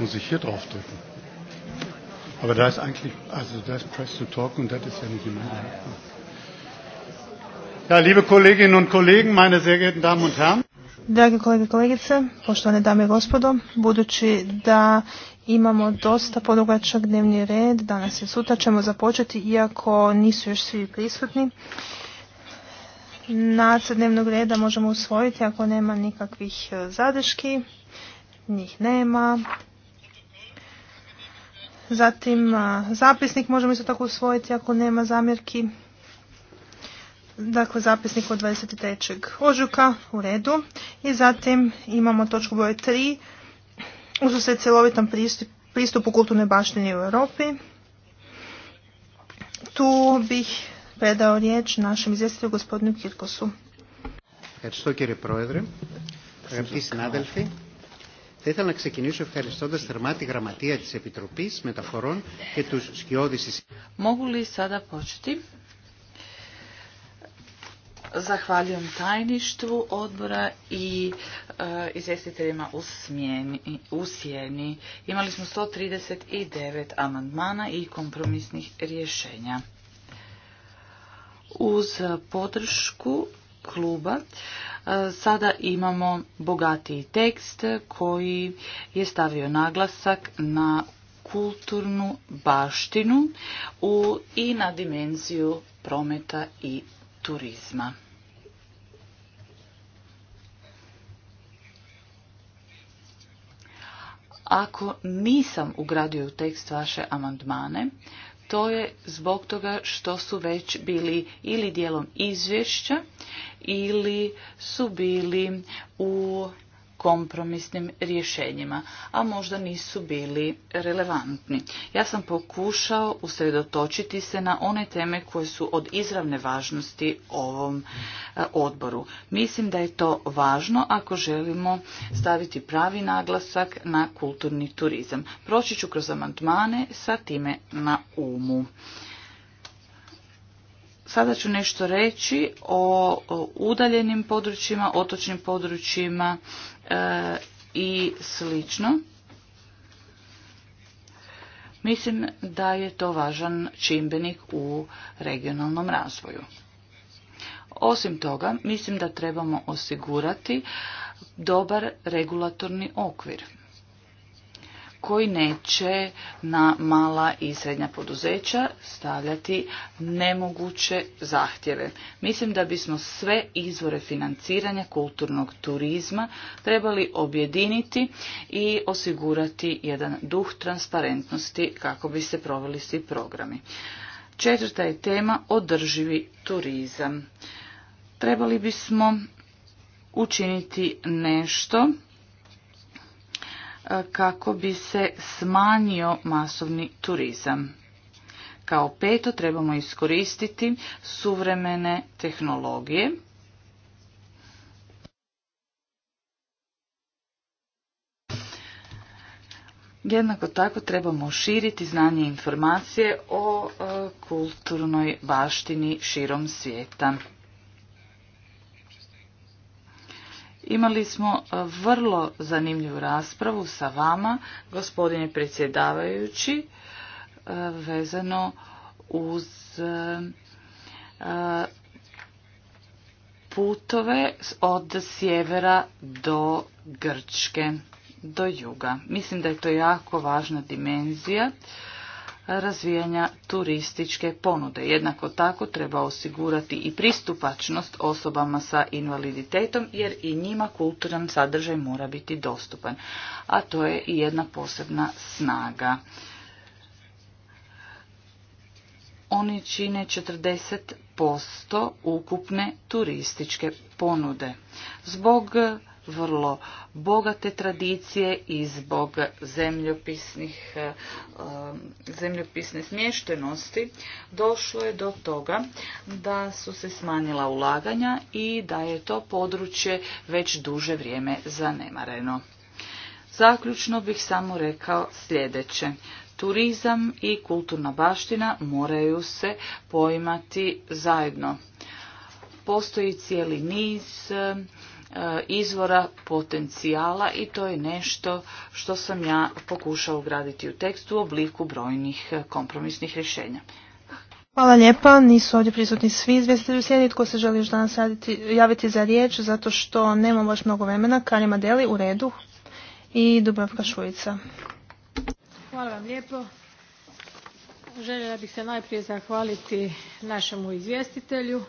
Muss ich hier drauf drücken? Aber da ist eigentlich, also da ist Press to Talk und das ist ja nicht immer. Ja, liebe Kolleginnen und Kollegen, meine sehr geehrten Damen und Herren. Drage kolege i kolegice, poštovane dame i gospodo, budući da imamo dosta podugačak dnevni red, danas i sutra ćemo započeti, iako nisu još svi prisutni. Nacrt dnevnog reda možemo usvojiti ako nema nikakvih eh, zadeški, njih nema, Zatim zapisnik možemo isto tako usvojiti ako nema zamjerki. Dakle, zapisnik od 23. ožujka u redu. I zatim imamo točku broj 3. se cjelovitan pristup, pristupu u kulturnoj baštini u Europi. Tu bih predao riječ našem izvjestitelju gospodinu Kirkosu. je proedre, Θα ήθελα να ξεκινήσω ευχαριστώντας θερμά τη γραμματεία της Επιτροπής Μεταφορών και τους σκιώδης Mogu li sada početi? Zahvaljujem tajništvu odbora i e, izvjestiteljima u, u sjeni. Imali smo 139 amandmana i kompromisnih rješenja. Uz podršku kluba e, sada imamo bogatiji tekst koji je stavio naglasak na kulturnu baštinu i na dimenziju prometa i turizma. Ako nisam ugradio u tekst vaše amandmane, to je zbog toga što su već bili ili dijelom izvješća ili su bili u kompromisnim rješenjima, a možda nisu bili relevantni. Ja sam pokušao usredotočiti se na one teme koje su od izravne važnosti ovom e, odboru. Mislim da je to važno ako želimo staviti pravi naglasak na kulturni turizam. Proći ću kroz amandmane sa time na umu. Sada ću nešto reći o udaljenim područjima, otočnim područjima e, i slično. Mislim da je to važan čimbenik u regionalnom razvoju. Osim toga, mislim da trebamo osigurati dobar regulatorni okvir koji neće na mala i srednja poduzeća stavljati nemoguće zahtjeve. Mislim da bismo sve izvore financiranja kulturnog turizma trebali objediniti i osigurati jedan duh transparentnosti kako bi se proveli svi programi. Četvrta je tema održivi turizam. Trebali bismo učiniti nešto kako bi se smanjio masovni turizam. Kao peto trebamo iskoristiti suvremene tehnologije. Jednako tako trebamo širiti znanje i informacije o e, kulturnoj baštini širom svijeta. Imali smo e, vrlo zanimljivu raspravu sa vama, gospodine predsjedavajući, e, vezano uz e, putove od sjevera do Grčke, do juga. Mislim da je to jako važna dimenzija razvijanja turističke ponude. Jednako tako treba osigurati i pristupačnost osobama sa invaliditetom jer i njima kulturan sadržaj mora biti dostupan, a to je i jedna posebna snaga. Oni čine 40% ukupne turističke ponude. Zbog vrlo bogate tradicije i zbog zemljopisnih, e, um, zemljopisne smještenosti došlo je do toga da su se smanjila ulaganja i da je to područje već duže vrijeme zanemareno. Zaključno bih samo rekao sljedeće. Turizam i kulturna baština moraju se poimati zajedno. Postoji cijeli niz E, izvora potencijala i to je nešto što sam ja pokušao ugraditi u tekstu u obliku brojnih e, kompromisnih rješenja. Hvala lijepa, nisu ovdje prisutni svi izvjestitelji sjedi, tko se želi još danas javiti za riječ, zato što nema baš mnogo vremena. Karima Deli, u redu. I Dubravka Šujica. Hvala vam lijepo. Željela bih se najprije zahvaliti našemu izvjestitelju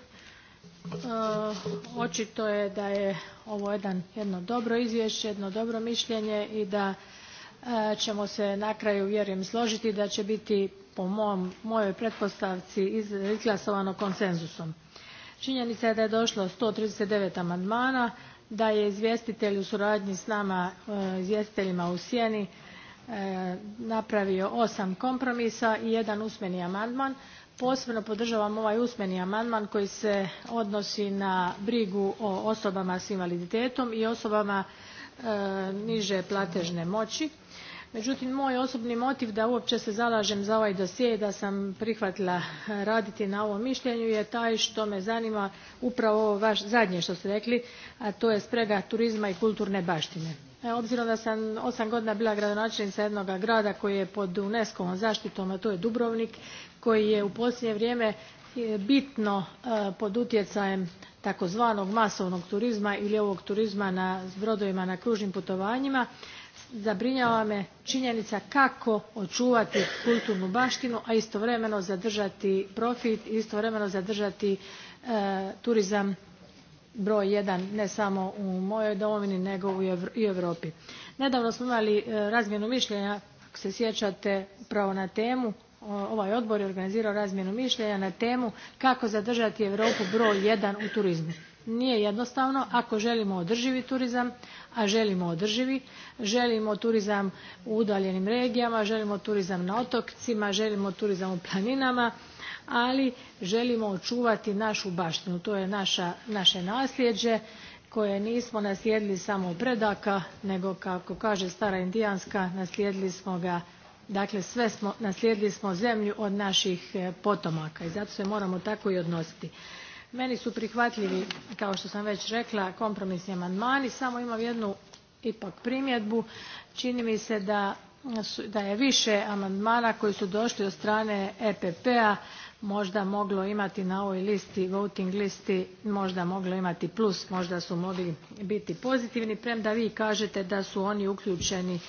Uh, očito je da je ovo jedno dobro izvješće jedno dobro mišljenje i da uh, ćemo se na kraju vjerujem složiti da će biti po mojoj pretpostavci izglasovano konsenzusom. činjenica je da je došlo one amandmana da je izvjestitelj u suradnji s nama uh, izvjestiteljima u sjeni napravio osam kompromisa i jedan usmeni amandman posebno podržavam ovaj usmeni amandman koji se odnosi na brigu o osobama s invaliditetom i osobama e, niže platežne moći. međutim moj osobni motiv da uopće se zalažem za ovaj dosje i da sam prihvatila raditi na ovom mišljenju je taj što me zanima upravo ovo zadnje što ste rekli a to je sprega turizma i kulturne baštine. E, obzirom da sam osam godina bila gradonačelnica jednog grada koji je pod unesco vom zaštitom a to je dubrovnik koji je u posljednje vrijeme e, bitno e, pod utjecajem takozvanog masovnog turizma ili ovog turizma na brodovima na kružnim putovanjima zabrinjava me činjenica kako očuvati kulturnu baštinu a istovremeno zadržati profit i istovremeno zadržati turizam broj jedan ne samo u mojoj domovini nego i u europi. nedavno smo imali e, razmjenu mišljenja ako se sjećate upravo na temu ovaj odbor je organizirao razmjenu mišljenja na temu kako zadržati europu broj jedan u turizmu. nije jednostavno ako želimo održivi turizam a želimo održivi želimo turizam u udaljenim regijama želimo turizam na otocima želimo turizam u planinama ali želimo očuvati našu baštinu to je naše nasljeđe koje nismo naslijedili samo od predaka nego kako kaže stara indijanska naslijedili smo ga dakle sve smo naslijedili smo zemlju od naših e, potomaka i zato se moramo tako i odnositi. meni su prihvatljivi kao što sam već rekla kompromisni amandmani samo imam jednu ipak primjedbu čini mi se da, da je više amandmana koji su došli od strane epp a p-a, možda moglo imati na ovoj listi voting listi možda moglo imati plus možda su mogli biti pozitivni premda vi kažete da su oni uključeni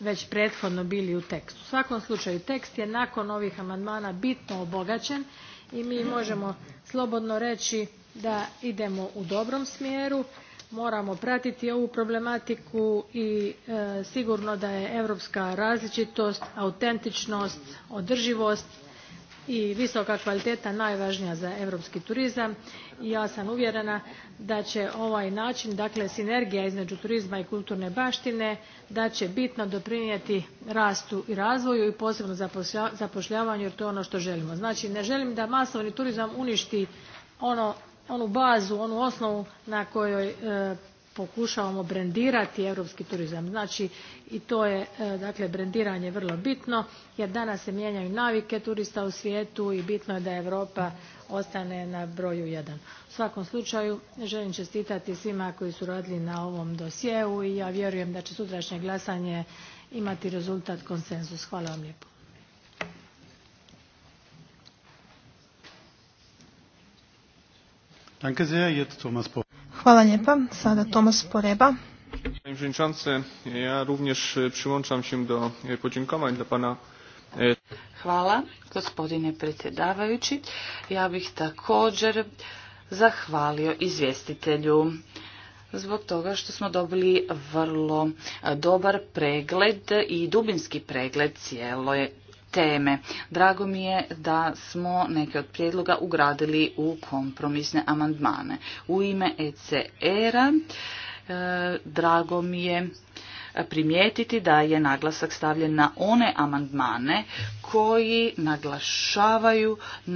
već prethodno bili u tekstu. U svakom slučaju tekst je nakon ovih amandmana bitno obogaćen i mi možemo slobodno reći da idemo u dobrom smjeru moramo pratiti ovu problematiku i e, sigurno da je europska različitost autentičnost održivost i visoka kvaliteta najvažnija za europski turizam i ja sam uvjerena da će ovaj način dakle sinergija između turizma i kulturne baštine da će bitno doprinijeti rastu i razvoju i posebno zapošljavanju jer to je ono što želimo. znači ne želim da masovni turizam uništi ono, onu bazu onu osnovu na kojoj e, pokušavamo brendirati europski turizam. Znači i to je e, dakle brendiranje vrlo bitno jer danas se mijenjaju navike turista u svijetu i bitno je da Europa ostane na broju jedan. U svakom slučaju želim čestitati svima koji su radili na ovom dosjeu i ja vjerujem da će sutrašnje glasanje imati rezultat konsenzus. Hvala vam lijepo. Hvala lijepa. Sada Tomas Poreba. ja również e, przyłączam się do e, podziękowań dla Pana. E, Hvala, gospodine predsjedavajući. Ja bih također zahvalio izvjestitelju zbog toga što smo dobili vrlo dobar pregled i dubinski pregled cijele teme. Drago mi je da smo neke od prijedloga ugradili u kompromisne amandmane. U ime ECR-a e, drago mi je primijetiti da je naglasak stavljen na one amandmane koji naglašavaju e,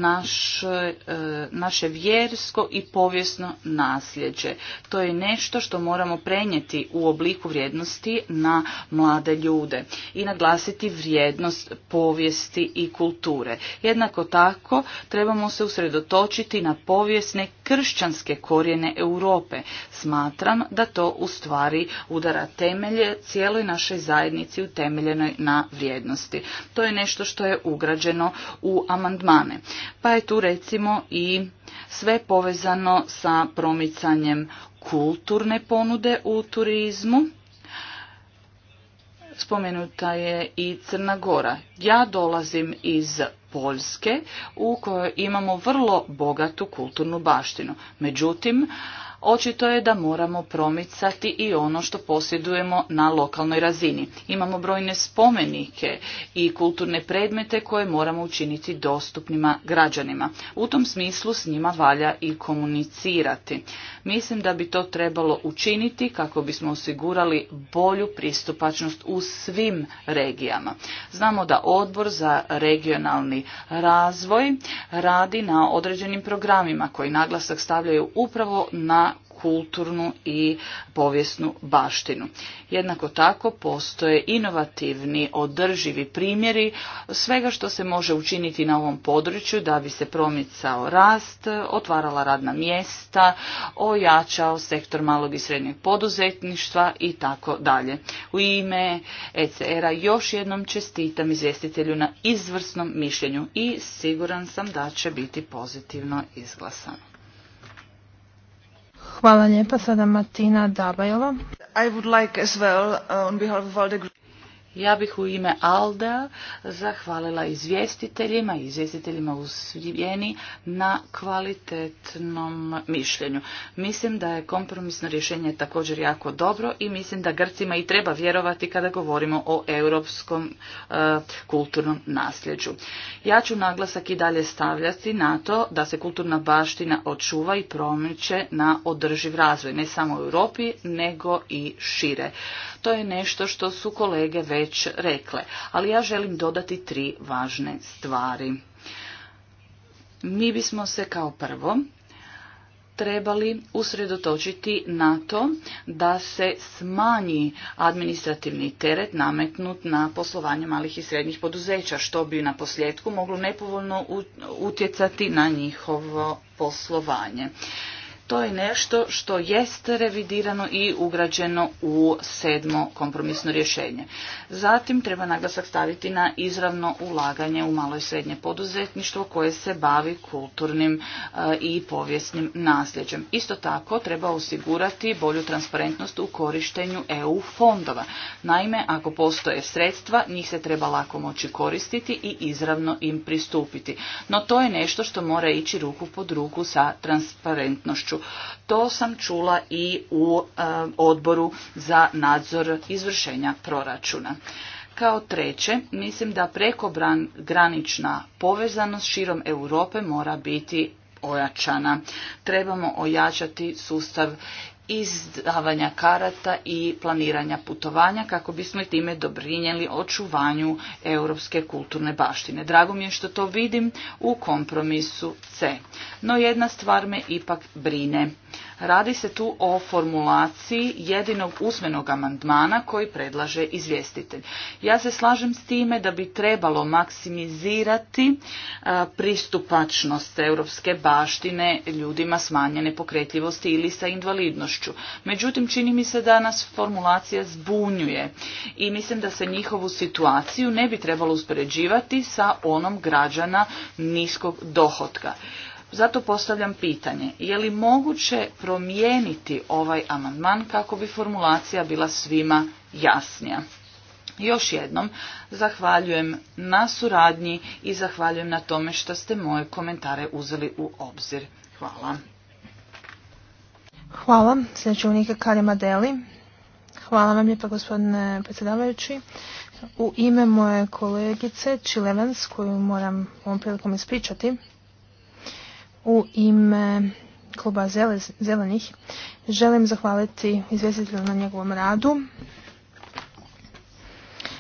naše vjersko i povijesno nasljeđe. To je nešto što moramo prenijeti u obliku vrijednosti na mlade ljude i naglasiti vrijednost povijesti i kulture. Jednako tako trebamo se usredotočiti na povijesne kršćanske korijene Europe. Smatram da to u stvari udara temelje cijeloj našoj zajednici utemeljenoj na vrijednosti. To je nešto što je ugrađeno u amandmane. Pa je tu recimo i sve povezano sa promicanjem kulturne ponude u turizmu. Spomenuta je i Crna Gora. Ja dolazim iz Poljske u kojoj imamo vrlo bogatu kulturnu baštinu. Međutim, očito je da moramo promicati i ono što posjedujemo na lokalnoj razini. Imamo brojne spomenike i kulturne predmete koje moramo učiniti dostupnima građanima. U tom smislu s njima valja i komunicirati. Mislim da bi to trebalo učiniti kako bismo osigurali bolju pristupačnost u svim regijama. Znamo da odbor za regionalni razvoj radi na određenim programima koji naglasak stavljaju upravo na kulturnu i povijesnu baštinu. Jednako tako postoje inovativni, održivi primjeri svega što se može učiniti na ovom području da bi se promicao rast, otvarala radna mjesta, ojačao sektor malog i srednjeg poduzetništva i tako dalje. U ime ECR-a još jednom čestitam izvjestitelju na izvrsnom mišljenju i siguran sam da će biti pozitivno izglasano. Hvala lijepa, sada Martina Dabajova. I would like as well, uh, on behalf of all ja bih u ime Alda zahvalila izvjestiteljima i izvjestiteljima u Svijeni na kvalitetnom mišljenju. Mislim da je kompromisno rješenje također jako dobro i mislim da Grcima i treba vjerovati kada govorimo o europskom e, kulturnom nasljeđu. Ja ću naglasak i dalje stavljati na to da se kulturna baština očuva i promiče na održiv razvoj, ne samo u Europi, nego i šire. To je nešto što su kolege već rekle, ali ja želim dodati tri važne stvari. Mi bismo se kao prvo trebali usredotočiti na to da se smanji administrativni teret nametnut na poslovanje malih i srednjih poduzeća, što bi na posljedku moglo nepovoljno utjecati na njihovo poslovanje to je nešto što jest revidirano i ugrađeno u sedmo kompromisno rješenje. Zatim treba naglasak staviti na izravno ulaganje u malo i srednje poduzetništvo koje se bavi kulturnim e, i povijesnim nasljeđem. Isto tako treba osigurati bolju transparentnost u korištenju EU fondova. Naime, ako postoje sredstva, njih se treba lako moći koristiti i izravno im pristupiti. No to je nešto što mora ići ruku pod ruku sa transparentnošću. To sam čula i u e, odboru za nadzor izvršenja proračuna. Kao treće, mislim da prekogranična povezanost širom Europe mora biti ojačana. Trebamo ojačati sustav izdavanja karata i planiranja putovanja kako bismo i time dobrinjeli očuvanju europske kulturne baštine. Drago mi je što to vidim u kompromisu C. No jedna stvar me ipak brine. Radi se tu o formulaciji jedinog usmenog amandmana koji predlaže izvjestitelj. Ja se slažem s time da bi trebalo maksimizirati e, pristupačnost europske baštine ljudima smanjene pokretljivosti ili sa invalidnošću. Međutim, čini mi se da nas formulacija zbunjuje i mislim da se njihovu situaciju ne bi trebalo uspoređivati sa onom građana niskog dohotka. Zato postavljam pitanje, je li moguće promijeniti ovaj amandman kako bi formulacija bila svima jasnija? Još jednom, zahvaljujem na suradnji i zahvaljujem na tome što ste moje komentare uzeli u obzir. Hvala. Hvala, sljedeći unika Karima Deli. Hvala vam lijepa gospodine predsjedavajući. U ime moje kolegice Čilevans, koju moram ovom prilikom ispričati, u ime kluba Zelenih želim zahvaliti izvjestitelju na njegovom radu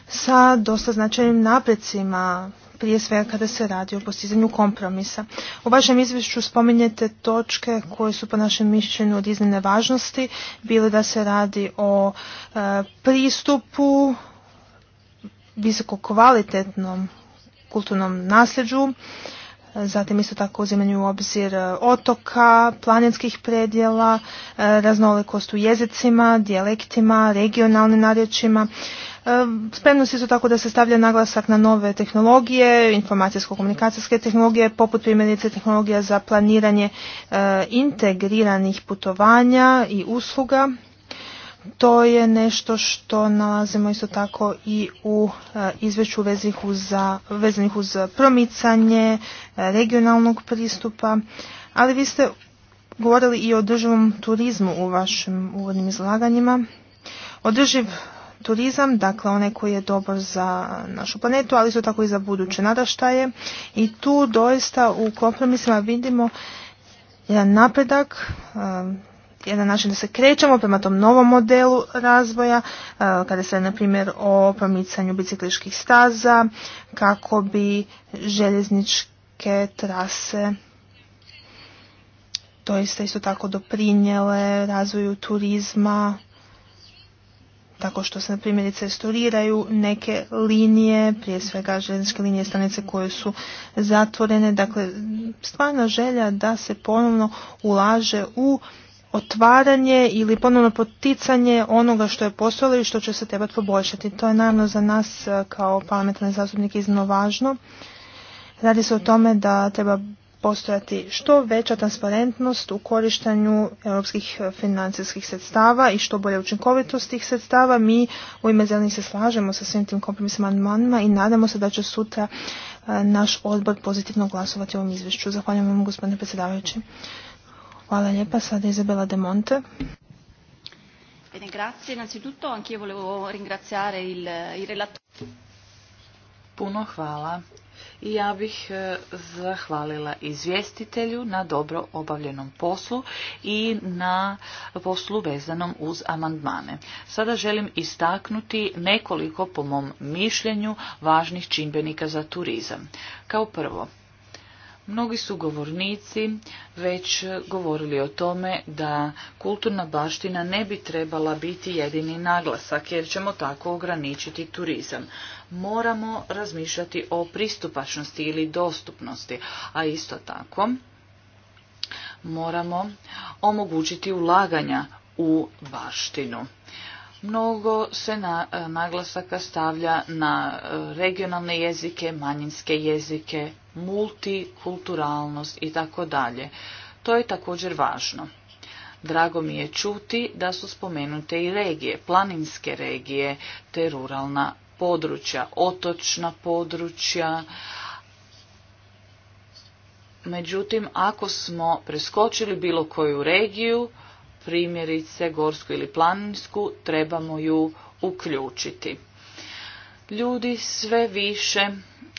sa dosta značajnim naprecima prije svega kada se radi o postizanju kompromisa. U vašem izvješću spominjete točke koje su po našem mišljenju od iznimne važnosti, bilo da se radi o e, pristupu visokokvalitetnom kulturnom nasljeđu, zatim isto tako uzimanju u obzir e, otoka, planinskih predjela, e, raznolikost u jezicima, dijalektima, regionalnim narječima. E, Spremnost isto tako da se stavlja naglasak na nove tehnologije, informacijsko-komunikacijske tehnologije, poput primjerice tehnologija za planiranje integriranih putovanja i usluga to je nešto što nalazimo isto tako i u e, izveću vezanih uz promicanje e, regionalnog pristupa, ali vi ste govorili i o održivom turizmu u vašim uvodnim izlaganjima. Održiv turizam, dakle onaj koji je dobar za našu planetu, ali isto tako i za buduće naraštaje. I tu doista u kompromisima vidimo jedan napredak, e, jedan način da se krećemo prema tom novom modelu razvoja, e, kada se na primjer o promicanju bicikliških staza, kako bi željezničke trase doista isto tako doprinjele razvoju turizma, tako što se na primjerice restauriraju neke linije, prije svega željezničke linije stanice koje su zatvorene. Dakle, stvarna želja da se ponovno ulaže u otvaranje ili ponovno poticanje onoga što je postojalo i što će se trebati poboljšati. To je naravno za nas eh, kao pametne zastupnike iznimno važno. Radi se o tome da treba postojati što veća transparentnost u korištenju europskih eh, financijskih sredstava i što bolje učinkovitost tih sredstava. Mi u ime zelenih se slažemo sa svim tim kompromisima amandmanima i nadamo se da će sutra eh, naš odbor pozitivno glasovati o ovom izvješću. Zahvaljujem vam gospodine predsjedavajući. Hvala lijepa. Sada Izabela De Monte. Grazie. Innanzitutto anch'io volevo ringraziare il, il relatore. Puno hvala. I ja bih eh, zahvalila izvjestitelju na dobro obavljenom poslu i na poslu vezanom uz amandmane. Sada želim istaknuti nekoliko, po mom mišljenju, važnih čimbenika za turizam. Kao prvo, Mnogi su govornici već govorili o tome da kulturna baština ne bi trebala biti jedini naglasak jer ćemo tako ograničiti turizam. Moramo razmišljati o pristupačnosti ili dostupnosti, a isto tako moramo omogućiti ulaganja u baštinu. Mnogo se na, e, naglasaka stavlja na e, regionalne jezike, manjinske jezike, multikulturalnost i tako dalje. To je također važno. Drago mi je čuti da su spomenute i regije, planinske regije, te ruralna područja, otočna područja. Međutim, ako smo preskočili bilo koju regiju, primjerice gorsku ili planinsku, trebamo ju uključiti. Ljudi sve više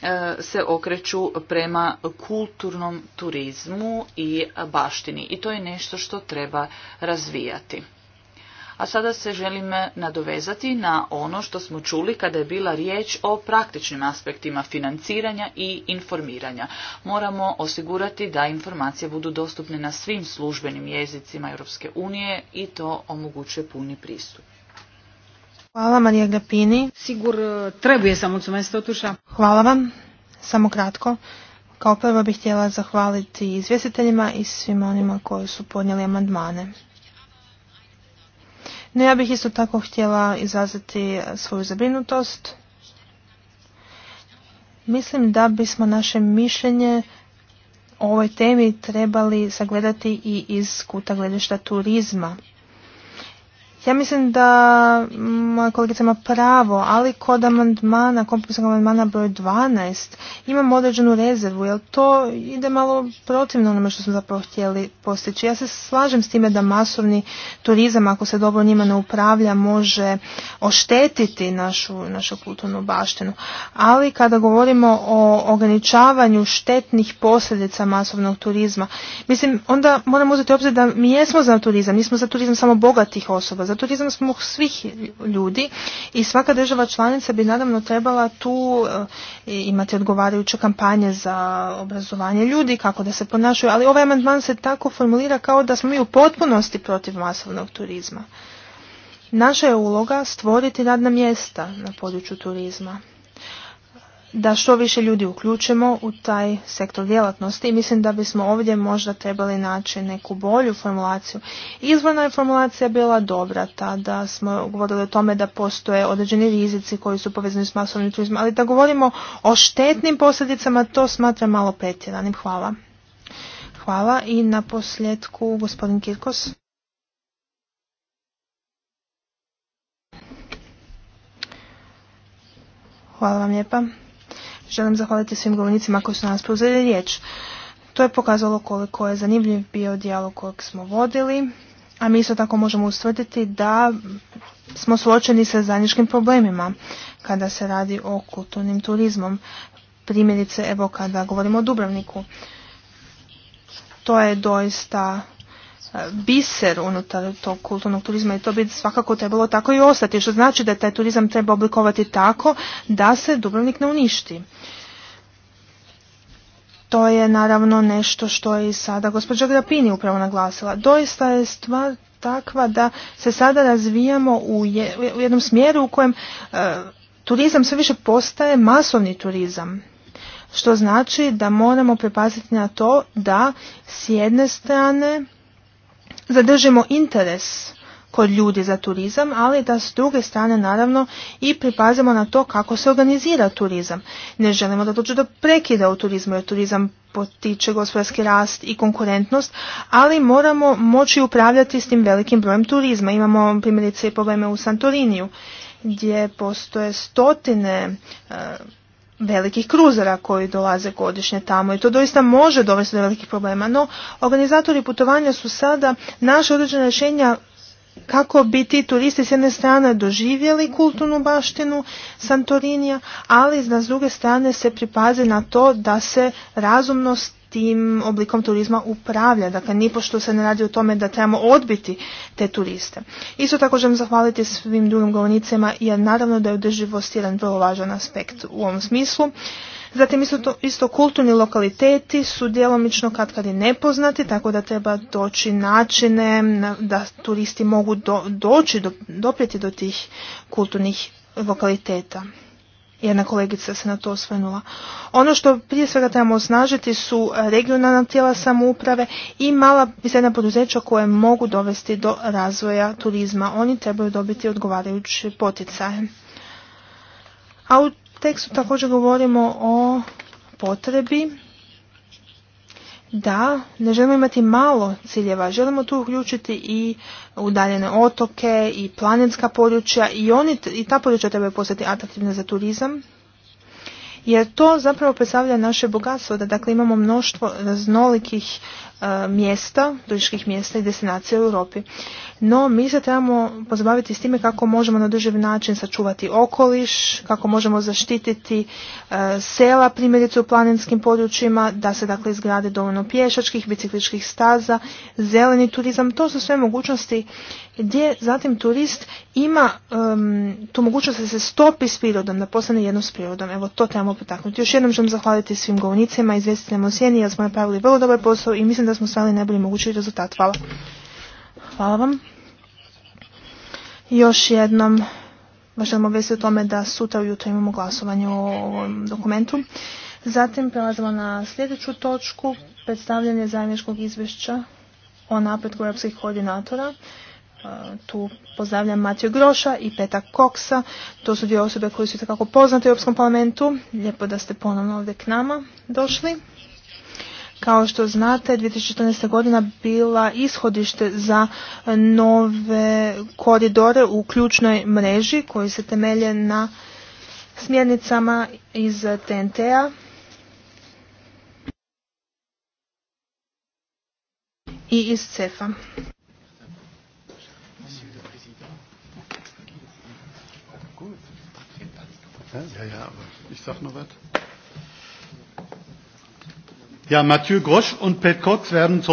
E, se okreću prema kulturnom turizmu i baštini i to je nešto što treba razvijati. A sada se želim nadovezati na ono što smo čuli kada je bila riječ o praktičnim aspektima financiranja i informiranja. Moramo osigurati da informacije budu dostupne na svim službenim jezicima Europske unije i to omogućuje puni pristup. Hvala Marija Grapini. Sigur e, trebuje sam tuša. Hvala vam. Samo kratko. Kao prvo bih htjela zahvaliti izvjestiteljima i svima onima koji su podnijeli amandmane. No ja bih isto tako htjela izraziti svoju zabrinutost. Mislim da bismo naše mišljenje o ovoj temi trebali sagledati i iz kuta gledišta turizma ja mislim da moja kolegica ima pravo, ali kod amandmana, kompleksnog amandmana broj 12, imam određenu rezervu, jer to ide malo protivno onome što smo zapravo htjeli postići. Ja se slažem s time da masovni turizam, ako se dobro njima ne upravlja, može oštetiti našu, našu kulturnu baštinu. Ali kada govorimo o ograničavanju štetnih posljedica masovnog turizma, mislim, onda moramo uzeti obzir da mi jesmo za turizam, nismo za turizam samo bogatih osoba, za turizam smo svih ljudi i svaka država članica bi naravno trebala tu e, imati odgovarajuće kampanje za obrazovanje ljudi, kako da se ponašaju, ali ovaj amandman se tako formulira kao da smo mi u potpunosti protiv masovnog turizma. Naša je uloga stvoriti radna mjesta na području turizma da što više ljudi uključimo u taj sektor djelatnosti i mislim da bismo ovdje možda trebali naći neku bolju formulaciju. Izvorna je formulacija bila dobra tada smo govorili o tome da postoje određeni rizici koji su povezani s masovnim turizmom, ali da govorimo o štetnim posljedicama to smatram malo pretjeranim. Hvala. Hvala i na posljedku gospodin Kirkos. Hvala vam lijepa želim zahvaliti svim govornicima koji su nas preuzeli riječ. To je pokazalo koliko je zanimljiv bio dijalog kojeg smo vodili, a mi isto tako možemo ustvrditi da smo suočeni sa zajedničkim problemima kada se radi o kulturnim turizmom. Primjerice, evo kada govorimo o Dubrovniku. To je doista biser unutar tog kulturnog turizma i to bi svakako trebalo tako i ostati, što znači da taj turizam treba oblikovati tako da se Dubrovnik ne uništi. To je naravno nešto što je i sada gospođa Grapini upravo naglasila. Doista je stvar takva da se sada razvijamo u, u jednom smjeru u kojem e, turizam sve više postaje masovni turizam. Što znači da moramo pripaziti na to da s jedne strane zadržimo interes kod ljudi za turizam, ali da s druge strane naravno i pripazimo na to kako se organizira turizam. Ne želimo da dođe do prekida u turizmu jer turizam potiče gospodarski rast i konkurentnost, ali moramo moći upravljati s tim velikim brojem turizma. Imamo primjerice i probleme u Santoriniju gdje postoje stotine eh, velikih kruzera koji dolaze godišnje tamo i to doista može dovesti do velikih problema, no organizatori putovanja su sada naše određene rješenja kako bi ti turisti s jedne strane doživjeli kulturnu baštinu Santorinija, ali s druge strane se pripaze na to da se razumnost tim oblikom turizma upravlja. Dakle, nipošto se ne radi o tome da trebamo odbiti te turiste. Isto tako želim zahvaliti svim drugim govornicima jer naravno da je održivost jedan vrlo važan aspekt u ovom smislu. Zatim isto, to, isto kulturni lokaliteti su djelomično kad kad i nepoznati, tako da treba doći načine da turisti mogu do, doći, do, doprijeti do tih kulturnih lokaliteta jedna kolegica se na to osvrnula. Ono što prije svega trebamo osnažiti su e, regionalna tijela samouprave i mala i srednja poduzeća koje mogu dovesti do razvoja turizma. Oni trebaju dobiti odgovarajuće poticaje. A u tekstu također govorimo o potrebi da ne želimo imati malo ciljeva, želimo tu uključiti i udaljene otoke i planinska područja i, oni, i ta područja trebaju postati atraktivna za turizam. Jer to zapravo predstavlja naše bogatstvo, da dakle imamo mnoštvo raznolikih E, mjesta, turističkih mjesta i destinacija u Europi. No, mi se trebamo pozabaviti s time kako možemo na održiv način sačuvati okoliš, kako možemo zaštititi e, sela, primjerice u planinskim područjima, da se dakle izgrade dovoljno pješačkih, bicikličkih staza, zeleni turizam, to su sve mogućnosti gdje zatim turist ima um, tu mogućnost da se stopi s prirodom, da postane jedno s prirodom. Evo to trebamo potaknuti. Još jednom želim zahvaliti svim govornicima, izvjestiteljima u Sjeni, jer smo napravili vrlo dobar posao i mislim da da smo stvarali najbolji mogući rezultat. Hvala. Hvala vam. Još jednom vas želimo o tome da sutra ujutro imamo glasovanje o ovom dokumentu. Zatim prelazimo na sljedeću točku, predstavljanje zajedničkog izvješća o napretku europskih koordinatora. E, tu pozdravljam Matiju Groša i Peta Koksa. To su dvije osobe koje su itekako poznate u Europskom parlamentu. Lijepo da ste ponovno ovdje k nama došli. Kao što znate, 2014. godina bila ishodište za e, nove koridore u ključnoj mreži koji se temelje na smjernicama iz TNT-a. i iz CEFA. Ja, ja, Mathieu Grosch und Pet Cox werden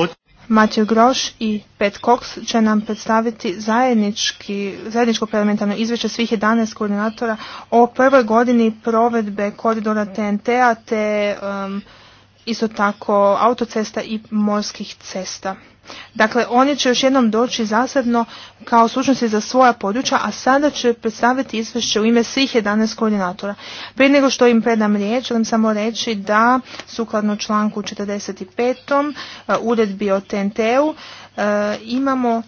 Mathieu Grosch i Pet Cox će nam predstaviti zajednički, zajedničko parlamentarno izvješće svih 11 koordinatora o prvoj godini provedbe koridora TNT-a te um, isto tako autocesta i morskih cesta. Dakle, oni će još jednom doći zasebno kao slučnosti za svoja područja, a sada će predstaviti izvješće u ime svih 11 koordinatora. Prije nego što im predam riječ, želim samo reći da sukladno članku 45. Uh, uredbi o TNT-u uh, imamo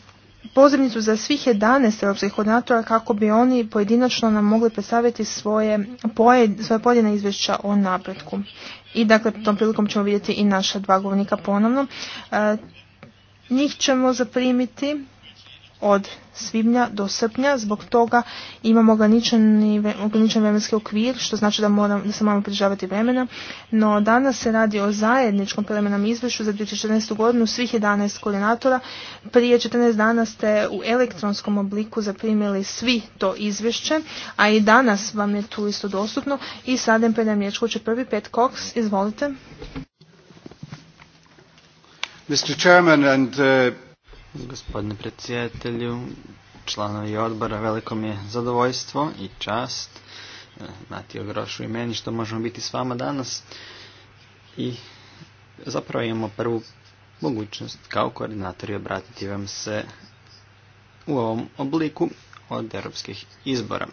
pozivnicu za svih 11 europskih koordinatora kako bi oni pojedinačno nam mogli predstaviti svoje, izvješća o napretku. I dakle, tom prilikom ćemo vidjeti i naša dva govornika ponovno. Uh, njih ćemo zaprimiti od svibnja do srpnja, zbog toga imamo ograničen vremenski okvir, što znači da, moram, da se moramo pridržavati vremena, no danas se radi o zajedničkom premenom izvješću za 2014. godinu svih 11 koordinatora. Prije 14 dana ste u elektronskom obliku zaprimili svi to izvješće, a i danas vam je tu isto dostupno i sad je predam riječ prvi pet koks. izvolite. Uh, Gospodine predsjedatelju, članovi odbora, veliko mi je zadovoljstvo i čast e, o Grošu i meni što možemo biti s vama danas i zapravo imamo prvu mogućnost kao koordinatori obratiti vam se u ovom obliku od europskih izbora.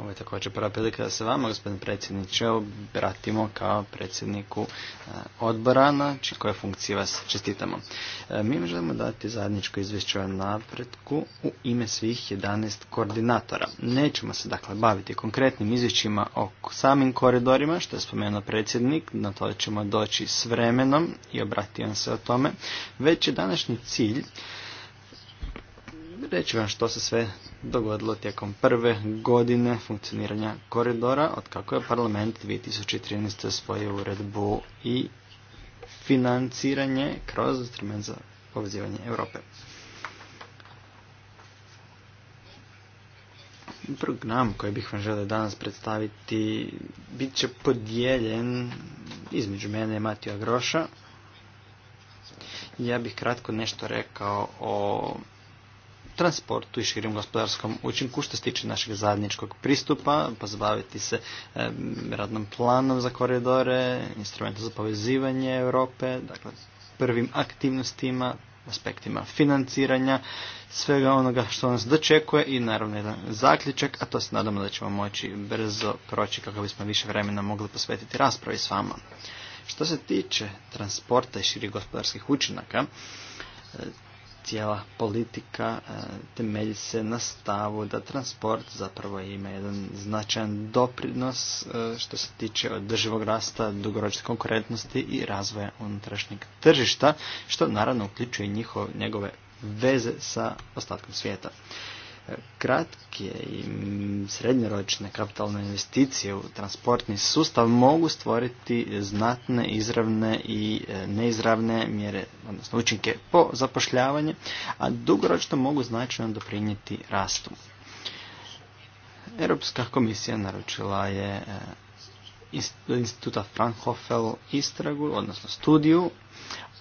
Ovo je također prva prilika da se vama, gospodin predsjedniče, obratimo kao predsjedniku eh, odbora na znači, koje funkcije vas čestitamo. Eh, mi želimo dati zajedničko izvješće o napretku u ime svih 11 koordinatora. Nećemo se dakle baviti konkretnim izvješćima o samim koridorima, što je spomenuo predsjednik, na to ćemo doći s vremenom i obratiti vam se o tome, već je današnji cilj reći vam što se sve dogodilo tijekom prve godine funkcioniranja koridora od kako je parlament 2013. svoju uredbu i financiranje kroz instrument za povezivanje Europe. Program koji bih vam želio danas predstaviti bit će podijeljen između mene i Matija Groša. Ja bih kratko nešto rekao o transportu i širim gospodarskom učinku što se tiče našeg zajedničkog pristupa, pozbaviti se e, radnom planom za koridore, instrumentom za povezivanje Europe, dakle prvim aktivnostima, aspektima financiranja, svega onoga što nas dočekuje i naravno jedan zaključak, a to se nadamo da ćemo moći brzo proći kako bismo više vremena mogli posvetiti raspravi s vama. Što se tiče transporta i širih gospodarskih učinaka, cijela politika e, temelji se na stavu da transport zapravo ima jedan značajan doprinos e, što se tiče održivog rasta, dugoročne konkurentnosti i razvoja unutrašnjeg tržišta, što naravno uključuje njihove, njegove veze sa ostatkom svijeta kratke i srednjoročne kapitalne investicije u transportni sustav mogu stvoriti znatne izravne i e, neizravne mjere, odnosno učinke po zapošljavanje, a dugoročno mogu značajno doprinijeti rastu. Europska komisija naručila je e, instituta frankhofel istragu, odnosno studiju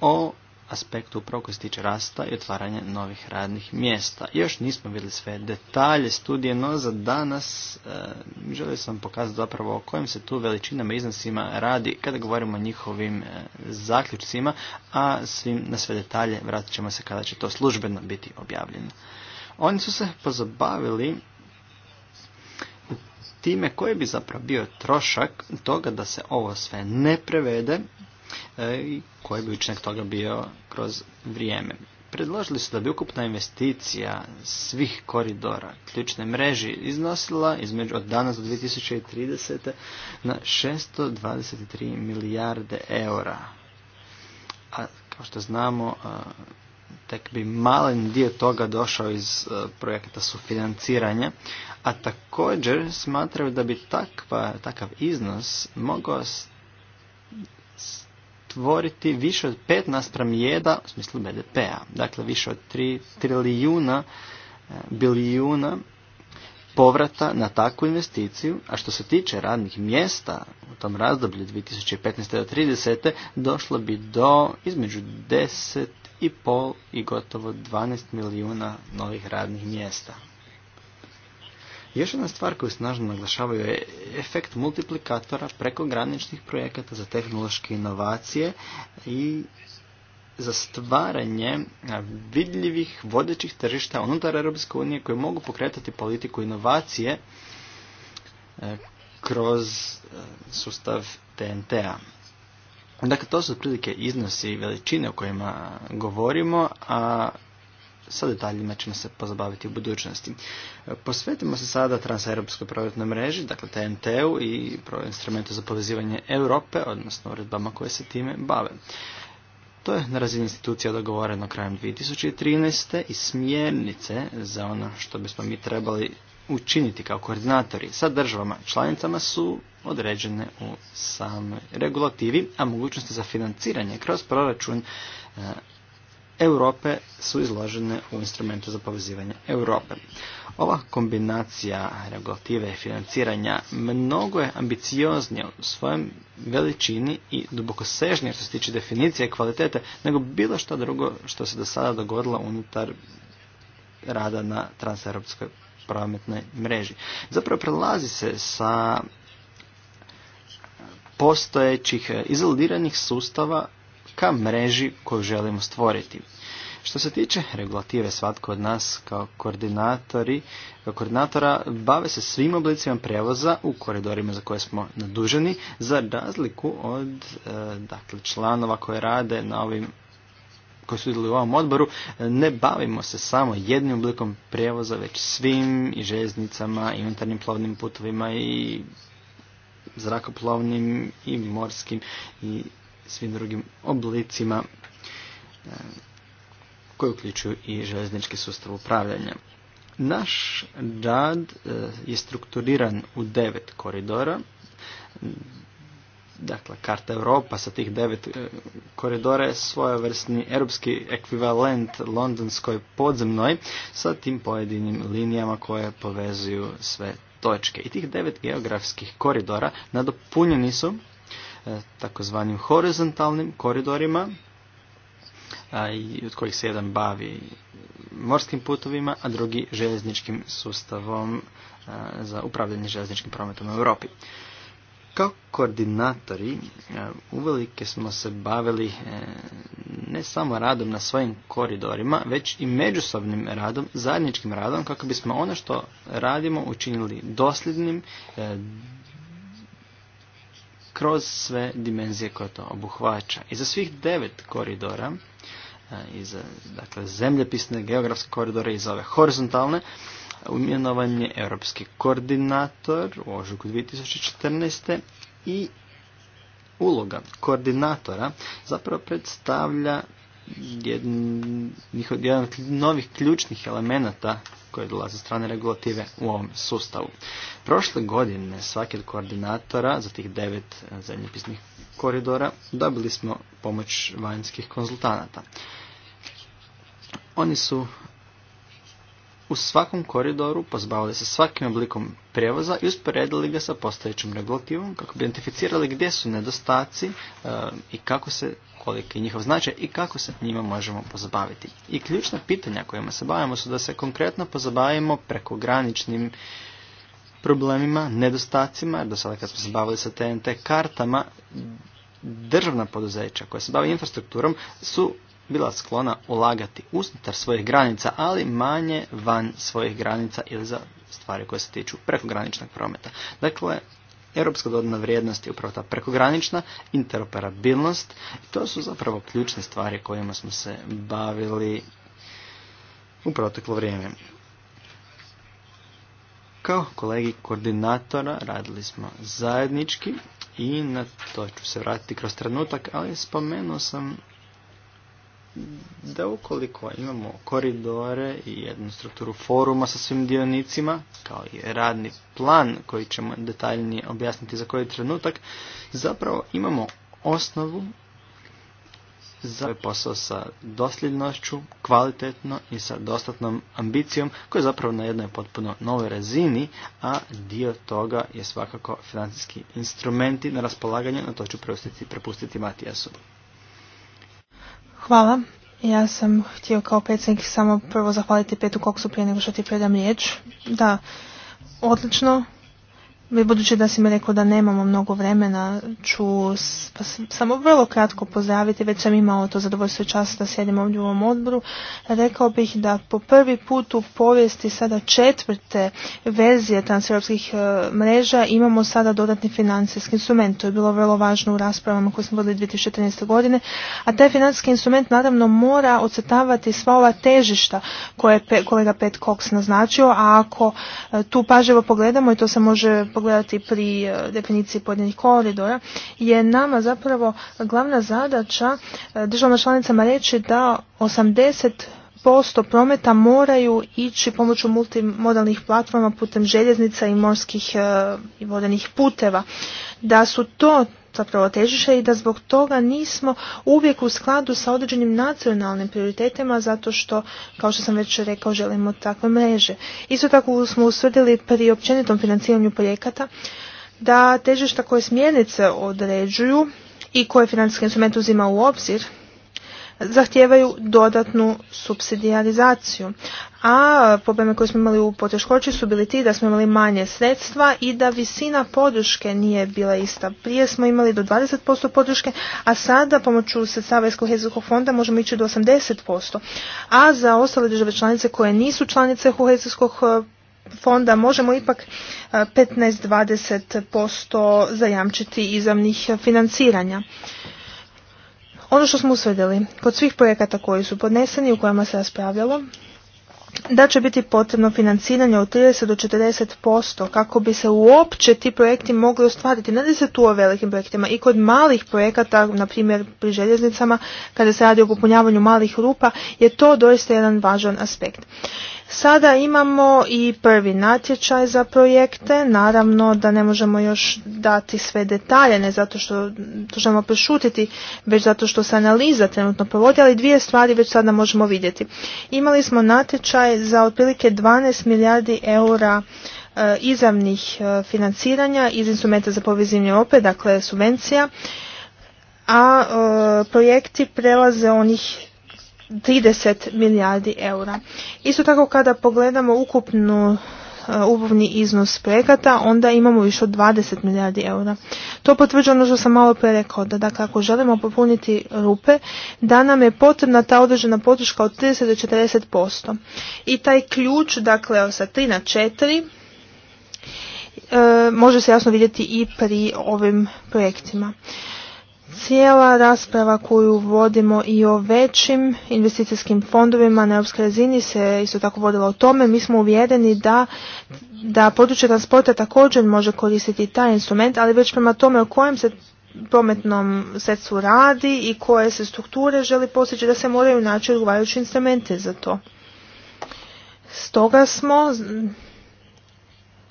o aspektu upravo koji se tiče rasta i otvaranja novih radnih mjesta. Još nismo vidjeli sve detalje studije, no za danas želim želio sam pokazati zapravo o kojim se tu veličinama i iznosima radi kada govorimo o njihovim e, zaključcima, a svim na sve detalje vratit ćemo se kada će to službeno biti objavljeno. Oni su se pozabavili time koji bi zapravo bio trošak toga da se ovo sve ne prevede E, i koji bi učinak toga bio kroz vrijeme. Predložili su da bi ukupna investicija svih koridora ključne mreži iznosila između od danas do 2030. na 623 milijarde eura. A kao što znamo, e, tek bi malen dio toga došao iz e, projekta sufinanciranja, a također smatraju da bi takva, takav iznos mogao stvoriti više od 5 naspram 1 u smislu BDP-a. Dakle, više od 3 trilijuna e, bilijuna povrata na takvu investiciju, a što se tiče radnih mjesta u tom razdoblju 2015. do 30. došlo bi do između 10 i pol i gotovo 12 milijuna novih radnih mjesta. Još jedna stvar koju snažno naglašavaju je efekt multiplikatora prekograničnih projekata za tehnološke inovacije i za stvaranje vidljivih vodećih tržišta unutar Europske unije koje mogu pokretati politiku inovacije kroz sustav TNT-a. Dakle, to su otprilike iznosi veličine o kojima govorimo, a sa detaljima ćemo se pozabaviti u budućnosti. Posvetimo se sada transeuropskoj prometnoj mreži, dakle TNT-u i instrumentu za povezivanje Europe, odnosno uredbama koje se time bave. To je na razini institucija dogovoreno krajem 2013. i smjernice za ono što bismo mi trebali učiniti kao koordinatori sa državama članicama su određene u samoj regulativi, a mogućnosti za financiranje kroz proračun e, Europe su izložene u instrumentu za povezivanje Europe. Ova kombinacija regulative i financiranja mnogo je ambicioznija u svojem veličini i dubokosežnija što se tiče definicije kvalitete nego bilo što drugo što se do sada dogodilo unutar rada na transeuropskoj prometnoj mreži. Zapravo prelazi se sa postojećih izoliranih sustava ka mreži koju želimo stvoriti. Što se tiče regulative, svatko od nas kao koordinatori, kao koordinatora bave se svim oblicima prevoza u koridorima za koje smo naduženi, za razliku od e, dakle, članova koje rade na ovim koji su u ovom odboru, ne bavimo se samo jednim oblikom prijevoza, već svim i željeznicama, i unutarnjim plovnim putovima, i zrakoplovnim, i morskim, i svim drugim oblicima e, koji uključuju i željeznički sustav upravljanja. Naš Džad e, je strukturiran u devet koridora. Dakle, karta Europa sa tih devet e, koridora je svojevrsni europski ekvivalent londonskoj podzemnoj sa tim pojedinim linijama koje povezuju sve točke. I tih devet geografskih koridora nadopunjeni su E, takozvanim horizontalnim koridorima i od kojih se jedan bavi morskim putovima, a drugi željezničkim sustavom e, za upravljanje željezničkim prometom u Europi. Kao koordinatori e, uvelike smo se bavili ne samo radom na svojim koridorima, već i međusobnim radom, zajedničkim radom, kako bismo ono što radimo učinili dosljednim, kroz sve dimenzije koje to obuhvaća. I za svih devet koridora, e, i dakle, zemljepisne, geografske koridore i za ove horizontalne, umjenovan je europski koordinator u ožujku 2014. i uloga koordinatora zapravo predstavlja jedan od novih ključnih elemenata koje dolaze strane regulative u ovom sustavu. Prošle godine svaki od koordinatora za tih devet e, zemljopisnih koridora dobili smo pomoć vanjskih konzultanata. Oni su u svakom koridoru pozbavili se svakim oblikom prijevoza i usporedili ga sa postojećom regulativom kako bi identificirali gdje su nedostaci e, i kako se koliki je njihov značaj i kako se njima možemo pozabaviti. I ključna pitanja kojima se bavimo su da se konkretno pozabavimo prekograničnim problemima, nedostacima, do sada kad smo se bavili sa TNT kartama, državna poduzeća koja se bave infrastrukturom su bila sklona ulagati unutar svojih granica, ali manje van svojih granica ili za stvari koje se tiču prekograničnog prometa. Dakle, Europska dodana vrijednost je upravo ta prekogranična interoperabilnost. i To su zapravo ključne stvari kojima smo se bavili u proteklo vrijeme. Kao kolegi koordinatora radili smo zajednički i na to ću se vratiti kroz trenutak, ali spomenuo sam da ukoliko imamo koridore i jednu strukturu foruma sa svim dionicima, kao i radni plan koji ćemo detaljnije objasniti za koji trenutak, zapravo imamo osnovu za ovaj posao sa dosljednošću, kvalitetno i sa dostatnom ambicijom, koja je zapravo na jednoj potpuno novoj razini, a dio toga je svakako financijski instrumenti na raspolaganju, na to ću prepustiti Matijasu. Hvala. Ja sam htio kao predsjednik samo prvo zahvaliti Petu Koksu prije nego što ti predam riječ. Da, odlično Budući da si mi rekao da nemamo mnogo vremena, ću pa samo vrlo kratko pozdraviti, već sam imao to zadovoljstvo i čast da sjedim ovdje u ovom odboru. Rekao bih da po prvi put u povijesti sada četvrte verzije transeuropskih e, mreža imamo sada dodatni financijski instrument. To je bilo vrlo važno u raspravama koje smo vodili 2014. godine, a taj financijski instrument naravno mora ocetavati sva ova težišta koje je kolega Pet Cox naznačio, a ako e, tu pažljivo pogledamo i to se može gledati pri eh, definiciji pojedinih koridora, je nama zapravo glavna zadaća eh, državama članicama reći da 80 posto prometa moraju ići pomoću multimodalnih platforma putem željeznica i morskih eh, i vodenih puteva. Da su to zapravo težiše i da zbog toga nismo uvijek u skladu sa određenim nacionalnim prioritetima zato što, kao što sam već rekao, želimo takve mreže. Isto tako smo usvrdili pri općenitom financiranju projekata da težišta koje smjernice određuju i koje financijski instrument uzima u obzir zahtijevaju dodatnu subsidijalizaciju. A probleme koje smo imali u poteškoći su bili ti da smo imali manje sredstva i da visina podrške nije bila ista. Prije smo imali do 20% podrške, a sada pomoću sredstava iz kohezijskog fonda možemo ići do 80%. A za ostale države članice koje nisu članice kohezijskog e, fonda možemo ipak 15-20% e, zajamčiti izravnih financiranja. Ono što smo usvrdili, kod svih projekata koji su podneseni u kojima se raspravljalo, da će biti potrebno financiranje od 30 do 40% kako bi se uopće ti projekti mogli ostvariti. Ne se tu o velikim projektima i kod malih projekata, na primjer pri željeznicama, kada se radi o popunjavanju malih rupa, je to doista jedan važan aspekt. Sada imamo i prvi natječaj za projekte, naravno da ne možemo još dati sve detalje, ne zato što to želimo prešutiti, već zato što se analiza trenutno provodi, ali dvije stvari već sada možemo vidjeti. Imali smo natječaj za otprilike 12 milijardi eura e, izravnih e, financiranja iz instrumenta za povezivanje opet, dakle subvencija, a e, projekti prelaze onih 30 milijardi eura. Isto tako kada pogledamo ukupnu e, ubovni iznos projekata, onda imamo više od 20 milijardi eura. To potvrđuje ono što sam malo pre rekao, da dakle, ako želimo popuniti rupe, da nam je potrebna ta određena podrška od 30 do 40%. I taj ključ, dakle, sa 3 na 4, e, može se jasno vidjeti i pri ovim projektima cijela rasprava koju vodimo i o većim investicijskim fondovima na europskoj razini se isto tako vodila o tome. Mi smo uvjereni da, da područje transporta također može koristiti taj instrument, ali već prema tome o kojem se prometnom sredstvu radi i koje se strukture želi postići da se moraju naći odgovarajući instrumente za to. Stoga smo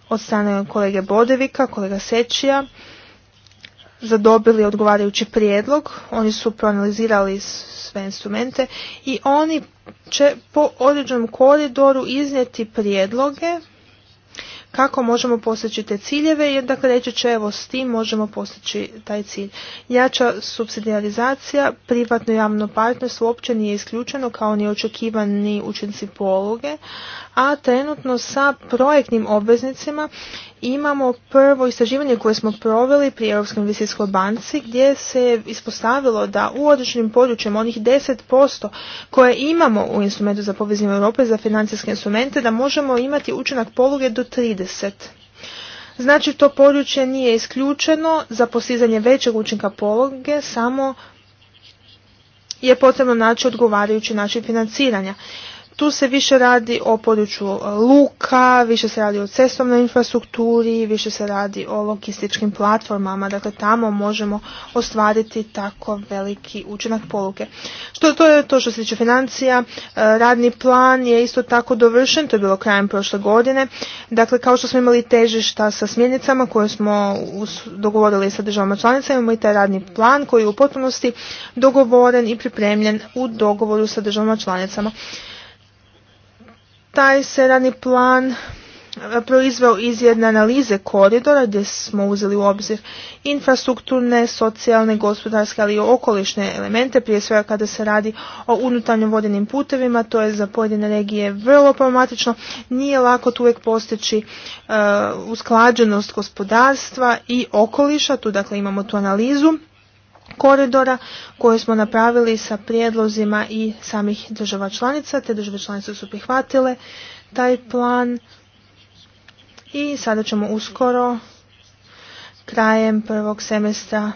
od strane kolege Bodevika, kolega Sečija, zadobili odgovarajući prijedlog, oni su proanalizirali sve instrumente i oni će po određenom koridoru iznijeti prijedloge kako možemo postići te ciljeve jer dakle reći će evo s tim možemo postići taj cilj. Jača subsidijalizacija, privatno javno partnerstvo uopće nije isključeno kao ni očekivani učinci pologe, a trenutno sa projektnim obveznicima imamo prvo istraživanje koje smo proveli pri Europskoj investicijskoj banci gdje se ispostavilo da u određenim područjima onih 10% koje imamo u instrumentu za povezivanje Europe za financijske instrumente da možemo imati učinak poluge do 30. Znači to područje nije isključeno za postizanje većeg učinka pologe, samo je potrebno naći odgovarajući način financiranja. Tu se više radi o području e, luka, više se radi o cestovnoj infrastrukturi, više se radi o logističkim platformama, dakle tamo možemo ostvariti tako veliki učinak poluke. Što to je to što se tiče financija, e, radni plan je isto tako dovršen, to je bilo krajem prošle godine, dakle kao što smo imali težišta sa smjernicama koje smo dogovorili sa državama članicama, imamo i taj radni plan koji je u potpunosti dogovoren i pripremljen u dogovoru sa državama članicama. Taj se rani plan e, proizveo iz jedne analize koridora gdje smo uzeli u obzir infrastrukturne, socijalne, gospodarske ali i okolišne elemente, prije svega kada se radi o unutarnjim vodenim putevima, to je za pojedine regije vrlo problematično, nije lako tu uvijek postići e, usklađenost gospodarstva i okoliša, tu dakle imamo tu analizu koridora koje smo napravili sa prijedlozima i samih država članica. Te države članice su prihvatile taj plan i sada ćemo uskoro krajem prvog semestra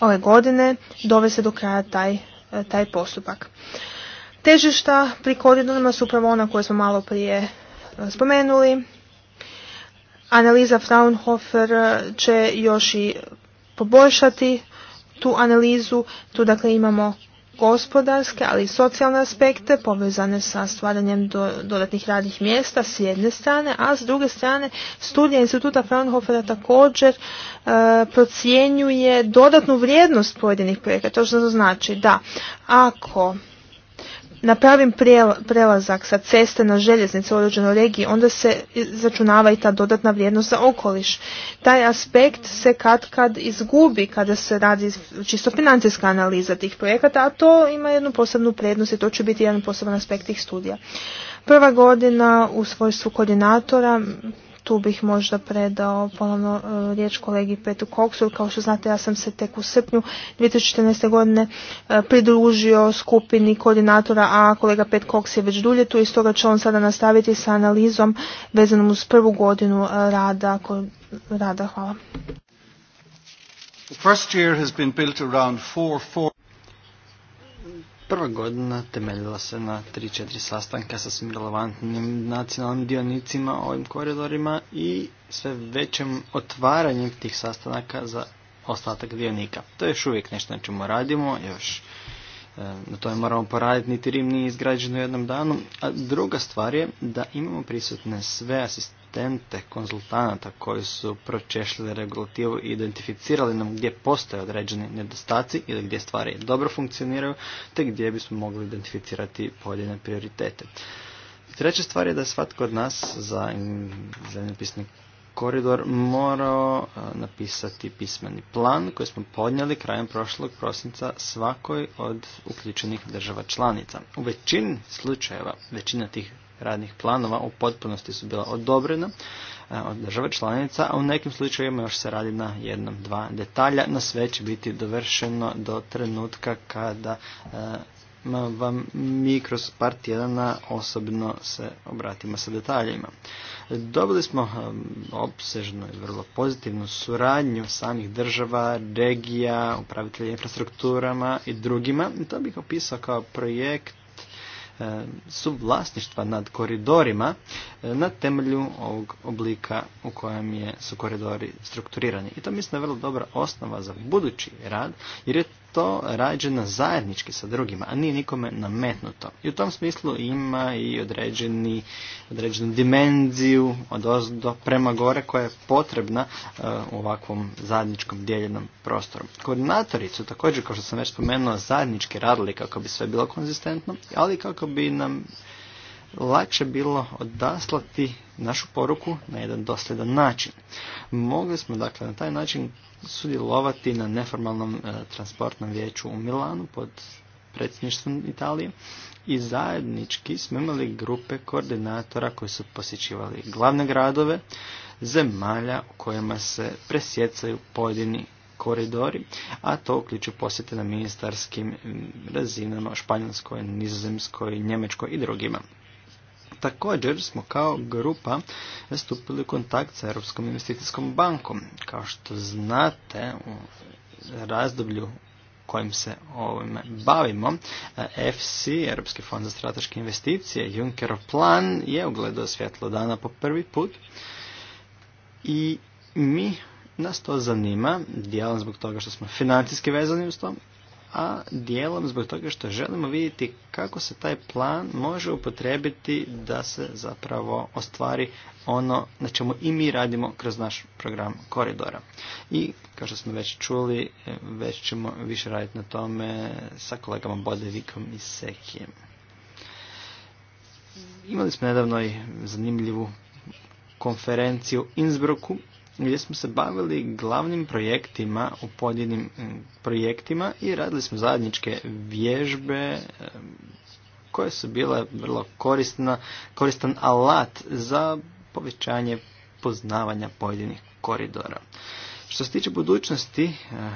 ove godine dovesti do kraja taj, taj postupak. Težišta pri koridorima su upravo ona koje smo malo prije e, spomenuli. Analiza Fraunhofer će još i poboljšati tu analizu. Tu dakle imamo gospodarske, ali i socijalne aspekte povezane sa stvaranjem dodatnih radnih mjesta s jedne strane, a s druge strane studija instituta Fraunhofera također e, procjenjuje dodatnu vrijednost pojedinih projekata. To što znači da ako napravim prelazak sa ceste na željeznice u određenoj regiji, onda se začunava i ta dodatna vrijednost za okoliš. Taj aspekt se kad kad izgubi kada se radi čisto financijska analiza tih projekata, a to ima jednu posebnu prednost i to će biti jedan poseban aspekt tih studija. Prva godina u svojstvu koordinatora tu bih možda predao ponovno e, riječ kolegi Petu Koksu. Kao što znate, ja sam se tek u srpnju 2014. godine e, pridružio skupini koordinatora, a kolega Pet Koks je već dulje tu i stoga će on sada nastaviti sa analizom vezanom uz prvu godinu e, rada. rada. Hvala. Prva godina temeljila se na 3-4 sastanka sa svim relevantnim nacionalnim dionicima ovim koridorima i sve većem otvaranjem tih sastanaka za ostatak dionika. To je još uvijek nešto na čemu radimo, još e, na tome moramo poraditi, niti Rim nije izgrađen u jednom danu. A druga stvar je da imamo prisutne sve asistencije asistente, konzultanata koji su pročešljali regulativu i identificirali nam gdje postoje određeni nedostaci ili gdje stvari dobro funkcioniraju, te gdje bismo mogli identificirati pojedine prioritete. Treća stvar je da je svatko od nas za zemljopisni koridor morao e, napisati pismeni plan koji smo podnijeli krajem prošlog prosinca svakoj od uključenih država članica. U većini slučajeva većina tih radnih planova u potpunosti su bila odobrena e, od države članica, a u nekim slučajevima još se radi na jednom, dva detalja, Na sve će biti dovršeno do trenutka kada e, vam mi kroz par tjedana osobno se obratimo sa detaljima. Dobili smo e, opsežnu i vrlo pozitivnu suradnju samih država, regija, upravitelja infrastrukturama i drugima. To bih opisao kao projekt E, suvlasništva nad koridorima e, na temelju ovog oblika u kojem je, su koridori strukturirani. I to mislim da je vrlo dobra osnova za budući rad jer je to rađeno zajednički sa drugima, a nije nikome nametnuto. I u tom smislu ima i određeni, određenu dimenziju od ozdo prema gore koja je potrebna eh, u ovakvom zajedničkom dijeljenom prostoru. Koordinatori su također, kao što sam već spomenuo, zajednički radili kako bi sve bilo konzistentno, ali kako bi nam lakše bilo odaslati našu poruku na jedan dosljedan način. Mogli smo dakle na taj način sudjelovati na neformalnom e, transportnom vijeću u Milanu pod predsjedništvom Italije i zajednički smo imali grupe koordinatora koji su posjećivali glavne gradove zemalja u kojima se presjecaju pojedini koridori, a to uključuje posjete na ministarskim razinama Španjolskoj, Nizozemskoj, Njemačkoj i drugima. Također smo kao grupa stupili u kontakt sa Europskom investicijskom bankom. Kao što znate, u razdoblju kojim se ovim bavimo, e FC, Europski fond za strateške investicije, Juncker plan je ugledao svjetlo dana po prvi put i mi nas to zanima, dijelom zbog toga što smo financijski vezani uz to, a dijelom zbog toga što želimo vidjeti kako se taj plan može upotrebiti da se zapravo ostvari ono na čemu i mi radimo kroz naš program koridora. I kao što smo već čuli, e, već ćemo više raditi na tome sa kolegama Bodevikom i Sekijem. Imali smo nedavno i zanimljivu konferenciju u Innsbrucku gdje smo se bavili glavnim projektima u pojedinim mm, projektima i radili smo zajedničke vježbe koje su bile vrlo korisna, koristan alat za povećanje poznavanja pojedinih koridora. Što se tiče budućnosti, eh,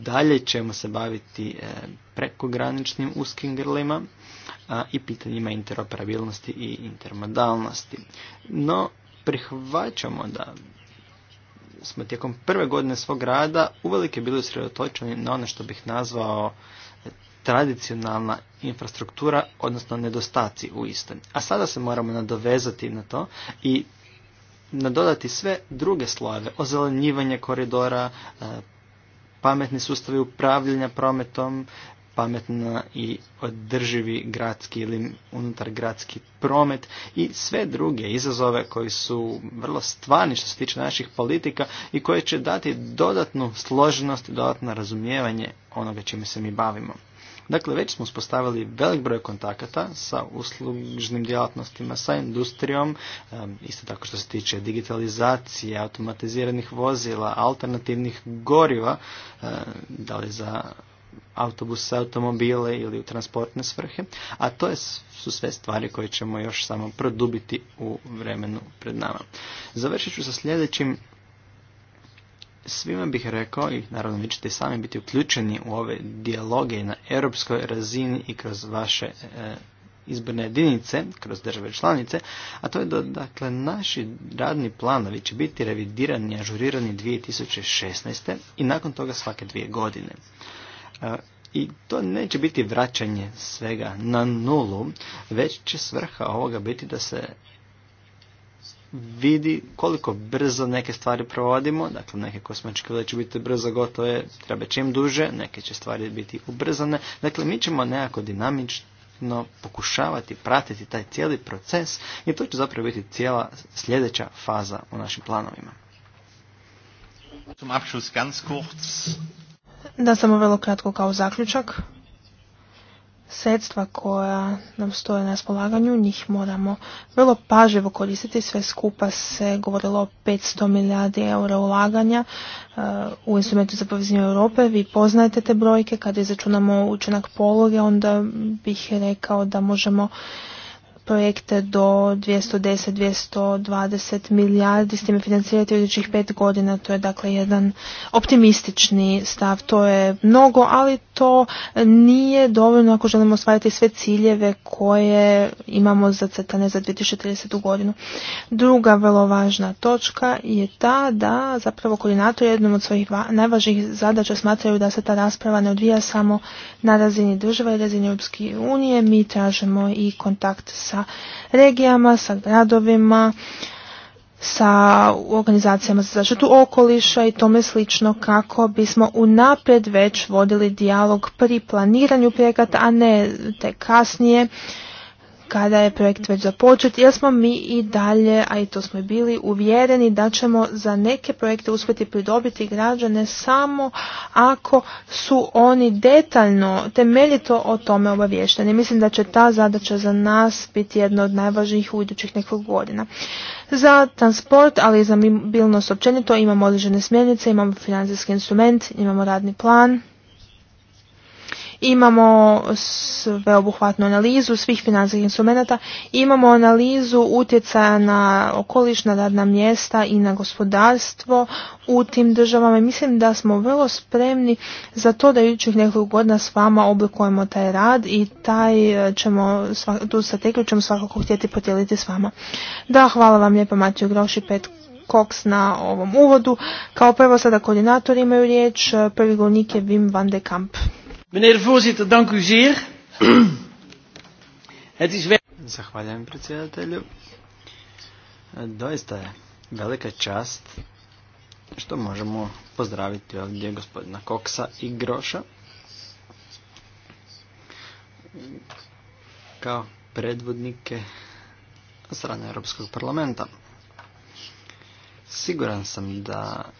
dalje ćemo se baviti eh, prekograničnim uskim grlima i pitanjima interoperabilnosti i intermodalnosti. No, prihvaćamo da smo tijekom prve godine svog rada uvelike bili usredotočeni na ono što bih nazvao tradicionalna infrastruktura, odnosno nedostaci u istoj. A sada se moramo nadovezati na to i nadodati sve druge slojeve, ozelenjivanje koridora, e, pametni sustavi upravljanja prometom, pametna i održivi gradski ili gradski promet i sve druge izazove koji su vrlo stvarni što se tiče naših politika i koje će dati dodatnu složenost, dodatno razumijevanje onoga čime se mi bavimo. Dakle, već smo uspostavili velik broj kontakata sa uslužnim djelatnostima, sa industrijom, isto tako što se tiče digitalizacije, automatiziranih vozila, alternativnih goriva, da li za autobuse, automobile ili u transportne svrhe, a to je, su sve stvari koje ćemo još samo produbiti u vremenu pred nama. Završit ću sa sljedećim. Svima bih rekao, i naravno vi ćete sami biti uključeni u ove dijaloge na europskoj razini i kroz vaše e, izborne jedinice kroz države članice, a to je da dakle, naši radni planovi će biti revidirani i ažurirani 2016. i nakon toga svake dvije godine. I to neće biti vraćanje svega na nulu, već će svrha ovoga biti da se vidi koliko brzo neke stvari provodimo, dakle neke kosmetičke da će biti brzo gotove, treba čim duže, neke će stvari biti ubrzane, dakle mi ćemo nekako dinamično pokušavati pratiti taj cijeli proces i to će zapravo biti cijela sljedeća faza u našim planovima. Zum ganz kurz da samo vrlo kratko kao zaključak. Sredstva koja nam stoje na raspolaganju, njih moramo vrlo pažljivo koristiti. Sve skupa se govorilo o 500 milijardi eura ulaganja eh, u instrumentu za povezanje Europe. Vi poznajete te brojke. kad izračunamo učinak pologe, onda bih rekao da možemo projekte do 210-220 milijardi s time financirati u idućih pet godina. To je dakle jedan optimistični stav. To je mnogo, ali to nije dovoljno ako želimo ostvariti sve ciljeve koje imamo zacrtane za 2030. godinu. Druga vrlo važna točka je ta da zapravo koordinator jednom od svojih najvažnijih zadaća smatraju da se ta rasprava ne odvija samo na razini države i razini Europske unije. Mi tražimo i kontakt sa regijama, sa gradovima, sa organizacijama za zaštitu okoliša i tome slično kako bismo unaprijed već vodili dijalog pri planiranju projekata, a ne te kasnije kada je projekt već započet, jer smo mi i dalje, a i to smo i bili, uvjereni da ćemo za neke projekte uspjeti pridobiti građane samo ako su oni detaljno, temeljito o tome obavješteni. Mislim da će ta zadaća za nas biti jedna od najvažnijih u idućih nekog godina. Za transport, ali i za mobilnost općenito imamo određene smjernice, imamo financijski instrument, imamo radni plan, Imamo sveobuhvatnu analizu svih financijskih instrumenata, imamo analizu utjecaja na okoliš, radna mjesta i na gospodarstvo u tim državama mislim da smo vrlo spremni za to da idućih nekoliko godina s vama oblikujemo taj rad i taj e, ćemo, tu strategiju ćemo svakako htjeti podijeliti s vama. Da, hvala vam lijepa Matiju Groši pet Cox na ovom uvodu. Kao prvo sada koordinator imaju riječ, e, prvi govornik je Wim van de Kamp. Meneer voorzitter, dank u zeer. Het is Zahvaljujem predsjedatelju. E, doista je velika čast što možemo pozdraviti ovdje gospodina Koksa i Groša. Kao predvodnike strane Europskog parlamenta. Siguran sam da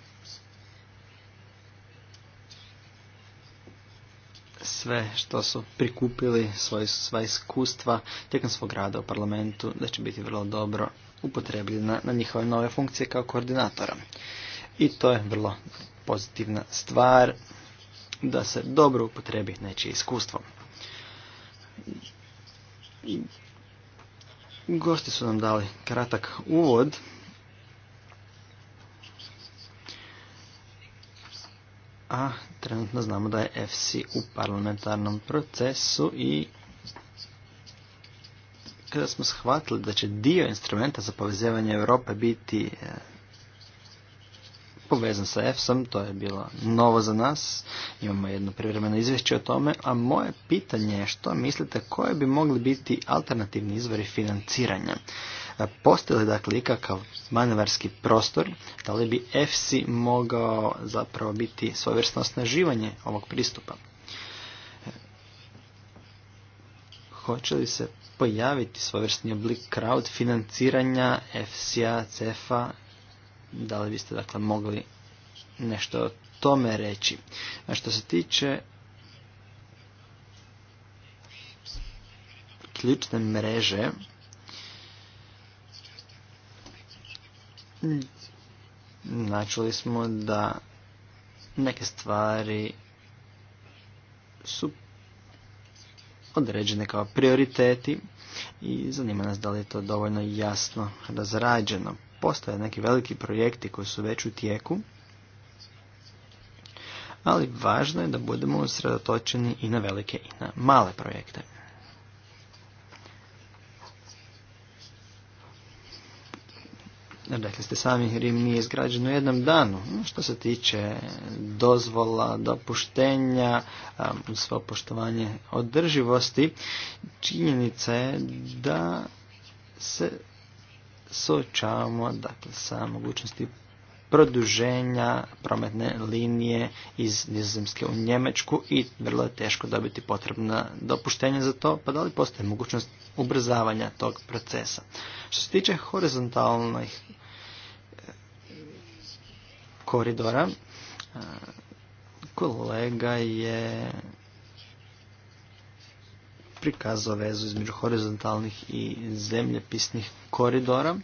sve što su prikupili, svoje, sva iskustva tijekom svog rada u parlamentu, da će biti vrlo dobro upotrebljena na njihove nove funkcije kao koordinatora. I to je vrlo pozitivna stvar da se dobro upotrebi nečije iskustvo. Gosti su nam dali kratak uvod. A Trenutno znamo da je FC u parlamentarnom procesu i kada smo shvatili da će dio instrumenta za povezivanje Europe biti e, povezan sa EFSA-om, to je bilo novo za nas, imamo jedno privremeno izvješće o tome, a moje pitanje je što mislite koje bi mogli biti alternativni izvori financiranja. Postoji li dakle ikakav manevarski prostor, da li bi EFSI mogao zapravo biti svojevrsno osnaživanje ovog pristupa? Hoće li se pojaviti svojevrsni oblik crowd financiranja EFSI-a, cef Da li biste dakle mogli nešto o tome reći? A što se tiče ključne mreže načuli smo da neke stvari su određene kao prioriteti i zanima nas da li je to dovoljno jasno razrađeno. Postoje neki veliki projekti koji su već u tijeku, ali važno je da budemo usredotočeni i na velike i na male projekte. Rekli dakle, ste sami, Rim nije izgrađen u jednom danu. Što se tiče dozvola, dopuštenja, svo poštovanje održivosti, činjenica je da se suočavamo dakle, sa mogućnosti produženja prometne linije iz Nizozemske u Njemečku i vrlo je teško dobiti potrebna dopuštenja za to, pa da li postoji mogućnost ubrzavanja tog procesa. Što se tiče horizontalnih koridora. Kolega je prikazao vezu između horizontalnih i zemljepisnih koridora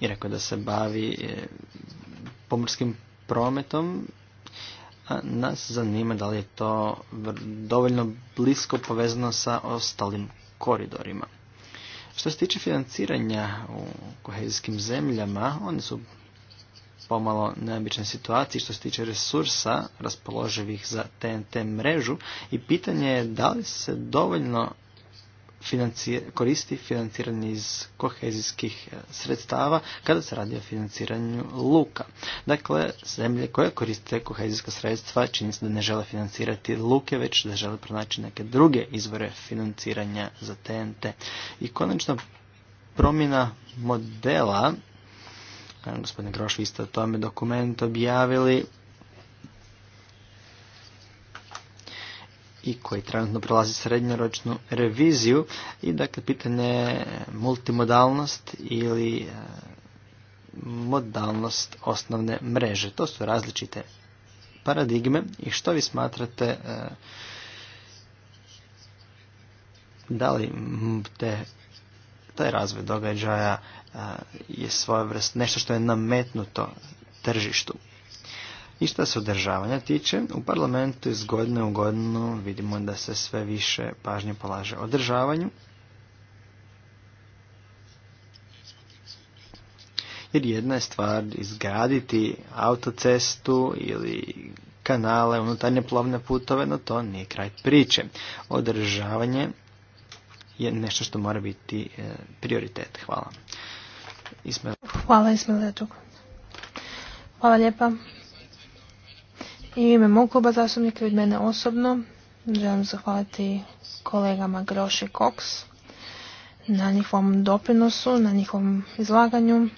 i rekao da se bavi e, pomorskim prometom. A nas zanima da li je to dovoljno blisko povezano sa ostalim koridorima. Što se tiče financiranja u kohezijskim zemljama, oni su pomalo neobičnoj situaciji što se tiče resursa raspoloživih za TNT mrežu i pitanje je da li se dovoljno koristi financiranje iz kohezijskih e, sredstava kada se radi o financiranju luka. Dakle, zemlje koje koriste kohezijska sredstva čini se da ne žele financirati luke, već da žele pronaći neke druge izvore financiranja za TNT. I konačno promjena modela Gospodine Groš, vi ste o tome dokument objavili i koji trenutno prelazi srednjoročnu reviziju i dakle pitanje je multimodalnost ili e, modalnost osnovne mreže. To su različite paradigme i što vi smatrate e, da li te, taj razvoj događaja je svoje vrst, nešto što je nametnuto tržištu. I što se održavanja tiče, u parlamentu iz godine u godinu vidimo da se sve više pažnje polaže održavanju. Jer jedna je stvar izgraditi autocestu ili kanale, unutarnje plovne putove, no to nije kraj priče. Održavanje je nešto što mora biti e, prioritet. Hvala. Ismail. Hvala Ismail Hvala lijepa. I u ime mog kluba zastupnika i od mene osobno želim zahvaliti kolegama Groši koks Cox na njihovom doprinosu, na njihovom izlaganju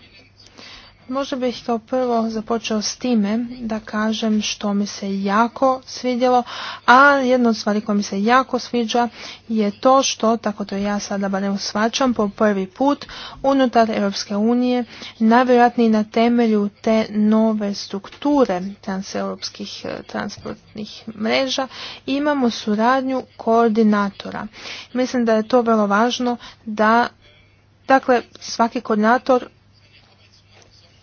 Možda bih kao prvo započeo s time da kažem što mi se jako svidjelo, a jedna od stvari koja mi se jako sviđa je to što, tako to ja sada barem shvaćam, po prvi put unutar Europske unije, najvjerojatniji na temelju te nove strukture transeuropskih eh, transportnih mreža, imamo suradnju koordinatora. Mislim da je to vrlo važno da Dakle, svaki koordinator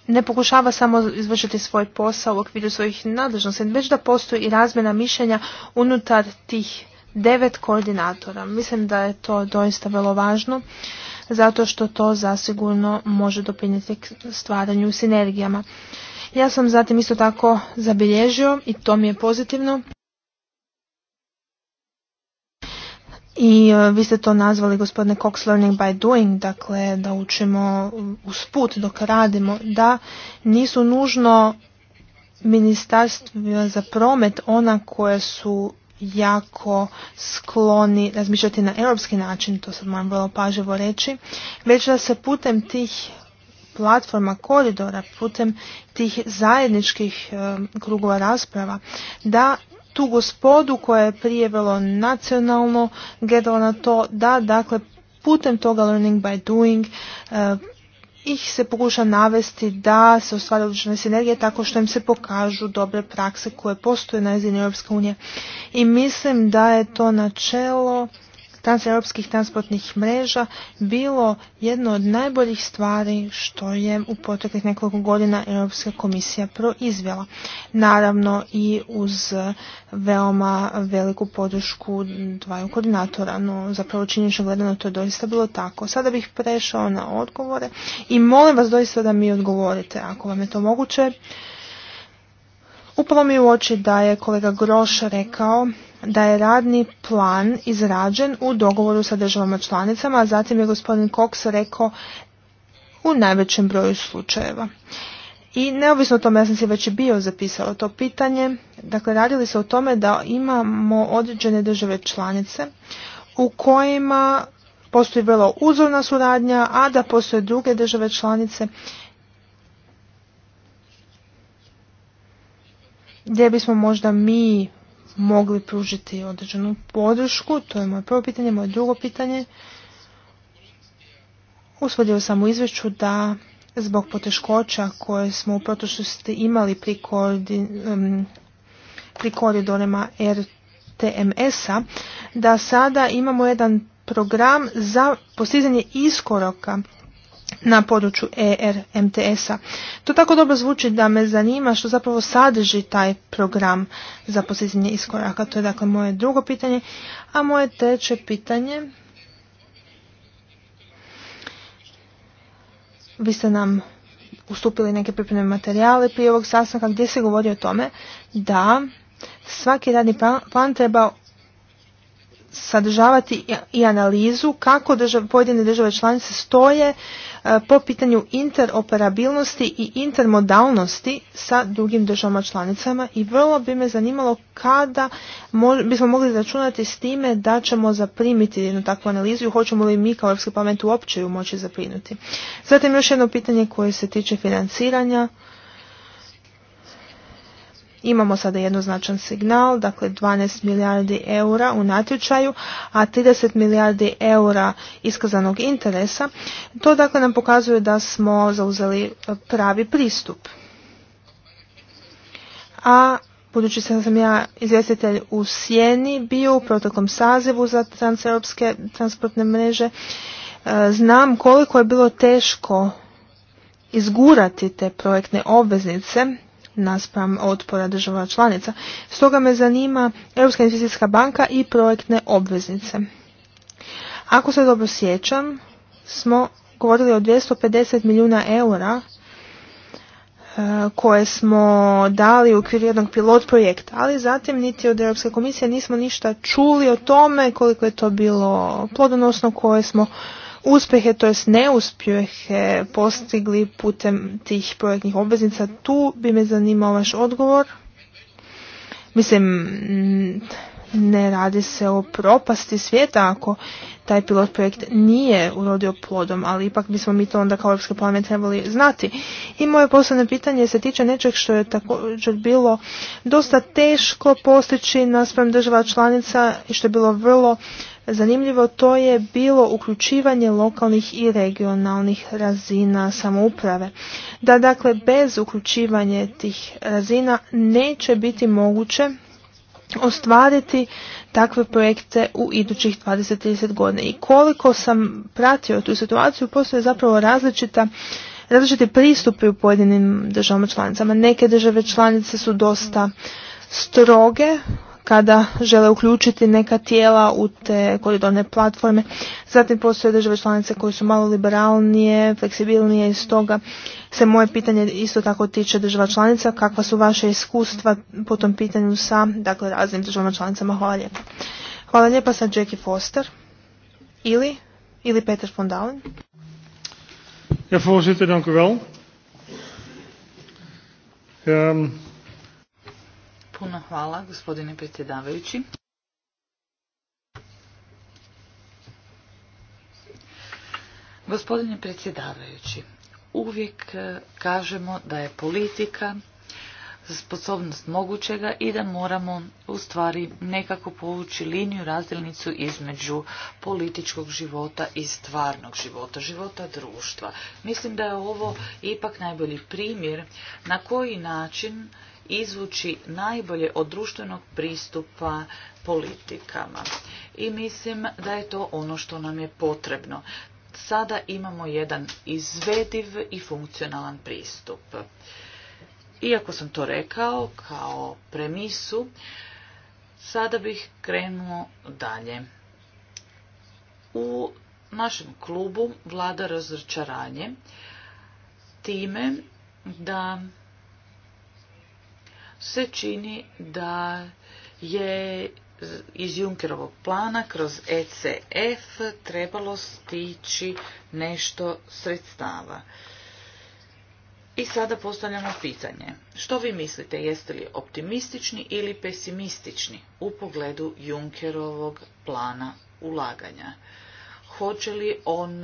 ne pokušava samo izvršiti svoj posao u okviru svojih nadležnosti, već da postoji i razmjena mišljenja unutar tih devet koordinatora. Mislim da je to doista vrlo važno, zato što to zasigurno može doprinijeti stvaranju sinergijama. Ja sam zatim isto tako zabilježio i to mi je pozitivno I e, vi ste to nazvali, gospodine Cox, learning by doing, dakle da učimo usput dok radimo, da nisu nužno ministarstva za promet ona koje su jako skloni razmišljati na europski način, to sad moram vrlo pažljivo reći, već da se putem tih platforma koridora, putem tih zajedničkih e, krugova rasprava, da tu gospodu koja je prijevelo nacionalno gledala na to da dakle putem toga learning by doing eh, ih se pokuša navesti da se ostvara odlične sinergije tako što im se pokažu dobre prakse koje postoje na razini Europske unije. I mislim da je to načelo transeuropskih transportnih mreža bilo jedno od najboljih stvari što je u proteklih nekoliko godina Europska komisija proizvela. Naravno i uz veoma veliku podršku dvaju koordinatora, no zapravo činjenično gledano to je doista bilo tako. Sada bih prešao na odgovore i molim vas doista da mi odgovorite ako vam je to moguće. Upalo mi u oči da je kolega Groš rekao da je radni plan izrađen u dogovoru sa državama članicama, a zatim je gospodin Cox rekao u najvećem broju slučajeva. I neovisno o tome, ja sam si već i bio zapisao to pitanje, dakle radili se o tome da imamo određene države članice u kojima postoji vrlo uzorna suradnja, a da postoje druge države članice gdje bismo možda mi mogli pružiti određenu podršku? To je moje prvo pitanje. Moje drugo pitanje. Usvodio sam u izveću da zbog poteškoća koje smo u protočnosti imali pri, koordin, pri koridorima RTMS-a, da sada imamo jedan program za postizanje iskoroka na području ERMTS-a. To tako dobro zvuči da me zanima što zapravo sadrži taj program za postizanje iskoraka. To je dakle moje drugo pitanje. A moje treće pitanje vi ste nam ustupili neke pripremne materijale prije ovog sastanka gdje se govori o tome da svaki radni pa- plan treba sadržavati i analizu kako pojedine države članice stoje e, po pitanju interoperabilnosti i intermodalnosti sa drugim državama članicama i vrlo bi me zanimalo kada bismo mogli računati s time da ćemo zaprimiti jednu takvu analizu i hoćemo li mi kao Europski parlament uopće ju moći zaprinuti. Zatim još jedno pitanje koje se tiče financiranja Imamo sada jednoznačan signal, dakle 12 milijardi eura u natječaju, a 30 milijardi eura iskazanog interesa. To dakle nam pokazuje da smo zauzeli e, pravi pristup. A budući sam ja izvjestitelj u Sjeni bio u protokom sazivu za transeuropske transportne mreže, e, znam koliko je bilo teško izgurati te projektne obveznice naspram otpora država članica. Stoga me zanima Europska investicijska banka i projektne obveznice. Ako se dobro sjećam, smo govorili o 250 milijuna eura e, koje smo dali u okviru jednog pilot projekta, ali zatim niti od Europske komisije nismo ništa čuli o tome koliko je to bilo plodonosno, koje smo uspjehe, to jest neuspjehe postigli putem tih projektnih obveznica. Tu bi me zanimao vaš odgovor. Mislim, ne radi se o propasti svijeta ako taj pilot projekt nije urodio plodom, ali ipak bismo mi to onda kao Europski parlament trebali znati. I moje posebno pitanje se tiče nečeg što je također bilo dosta teško postići naspram država članica i što je bilo vrlo zanimljivo, to je bilo uključivanje lokalnih i regionalnih razina samouprave. Da dakle bez uključivanja tih razina neće biti moguće ostvariti takve projekte u idućih 20-30 godina. I koliko sam pratio tu situaciju, postoje zapravo različita različiti pristupi u pojedinim državama članicama. Neke države članice su dosta stroge kada žele uključiti neka tijela u te koridorne platforme. Zatim postoje države članice koje su malo liberalnije, fleksibilnije i stoga se moje pitanje isto tako tiče država članica. Kakva su vaše iskustva po tom pitanju sa dakle, raznim državama članicama? Hvala lijepa. Hvala lijepa sa Jackie Foster ili, ili Peter von Dalen. Ja, voorzitter, dank u wel. Ehm, Puno hvala, gospodine predsjedavajući. Gospodine predsjedavajući, uvijek e, kažemo da je politika sposobnost mogućega i da moramo u stvari nekako povući liniju razdjelnicu između političkog života i stvarnog života, života društva. Mislim da je ovo ipak najbolji primjer na koji način izvući najbolje od društvenog pristupa politikama. I mislim da je to ono što nam je potrebno. Sada imamo jedan izvediv i funkcionalan pristup. Iako sam to rekao kao premisu, sada bih krenuo dalje. U našem klubu vlada razočaranje time da se čini da je iz Junkerovog plana kroz ECF trebalo stići nešto sredstava. I sada postavljamo pitanje. Što vi mislite, jeste li optimistični ili pesimistični u pogledu Junkerovog plana ulaganja? Hoće li on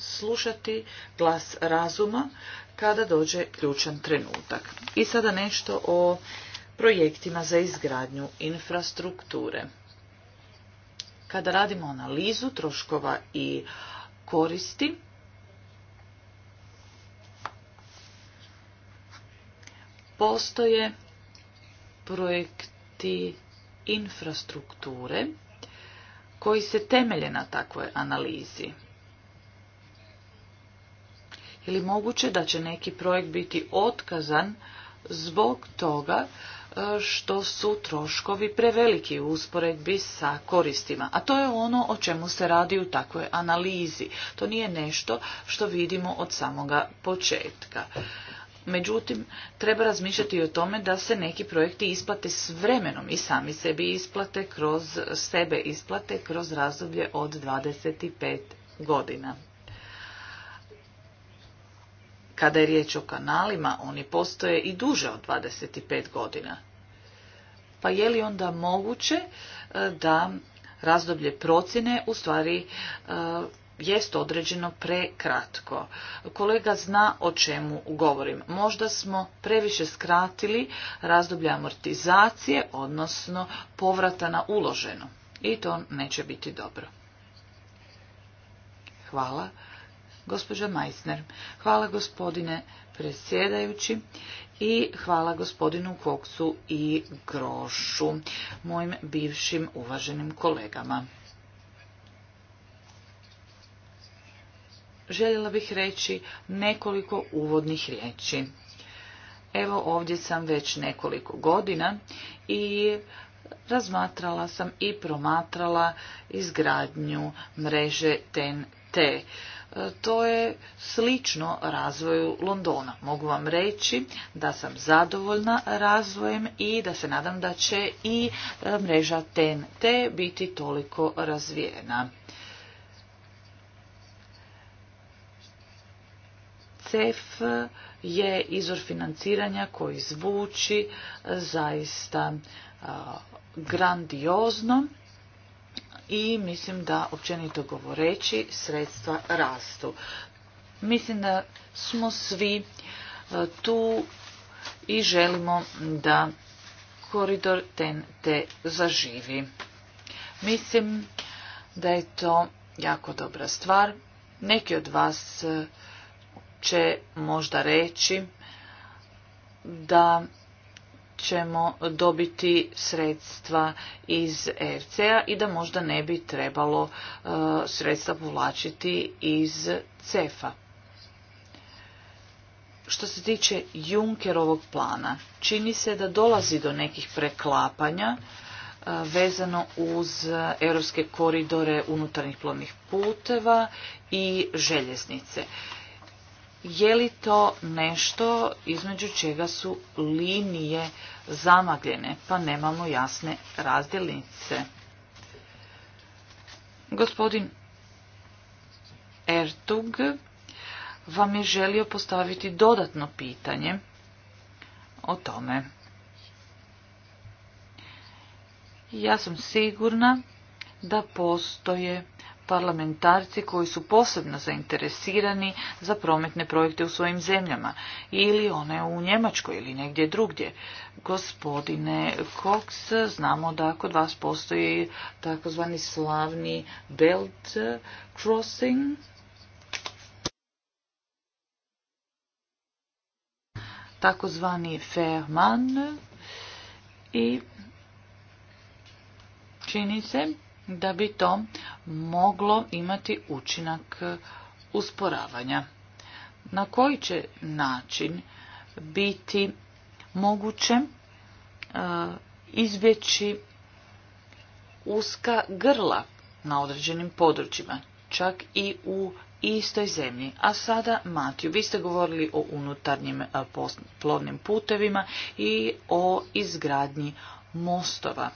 slušati glas razuma kada dođe ključan trenutak. I sada nešto o projektima za izgradnju infrastrukture. Kada radimo analizu troškova i koristi, postoje projekti infrastrukture koji se temelje na takvoj analizi ili moguće da će neki projekt biti otkazan zbog toga e, što su troškovi preveliki u usporedbi sa koristima. A to je ono o čemu se radi u takvoj analizi. To nije nešto što vidimo od samoga početka. Međutim, treba razmišljati o tome da se neki projekti isplate s vremenom i sami sebi isplate kroz sebe isplate kroz razdoblje od 25 godina. Kada je riječ o kanalima, oni postoje i duže od 25 godina. Pa je li onda moguće e, da razdoblje procjene u stvari e, jest određeno prekratko. Kolega zna o čemu govorim. Možda smo previše skratili razdoblje amortizacije, odnosno povrata na uloženo. I to neće biti dobro. Hvala. Gospođa Majsner, hvala gospodine predsjedajući i hvala gospodinu Koksu i Grošu, mojim bivšim uvaženim kolegama. Željela bih reći nekoliko uvodnih riječi. Evo ovdje sam već nekoliko godina i razmatrala sam i promatrala izgradnju mreže TEN-T. E, to je slično razvoju Londona. Mogu vam reći da sam zadovoljna razvojem i da se nadam da će i e, mreža TNT biti toliko razvijena. CEF je izvor financiranja koji zvuči zaista grandiozno i mislim da općenito govoreći sredstva rastu. Mislim da smo svi e, tu i želimo da koridor te zaživi. Mislim da je to jako dobra stvar. Neki od vas e, će možda reći da ćemo dobiti sredstva iz EFC-a i da možda ne bi trebalo e, sredstva povlačiti iz CEFA. Što se tiče Junkerovog plana, čini se da dolazi do nekih preklapanja e, vezano uz europske koridore unutarnjih plovnih puteva i željeznice je li to nešto između čega su linije zamagljene, pa nemamo jasne razdjelnice. Gospodin Ertug vam je želio postaviti dodatno pitanje o tome. Ja sam sigurna da postoje parlamentarci koji su posebno zainteresirani za prometne projekte u svojim zemljama ili one u Njemačkoj ili negdje drugdje. Gospodine Cox, znamo da kod vas postoji takozvani slavni belt crossing. takozvani Fairman i čini se da bi to moglo imati učinak usporavanja. Na koji će način biti moguće e, izbjeći uska grla na određenim područjima, čak i u istoj zemlji. A sada, Matiju, vi ste govorili o unutarnjim e, plovnim putevima i o izgradnji mostova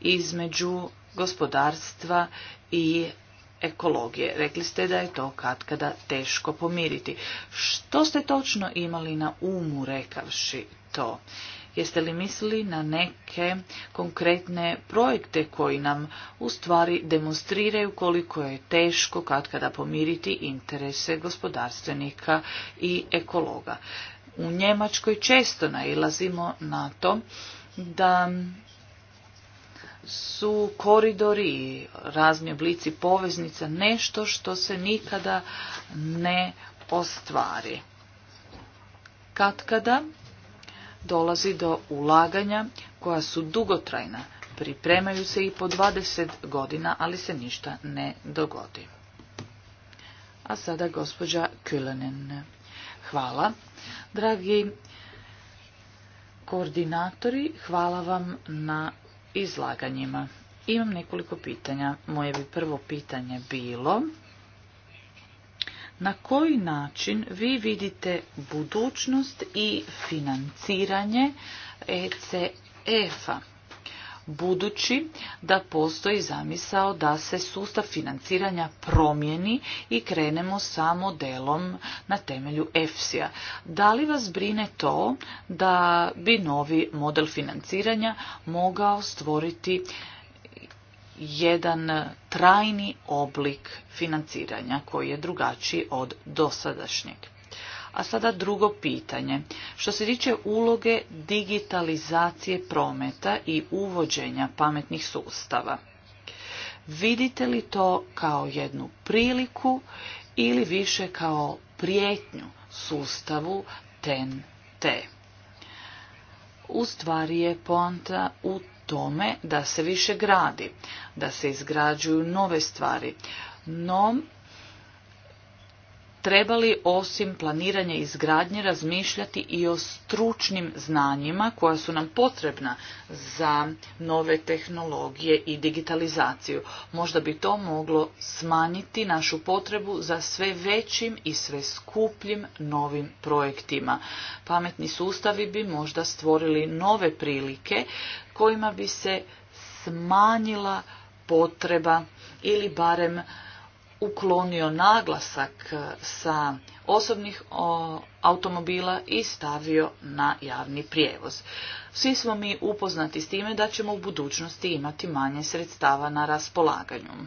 između gospodarstva i ekologije. Rekli ste da je to katkada teško pomiriti. Što ste točno imali na umu rekavši to? Jeste li mislili na neke konkretne projekte koji nam u stvari demonstriraju koliko je teško katkada pomiriti interese gospodarstvenika i ekologa? U Njemačkoj često nailazimo na to da su koridori, razni oblici poveznica, nešto što se nikada ne ostvari. Katkada dolazi do ulaganja koja su dugotrajna, pripremaju se i po 20 godina, ali se ništa ne dogodi. A sada gospođa Kylenen. Hvala. Dragi koordinatori, hvala vam na izlaganjima. Imam nekoliko pitanja. Moje bi prvo pitanje bilo na koji način vi vidite budućnost i financiranje ECF-a? E budući da postoji zamisao da se sustav financiranja promijeni i krenemo sa modelom na temelju EFSI-a. Da li vas brine to da bi novi model financiranja mogao stvoriti jedan trajni oblik financiranja koji je drugačiji od dosadašnjeg? A sada drugo pitanje. Što se tiče uloge digitalizacije prometa i uvođenja pametnih sustava, vidite li to kao jednu priliku ili više kao prijetnju sustavu TEN-T? U stvari je poanta u tome da se više gradi, da se izgrađuju nove stvari, no trebali osim planiranja izgradnje razmišljati i o stručnim znanjima koja su nam potrebna za nove tehnologije i digitalizaciju. Možda bi to moglo smanjiti našu potrebu za sve većim i sve skupljim novim projektima. Pametni sustavi bi možda stvorili nove prilike kojima bi se smanjila potreba ili barem uklonio naglasak e, sa osobnih automobila i stavio na javni prijevoz. Svi smo mi upoznati s time da ćemo u budućnosti imati manje sredstava na raspolaganju.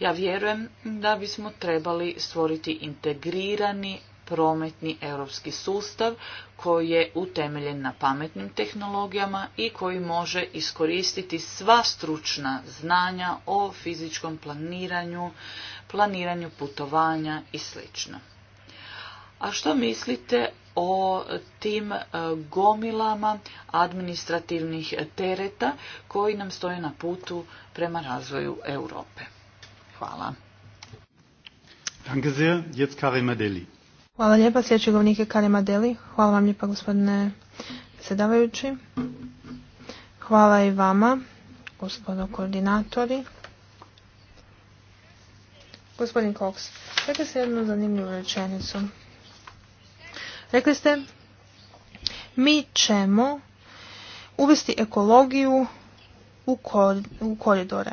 Ja vjerujem da bismo trebali stvoriti integrirani prometni europski sustav koji je utemeljen na pametnim tehnologijama i koji može iskoristiti sva stručna znanja o fizičkom planiranju, planiranju putovanja i sl. A što mislite o tim e, gomilama administrativnih tereta koji nam stoje na putu prema razvoju Europe? Hvala. Danke sehr. Jetzt Karim Hvala lijepa. Sljedeći govornik je Karima Deli. Hvala vam lijepa gospodine predsjedavajući. Hvala i vama, gospodo koordinatori. Gospodin Cox, rekli ste jednu zanimljivu rečenicu. Rekli ste, mi ćemo uvesti ekologiju u koridore.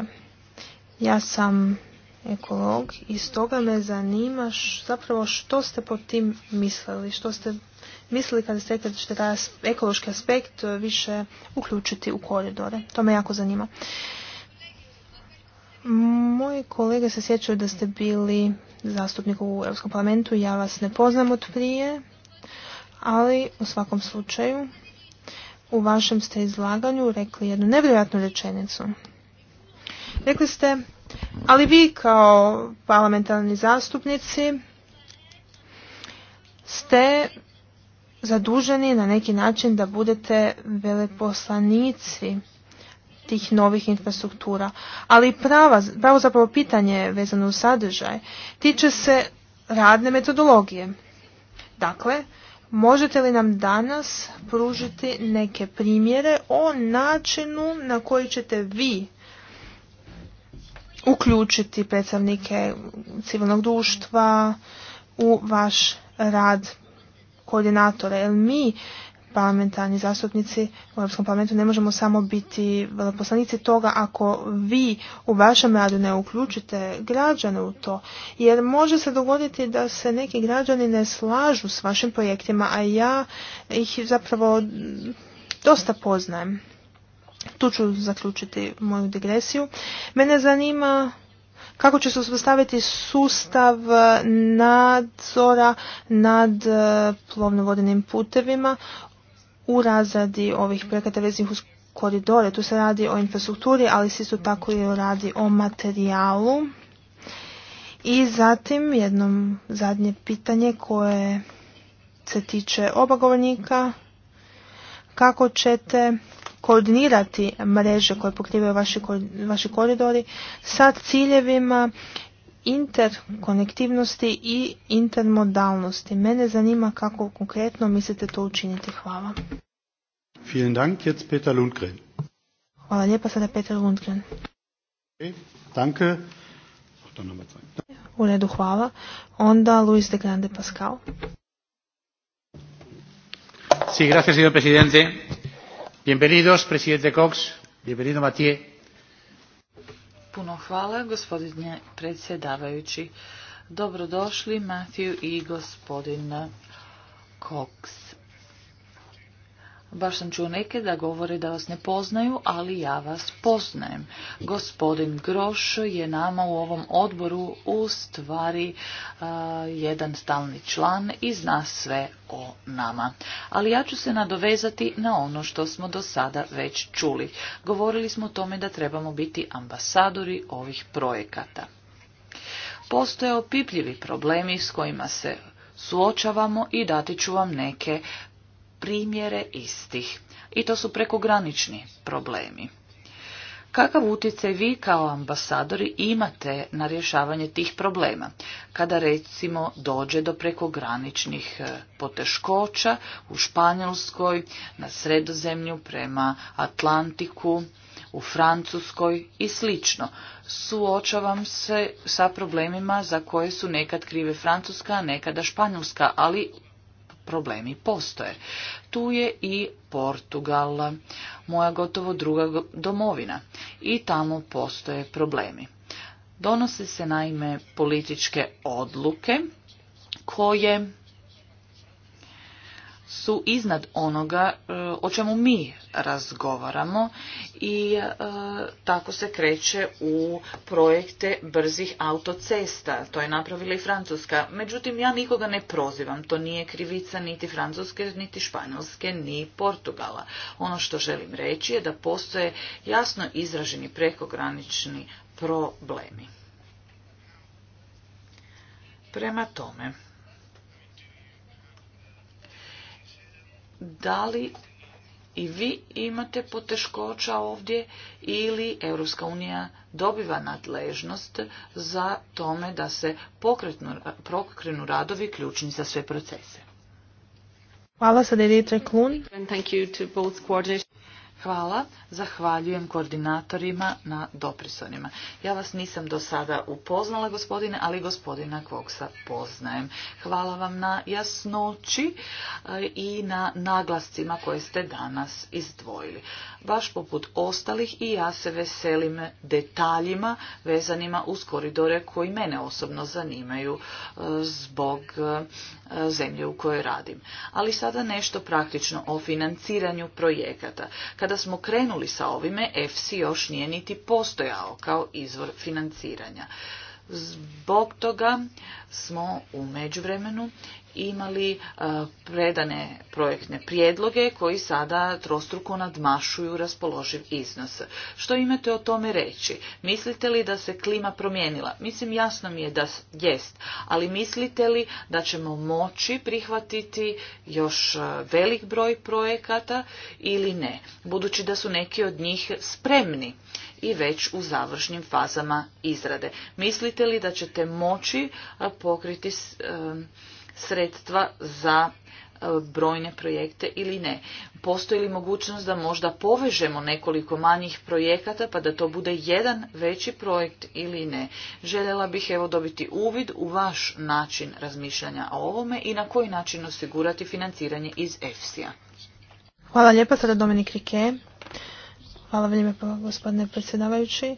Ja sam ekolog i stoga me zanima zapravo što ste pod tim mislili, što ste mislili kada ste rekli da ćete taj ekološki aspekt e, više uključiti u koridore. To me jako zanima. Moji kolege se sjećaju da ste bili zastupnik u Europskom parlamentu, ja vas ne poznam od prije, ali u svakom slučaju u vašem ste izlaganju rekli jednu nevjerojatnu rečenicu. Rekli ste ali vi kao parlamentarni zastupnici ste zaduženi na neki način da budete veleposlanici tih novih infrastruktura. Ali prava, pravo zapravo pitanje vezano u sadržaj tiče se radne metodologije. Dakle, možete li nam danas pružiti neke primjere o načinu na koji ćete vi uključiti predstavnike civilnog društva u vaš rad koordinatora. Jer mi parlamentarni zastupnici u Europskom parlamentu ne možemo samo biti veleposlanici toga ako vi u vašem radu ne uključite građane u to. Jer može se dogoditi da se neki građani ne slažu s vašim projektima, a ja ih zapravo dosta poznajem. Tu ću zaključiti moju digresiju. Mene zanima kako će se uspostaviti sustav nadzora nad e, plovnovodenim putevima u razradi ovih projekata veznih uz koridore. Tu se radi o infrastrukturi, ali se isto tako i radi o materijalu. I zatim jedno zadnje pitanje koje se tiče oba kako ćete koordinirati mreže koje pokrivaju vaši, koridori sa ciljevima interkonektivnosti i intermodalnosti. Mene zanima kako konkretno mislite to učiniti. Hvala. Vielen Dank, jetzt Peter Hvala lijepa, sada Peter Lundgren. danke. U redu, hvala. Onda Luis de Grande Pascal. Sí, gracias, señor presidente. Bienvenidos, presidente Cox. Bienvenido, Mathieu. Puno hvala, gospodine predsjedavajući. Dobrodošli, Matthew i gospodin Cox. Baš sam čuo neke da govore da vas ne poznaju, ali ja vas poznajem. Gospodin Groš je nama u ovom odboru u stvari jedan stalni član i zna sve o nama. Ali ja ću se nadovezati na ono što smo do sada već čuli. Govorili smo o tome da trebamo biti ambasadori ovih projekata. Postoje opipljivi problemi s kojima se suočavamo i dati ću vam neke primjere istih. I to su prekogranični problemi. Kakav utjecaj vi kao ambasadori imate na rješavanje tih problema? Kada recimo dođe do prekograničnih e, poteškoća u Španjolskoj, na Sredozemlju, prema Atlantiku, u Francuskoj i slično. Suočavam se sa problemima za koje su nekad krive Francuska, nekada Španjolska, ali problemi postoje. Tu je i Portugal, moja gotovo druga domovina i tamo postoje problemi. Donose se naime političke odluke koje su iznad onoga e, o čemu mi razgovaramo i e, tako se kreće u projekte brzih autocesta. To je napravila i Francuska. Međutim, ja nikoga ne prozivam. To nije krivica niti Francuske, niti Španjolske, ni Portugala. Ono što želim reći je da postoje jasno izraženi prekogranični problemi. Prema tome, da li i vi imate poteškoća ovdje ili Europska unija dobiva nadležnost za tome da se pokrenu radovi ključni za sve procese. Hvala sa Klun. Hvala. Zahvaljujem koordinatorima na doprisonima. Ja vas nisam do sada upoznala, gospodine, ali gospodina Koksa poznajem. Hvala vam na jasnoći e, i na naglascima koje ste danas izdvojili baš poput ostalih i ja se veselim detaljima vezanima uz koridore koji mene osobno zanimaju e, zbog e, zemlje u kojoj radim. Ali sada nešto praktično o financiranju projekata. Kada smo krenuli sa ovime, EFSI još nije niti postojao kao izvor financiranja. Zbog toga smo u međuvremenu imali e, predane projektne prijedloge koji sada trostruko nadmašuju raspoloživ iznos. Što imate o tome reći? Mislite li da se klima promijenila? Mislim, jasno mi je da jest, ali mislite li da ćemo moći prihvatiti još e, velik broj projekata ili ne, budući da su neki od njih spremni? i već u završnim fazama izrade. Mislite li da ćete moći e, pokriti e, sredstva za e, brojne projekte ili ne. Postoji li mogućnost da možda povežemo nekoliko manjih projekata pa da to bude jedan veći projekt ili ne. Željela bih evo dobiti uvid u vaš način razmišljanja o ovome i na koji način osigurati financiranje iz EFSI-a. Hvala lijepa, sada Dominik Rike. Hvala lijepo gospodine predsjedavajući.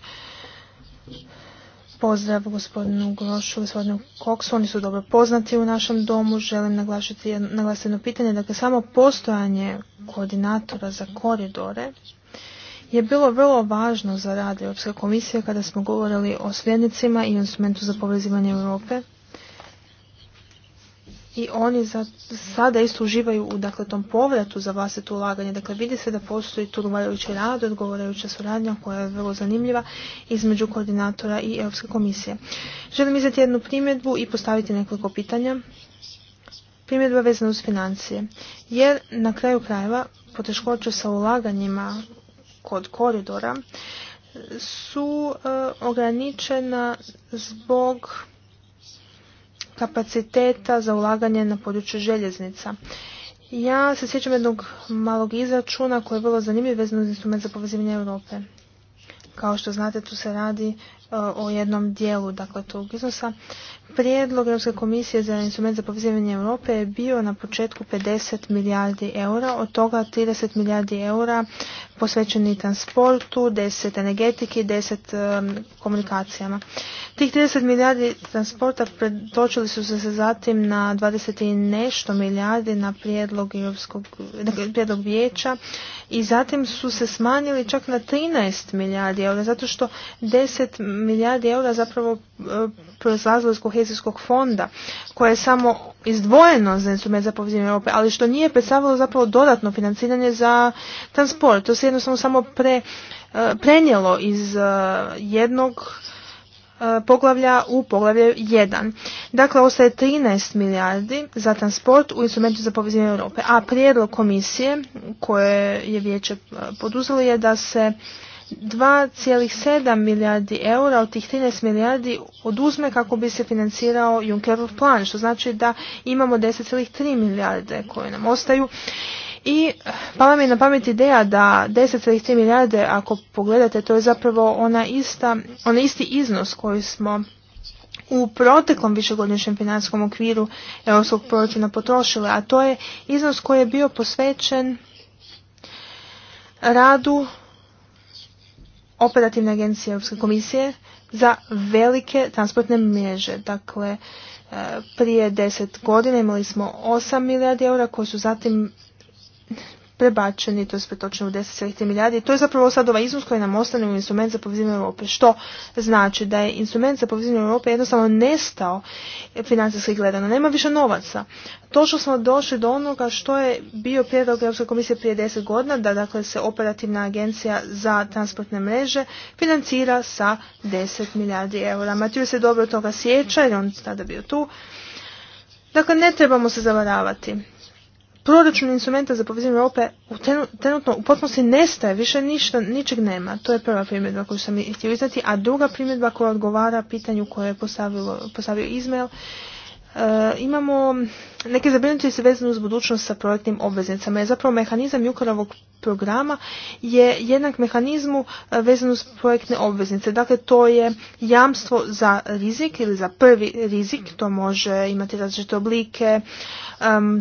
Pozdrav gospodinu Grošu, gospodinu Koksu, oni su dobro poznati u našem domu. Želim naglasiti jedno pitanje, dakle samo postojanje koordinatora za koridore je bilo vrlo važno za rad Europske komisije kada smo govorili o sljednicima i instrumentu za povezivanje Europe i oni za, sada isto uživaju u dakle, tom povratu za vlastito ulaganje. Dakle, vidi se da postoji turvarajući rad, odgovarajuća suradnja koja je vrlo zanimljiva između koordinatora i Europske komisije. Želim izati jednu primjedbu i postaviti nekoliko pitanja. Primjedba vezana uz financije. Jer na kraju krajeva poteškoće sa ulaganjima kod koridora su e, ograničena zbog kapaciteta za ulaganje na području željeznica. Ja se sjećam jednog malog izračuna koji je bilo zanimljiv vezan uz instrument za povezivanje Europe. Kao što znate, tu se radi e, o jednom dijelu dakle, tog iznosa Prijedlog Europske komisije za instrument za povezivanje Europe je bio na početku 50 milijardi eura, od toga 30 milijardi eura posvećeni transportu, 10 energetiki, 10 komunikacijama. Tih 30 milijardi transporta pretočili su se zatim na 20 i nešto milijardi na prijedlog, Europskog, prijedlog vijeća i zatim su se smanjili čak na 13 milijardi eura, zato što 10 milijardi eura zapravo proizlazilo iz kohezijskog fonda koje je samo izdvojeno za instrument za povezivanje Europe, ali što nije predstavilo zapravo dodatno financiranje za transport. To se jednostavno samo pre, e, prenijelo iz e, jednog e, poglavlja u poglavlje 1. Dakle, ostaje 13 milijardi za transport u instrumentu za povezivanje Europe, a prijedlog komisije koje je vijeće poduzelo je da se 2,7 milijardi eura od tih 13 milijardi oduzme kako bi se financirao Junckerov plan, što znači da imamo 10,3 milijarde koje nam ostaju. I eh, pala mi na pamet ideja da 10,3 milijarde, ako pogledate, to je zapravo ona ista, onaj isti iznos koji smo u proteklom višegodišnjem financijskom okviru europskog proračuna potrošili, a to je iznos koji je bio posvećen radu operativne agencije Europske komisije za velike transportne mreže. Dakle, e, prije deset godina imali smo 8 milijardi eura koji su zatim prebačeni, to je pretočeno u 10,3 milijardi. To je zapravo sad ovaj iznos koji nam ostane u instrument za povezivanje Europe. Što znači da je instrument za povezivanje Europe jednostavno nestao financijski gledano. Nema više novaca. To što smo došli do onoga što je bio prijedlog Europske komisije prije 10 godina, da dakle se operativna agencija za transportne mreže financira sa 10 milijardi eura. Matiju se dobro toga sjeća jer on tada bio tu. Dakle, ne trebamo se zavaravati proračun instrumenta za povezivanje Europe trenutno u potpunosti nestaje, više ništa, ničeg nema. To je prva primjedba koju sam htio izdati, a druga primjedba koja odgovara pitanju koje je postavio Izmail. E, imamo neke zabrinuti se vezano uz budućnost sa projektnim obveznicama. zapravo mehanizam Jukarovog programa je jednak mehanizmu e, vezano uz projektne obveznice. Dakle, to je jamstvo za rizik ili za prvi rizik. To može imati različite oblike,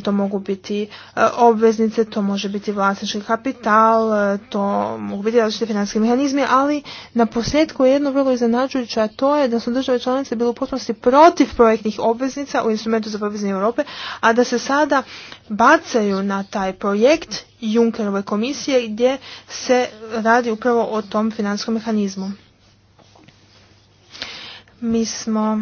to mogu biti e, obveznice, to može biti vlasnički kapital, e, to mogu biti različite financijski mehanizmi, ali na posljedku je jedno vrlo iznenađujuće, a to je da su države članice bile u potpunosti protiv projektnih obveznica u instrumentu za povezanje Europe, a da se sada bacaju na taj projekt Junckerove komisije gdje se radi upravo o tom financijskom mehanizmu. Mi smo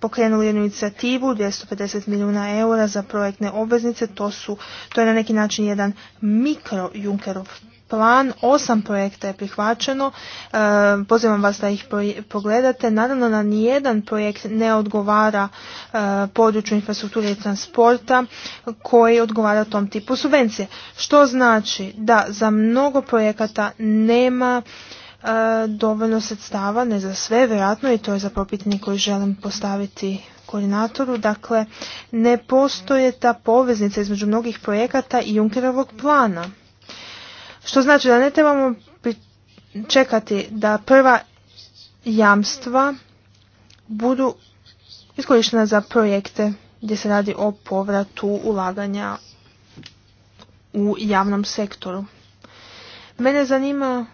pokrenuli jednu inicijativu 250 milijuna eura za projektne obveznice. To, su, to je na neki način jedan mikro Junkerov plan, osam projekta je prihvaćeno. E, pozivam vas da ih pogledate. Naravno, na nijedan projekt ne odgovara e, području infrastrukture i transporta koji odgovara tom tipu subvencije. Što znači da za mnogo projekata nema e, dovoljno sredstava, ne za sve, vjerojatno, i to je za propitanje koji želim postaviti koordinatoru, dakle ne postoje ta poveznica između mnogih projekata i Junkerovog plana. Što znači da ne trebamo čekati da prva jamstva budu iskorištena za projekte gdje se radi o povratu ulaganja u javnom sektoru. Mene zanima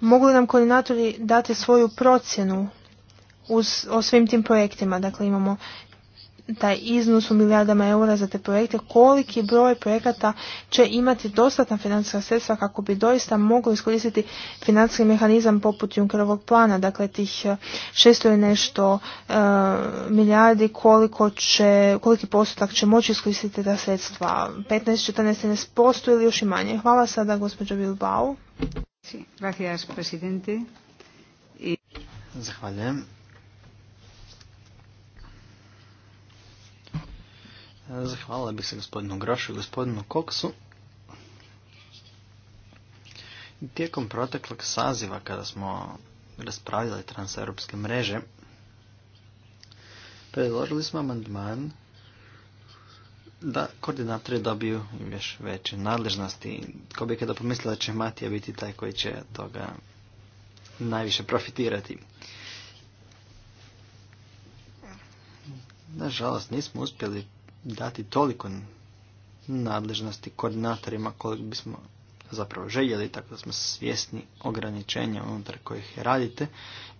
mogu li nam koordinatori dati svoju procjenu o svim tim projektima. Dakle, imamo taj iznos u milijardama eura za te projekte, koliki broj projekata će imati dostatna financijska sredstva kako bi doista mogli iskoristiti financijski mehanizam poput Junckerovog plana, dakle tih eh, šesto i nešto e, milijardi koliko će, koliki postotak će moći iskoristiti ta sredstva, 15, 14, 14% ili još i manje. Hvala sada gospođo Bilbao. Zahvaljujem. Zahvalila bih se gospodinu Grošu i gospodinu Koksu. Tijekom proteklog saziva kada smo raspravljali transeuropske mreže, predložili smo amandman da koordinatori dobiju još veće nadležnosti. Ko bi kada pomislila da će Matija biti taj koji će toga najviše profitirati. Nažalost, nismo uspjeli dati toliko nadležnosti koordinatorima koliko bismo zapravo željeli, tako da smo svjesni ograničenja unutar kojih radite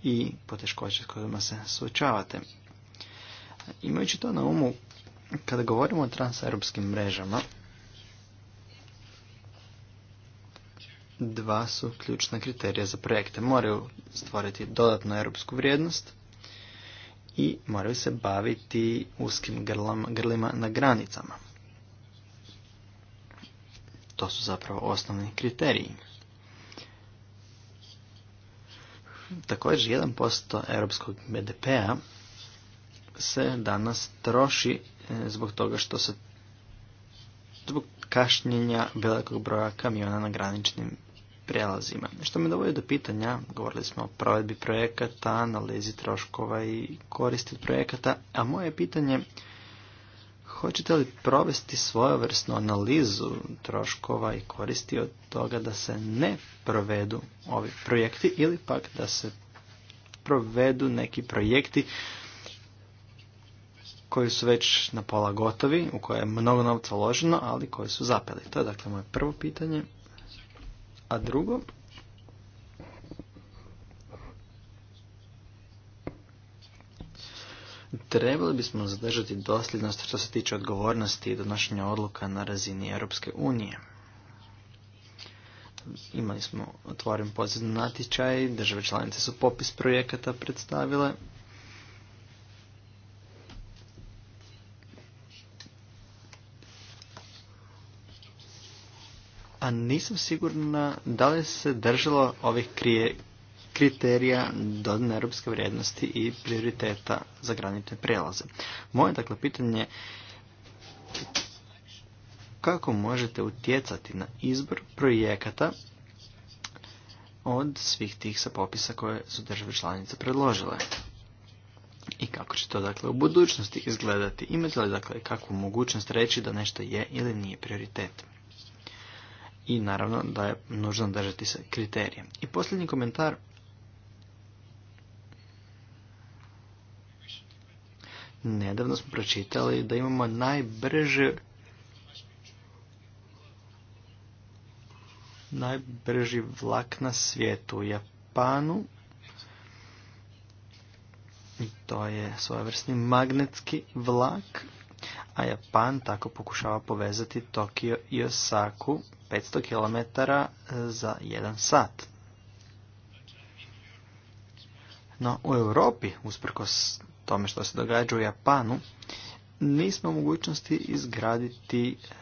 i poteškoće s kojima se suočavate. Imajući to na umu, kada govorimo o transeuropskim mrežama, dva su ključna kriterija za projekte. Moraju stvoriti dodatnu europsku vrijednost i moraju se baviti uskim grlama, grlima na granicama. To su zapravo osnovni kriteriji. Također 1% europskog BDP-a se danas troši e, zbog toga što se zbog kašnjenja velikog broja kamiona na graničnim prijelazima. Što me dovodi do pitanja, govorili smo o provedbi projekata, analizi troškova i koristi projekata, a moje pitanje hoćete li provesti svojevrsnu analizu troškova i koristi od toga da se ne provedu ovi projekti ili pak da se provedu neki projekti koji su već na pola gotovi, u koje je mnogo novca uloženo, ali koji su zapeli. To je dakle moje prvo pitanje. A drugo, trebali bismo zadržati dosljednost što se tiče odgovornosti i donošenja odluka na razini Europske unije. Imali smo otvoren poziv natječaj, države članice su popis projekata predstavile, nisam sigurna da li se držalo ovih kriterija dodane europske vrijednosti i prioriteta za granične prelaze. Moje dakle pitanje kako možete utjecati na izbor projekata od svih tih sa popisa koje su države članice predložile. I kako će to dakle u budućnosti izgledati? Imate li dakle kakvu mogućnost reći da nešto je ili nije prioritet? i naravno da je nužno držati se kriterije. I posljednji komentar. Nedavno smo pročitali da imamo najbrže najbrži vlak na svijetu u Japanu. I to je svojevrsni magnetski vlak, a Japan tako pokušava povezati Tokio i Osaku 500 km e, za 1 sat. No u Europi, usprkos tome što se događa u Japanu, nismo u mogućnosti izgraditi e,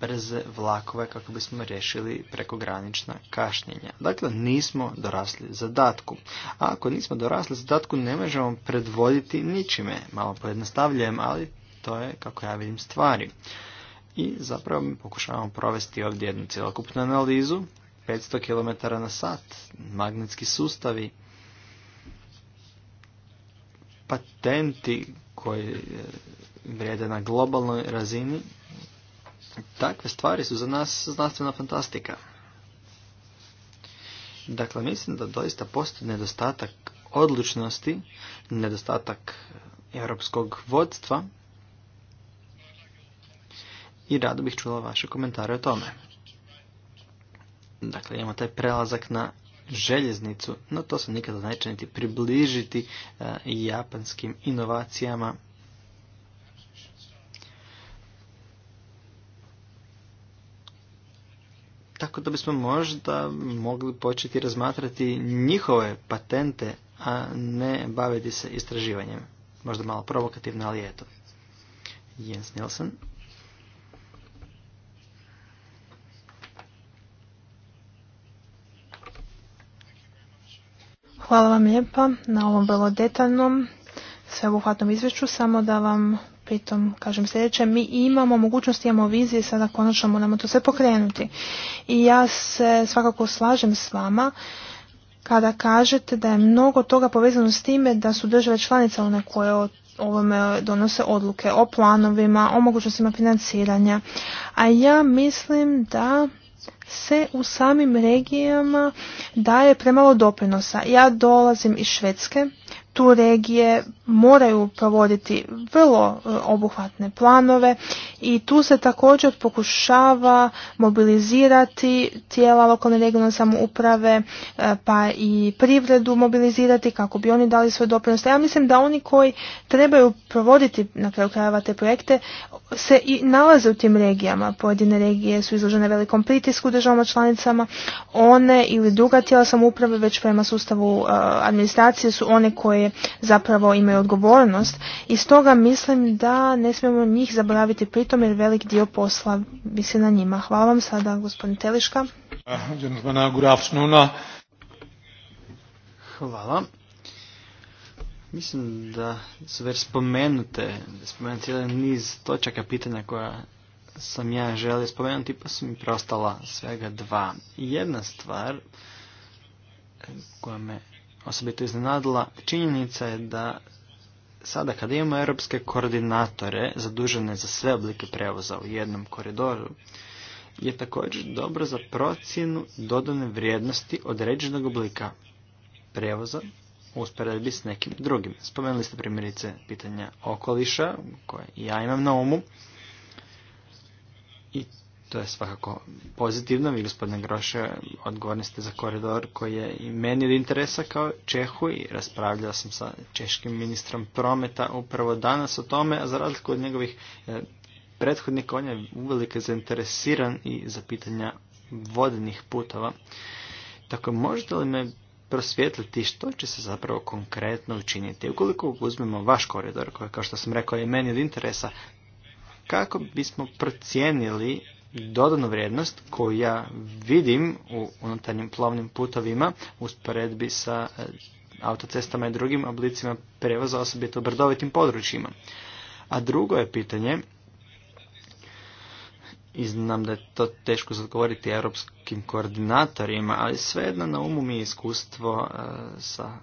brze vlakove kako bismo riješili prekogranična kašnjenja. Dakle, nismo dorasli zadatku. A ako nismo dorasli zadatku, ne možemo predvoditi ničime. Malo pojednostavljujem, ali to je kako ja vidim stvari i zapravo mi pokušavamo provesti ovdje jednu cjelokupnu analizu 500 km na sat, magnetski sustavi, patenti koji e, vrijede na globalnoj razini. Takve stvari su za nas znanstvena fantastika. Dakle, mislim da doista postoji nedostatak odlučnosti, nedostatak europskog vodstva i rado bih čula vaše komentare o tome. Dakle, imamo taj prelazak na željeznicu, no to se nikada neće niti približiti e, japanskim inovacijama. Tako da bismo možda mogli početi razmatrati njihove patente, a ne baviti se istraživanjem. Možda malo provokativno, ali eto. Jens Nielsen. Hvala vam lijepa na ovom vrlo detaljnom sveobuhvatnom izvješću. Samo da vam pritom kažem sljedeće, mi imamo mogućnost, imamo vizije, sada konačno moramo to sve pokrenuti. I ja se svakako slažem s vama kada kažete da je mnogo toga povezano s time da su države članice one koje o ovome donose odluke, o planovima, o mogućnostima financiranja. A ja mislim da se u samim regijama daje premalo doprinosa. Ja dolazim iz Švedske tu regije moraju provoditi vrlo e, obuhvatne planove i tu se također pokušava mobilizirati tijela lokalne regionalne samouprave e, pa i privredu mobilizirati kako bi oni dali svoje doprinos. Ja mislim da oni koji trebaju provoditi na kraju krajeva te projekte se i nalaze u tim regijama. Pojedine regije su izložene velikom pritisku državama članicama. One ili druga tijela samouprave već prema sustavu e, administracije su one koje zapravo imaju odgovornost i stoga mislim da ne smijemo njih zaboraviti pritom jer velik dio posla bi se na njima. Hvala vam sada gospodin Teliška. Hvala. Mislim da su već spomenute, spomenuti cijeli niz točaka pitanja koja sam ja želio spomenuti, pa su mi preostala svega dva. Jedna stvar koja me osobito iznenadila činjenica je da sada kada imamo europske koordinatore zadužene za sve oblike prevoza u jednom koridoru, je također dobro za procjenu dodane vrijednosti određenog oblika prevoza u usporedbi s nekim drugim. Spomenuli ste primjerice pitanja okoliša koje ja imam na umu i to je svakako pozitivno. Vi, gospodine Groše, odgovorni ste za koridor koji je i meni od interesa kao Čehu i raspravljao sam sa češkim ministrom prometa upravo danas o tome, a za razliku od njegovih e, prethodnika, on je uvelike zainteresiran i za pitanja vodnih putova. Tako, dakle, možete li me prosvjetliti što će se zapravo konkretno učiniti? Ukoliko uzmemo vaš koridor, koji, kao što sam rekao, je meni od interesa, kako bismo procijenili dodanu vrijednost koju ja vidim u unutarnjim plovnim putovima u sporedbi sa e, autocestama i drugim oblicima prevoza, osobito u brdovitim područjima. A drugo je pitanje, i znam da je to teško zadgovoriti europskim koordinatorima, ali svejedno na umu mi je iskustvo e, sa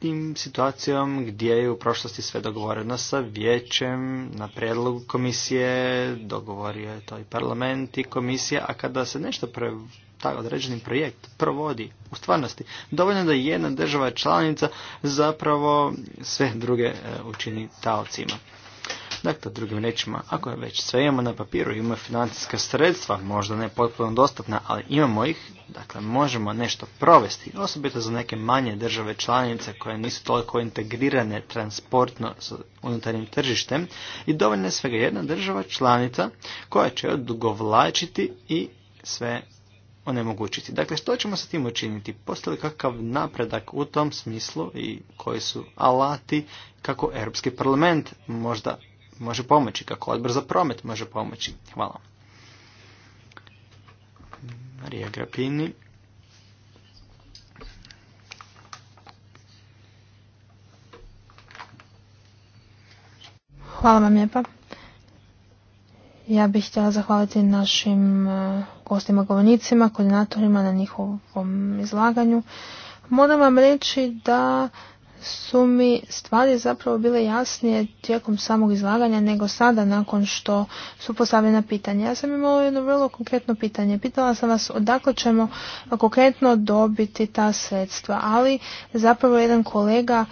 tim situacijom gdje je u prošlosti sve dogovoreno sa vijećem, na prijedlogu komisije, dogovorio je to i parlament i komisija, a kada se nešto pre, taj određeni projekt provodi u stvarnosti, dovoljno da jedna država članica zapravo sve druge e, učini taocima. Dakle, drugim rečima, ako je već sve imamo na papiru, imamo financijska sredstva, možda ne potpuno dostatna, ali imamo ih, dakle, možemo nešto provesti, osobito za neke manje države članice koje nisu toliko integrirane transportno s unutarnjim tržištem i dovoljna je svega jedna država članica koja će odugovlačiti i sve onemogućiti. Dakle, što ćemo sa tim učiniti? Postoji li kakav napredak u tom smislu i koji su alati kako Europski parlament možda može pomoći, kako odbor za promet može pomoći. Hvala. Marija Grapini. Hvala vam lijepa. Ja bih htjela zahvaliti našim e, gostima govornicima, koordinatorima na njihovom izlaganju. Moram vam reći da su mi stvari zapravo bile jasnije tijekom samog izlaganja nego sada nakon što su postavljena pitanja. Ja sam imala jedno vrlo konkretno pitanje. Pitala sam vas odakle ćemo konkretno dobiti ta sredstva, ali zapravo jedan kolega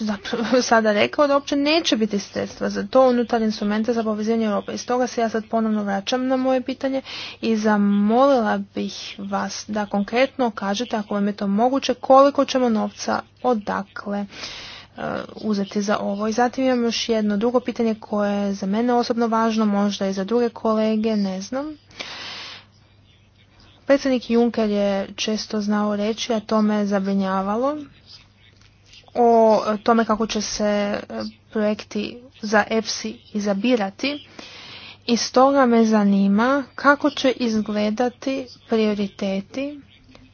zapravo sada rekao da uopće neće biti sredstva za to unutar instrumenta za povezivanje Europe. I stoga se ja sad ponovno vraćam na moje pitanje i zamolila bih vas da konkretno kažete ako vam je to moguće koliko ćemo novca od dakle e, uzeti za ovo. I zatim imam još jedno drugo pitanje koje je za mene osobno važno, možda i za druge kolege, ne znam. Predsjednik Juncker je često znao reći, a to me zabrinjavalo, o tome kako će se e, projekti za EPSI izabirati. I stoga me zanima kako će izgledati prioriteti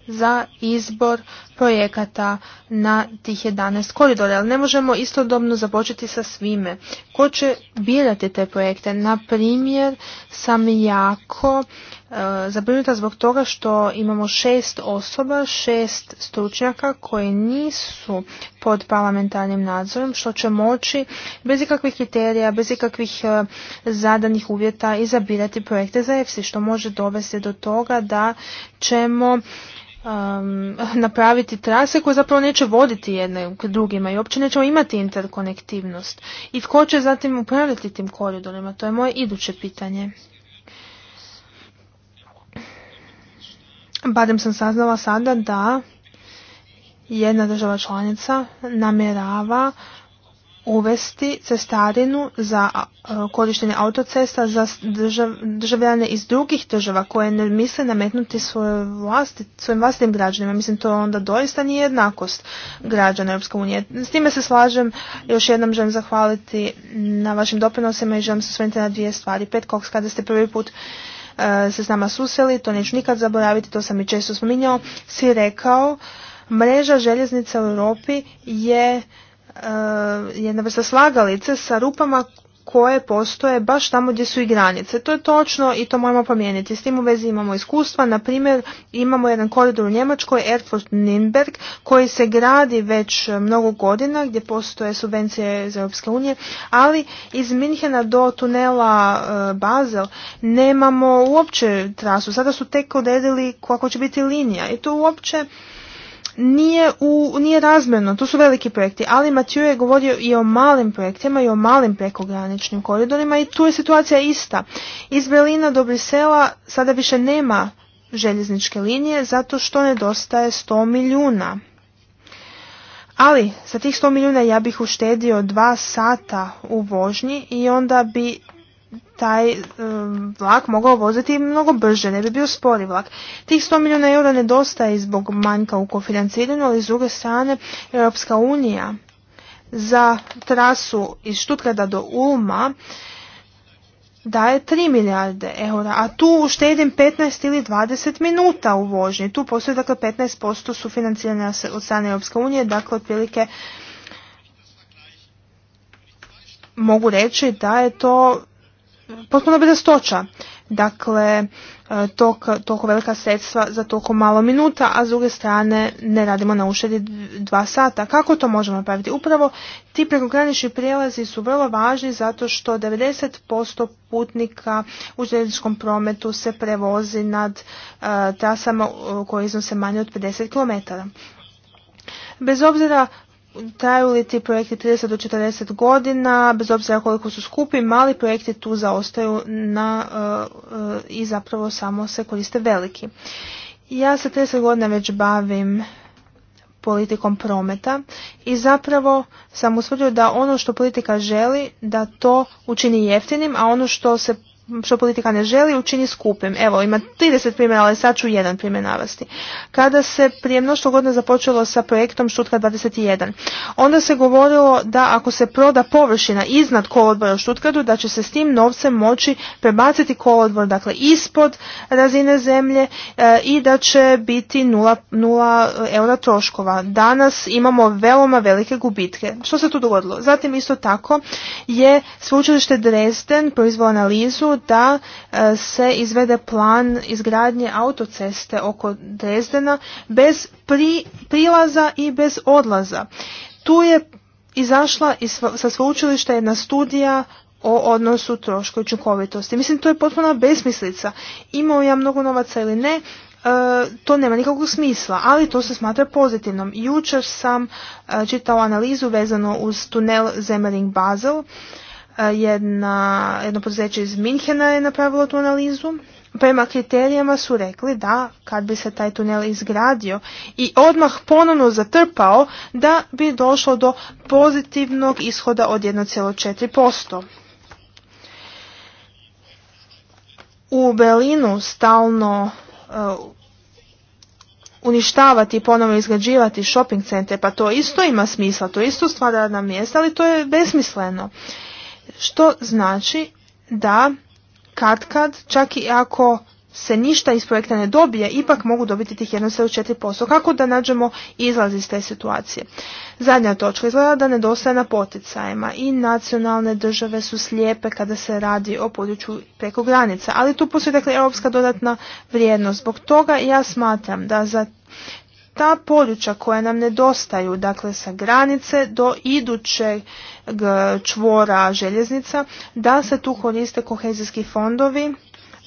za izbor projekata na tih 11 koridora, ali ne možemo istodobno započeti sa svime. Ko će birati te projekte? Na primjer, sam jako e, zabrinuta zbog toga što imamo šest osoba, šest stručnjaka koji nisu pod parlamentarnim nadzorom, što će moći bez ikakvih kriterija, bez ikakvih e, zadanih uvjeta izabirati projekte za EFSI, što može dovesti do toga da ćemo um, napraviti trase koje zapravo neće voditi jedne k drugima i uopće nećemo imati interkonektivnost. I tko će zatim upravljati tim koridorima? To je moje iduće pitanje. Badem sam saznala sada da jedna država članica namjerava uvesti cestarinu za e, korištenje autocesta za državljane iz drugih država koje ne misle nametnuti svoje svojim vlastitim građanima. Mislim, to onda doista nije jednakost građana Europske unije. S time se slažem, još jednom želim zahvaliti na vašim doprinosima i želim se osvrnuti na dvije stvari. Pet koks kada ste prvi put e, se s nama susjeli, to neću nikad zaboraviti, to sam i često spominjao, si rekao, mreža željeznica u Europi je Eh, jedna vrsta slagalice sa rupama koje postoje baš tamo gdje su i granice. To je točno i to moramo promijeniti. S tim u vezi imamo iskustva, na primjer imamo jedan koridor u Njemačkoj, Erfurt Nürnberg, koji se gradi već mnogo godina gdje postoje subvencije iz Europske unije, ali iz Minhena do tunela eh, Basel nemamo uopće trasu. Sada su tek odredili kako će biti linija i to uopće nije, u, nije razmjerno. to su veliki projekti, ali Matiju je govorio i o malim projektima i o malim prekograničnim koridorima i tu je situacija ista. Iz Berlina do Brisela sada više nema željezničke linije zato što nedostaje 100 milijuna. Ali, sa tih 100 milijuna ja bih uštedio dva sata u vožnji i onda bi taj vlak mogao voziti mnogo brže, ne bi bio spori vlak. Tih 100 milijuna eura nedostaje zbog manjka u kofinanciranju, ali s druge strane Europska unija za trasu iz Štutkada do Ulma daje 3 milijarde eura, a tu uštedim 15 ili 20 minuta u vožnji. Tu postoji dakle 15% sufinanciranja od strane Europske unije, dakle otprilike mogu reći da je to potpuno bedastoća. Dakle, e, toliko, velika sredstva za toliko malo minuta, a s druge strane ne radimo na ušedi dva sata. Kako to možemo napraviti? Upravo ti prekogranični prijelazi su vrlo važni zato što 90% putnika u željezničkom prometu se prevozi nad e, trasama koje iznose manje od 50 km. Bez obzira traju li ti projekti 30 do 40 godina, bez obzira koliko su skupi, mali projekti tu zaostaju na, e, e, i zapravo samo se koriste veliki. Ja se 30 godina već bavim politikom prometa i zapravo sam usvrdio da ono što politika želi da to učini jeftinim, a ono što se što politika ne želi učini skupim. Evo, ima 30 primjera, ali sad ću jedan primjer navesti. Kada se prije mnoštvo godina započelo sa projektom Štutka 21, onda se govorilo da ako se proda površina iznad kolodvora u Štutkadu, da će se s tim novcem moći prebaciti kolodvor, dakle ispod razine zemlje eh, i da će biti nula eh, eura troškova. Danas imamo veoma velike gubitke. Što se tu dogodilo? Zatim isto tako je sveučilište Dresden proizvelo analizu da e, se izvede plan izgradnje autoceste oko Drezdena bez prilaza i bez odlaza. Tu je izašla sa sveučilišta jedna studija o odnosu troškoj učinkovitosti. Mislim, to je potpuno besmislica. Imao ja mnogo novaca ili ne, e, to nema nikakvog smisla, ali to se smatra pozitivnom. Jučer sam e, čitao analizu vezano uz tunel Zemering Basel E, jedna, jedno poduzeće iz Minhena je napravilo tu analizu. Prema kriterijama su rekli da kad bi se taj tunel izgradio i odmah ponovno zatrpao da bi došlo do pozitivnog ishoda od 1,4%. U Berlinu stalno e, uništavati i ponovno izgrađivati shopping centre, pa to isto ima smisla, to isto stvara mjesta, ali to je besmisleno. Što znači da kad kad, čak i ako se ništa iz projekta ne dobije, ipak mogu dobiti tih 1,4%. Kako da nađemo izlaz iz te situacije? Zadnja točka izgleda da nedostaje na poticajima i nacionalne države su slijepe kada se radi o području preko granica, ali tu postoji dakle europska dodatna vrijednost. Zbog toga ja smatram da za ta područja koja nam nedostaju, dakle sa granice do idućeg čvora željeznica, da se tu koriste kohezijski fondovi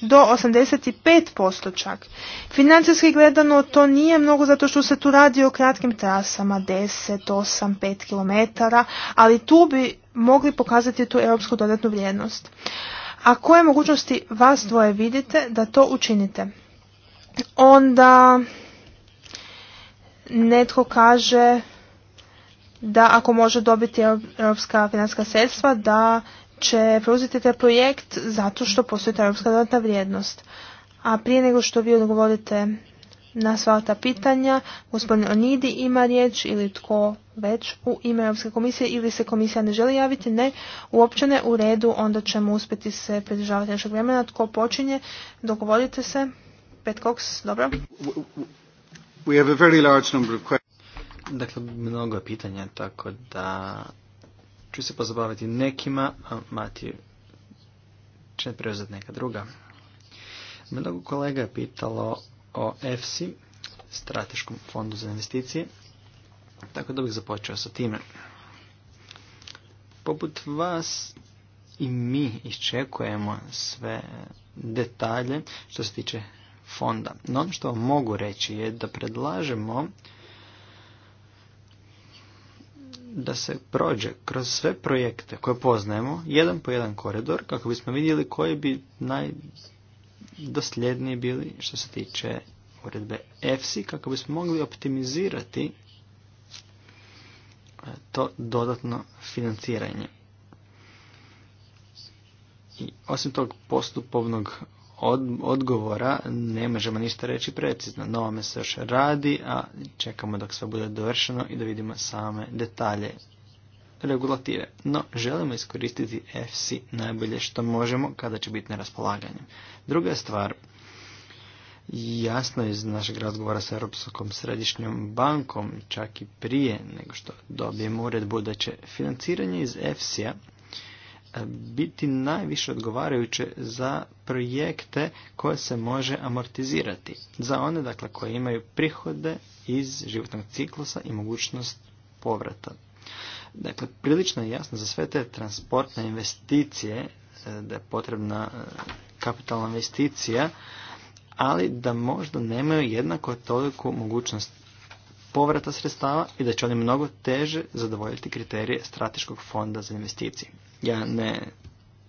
do 85% čak. Financijski gledano to nije mnogo zato što se tu radi o kratkim trasama, 10, 8, 5 km, ali tu bi mogli pokazati tu europsku dodatnu vrijednost. A koje mogućnosti vas dvoje vidite da to učinite? Onda netko kaže da ako može dobiti europska financijska sredstva da će preuzeti taj projekt zato što postoji ta europska dodatna vrijednost. A prije nego što vi odgovorite na sva ta pitanja, gospodin Onidi ima riječ ili tko već u ime Europske komisije ili se komisija ne želi javiti, ne, uopće ne u redu, onda ćemo uspjeti se pridržavati našeg vremena. Tko počinje, dogovorite se. Pet koks, dobro. We have a very large number of dakle, mnogo je pitanja, tako da ću se pozabaviti nekima, a Mati će preuzeti neka druga. Mnogo kolega je pitalo o EFSI, strateškom fondu za investicije, tako da bih započeo sa time. Poput vas i mi iščekujemo sve detalje što se tiče fonda. No ono što vam mogu reći je da predlažemo da se prođe kroz sve projekte koje poznajemo, jedan po jedan koridor, kako bismo vidjeli koji bi najdosljedniji bili što se tiče uredbe EFSI, kako bismo mogli optimizirati e, to dodatno financiranje. I osim tog postupovnog od, odgovora ne možemo ništa reći precizno. Na ovome se još radi, a čekamo dok sve bude dovršeno i da vidimo same detalje regulative. No, želimo iskoristiti FC najbolje što možemo kada će biti na raspolaganju. Druga stvar, jasno iz našeg razgovora sa Europskom središnjom bankom, čak i prije nego što dobijemo uredbu da će financiranje iz fc a E, biti najviše odgovarajuće za projekte koje se može amortizirati. Za one dakle, koje imaju prihode iz životnog ciklusa i mogućnost povrata. Dakle, prilično je jasno za sve te transportne investicije e, da je potrebna e, kapitalna investicija, ali da možda nemaju jednako toliko mogućnost povrata sredstava i da će oni mnogo teže zadovoljiti kriterije strateškog fonda za investicije. Ja ne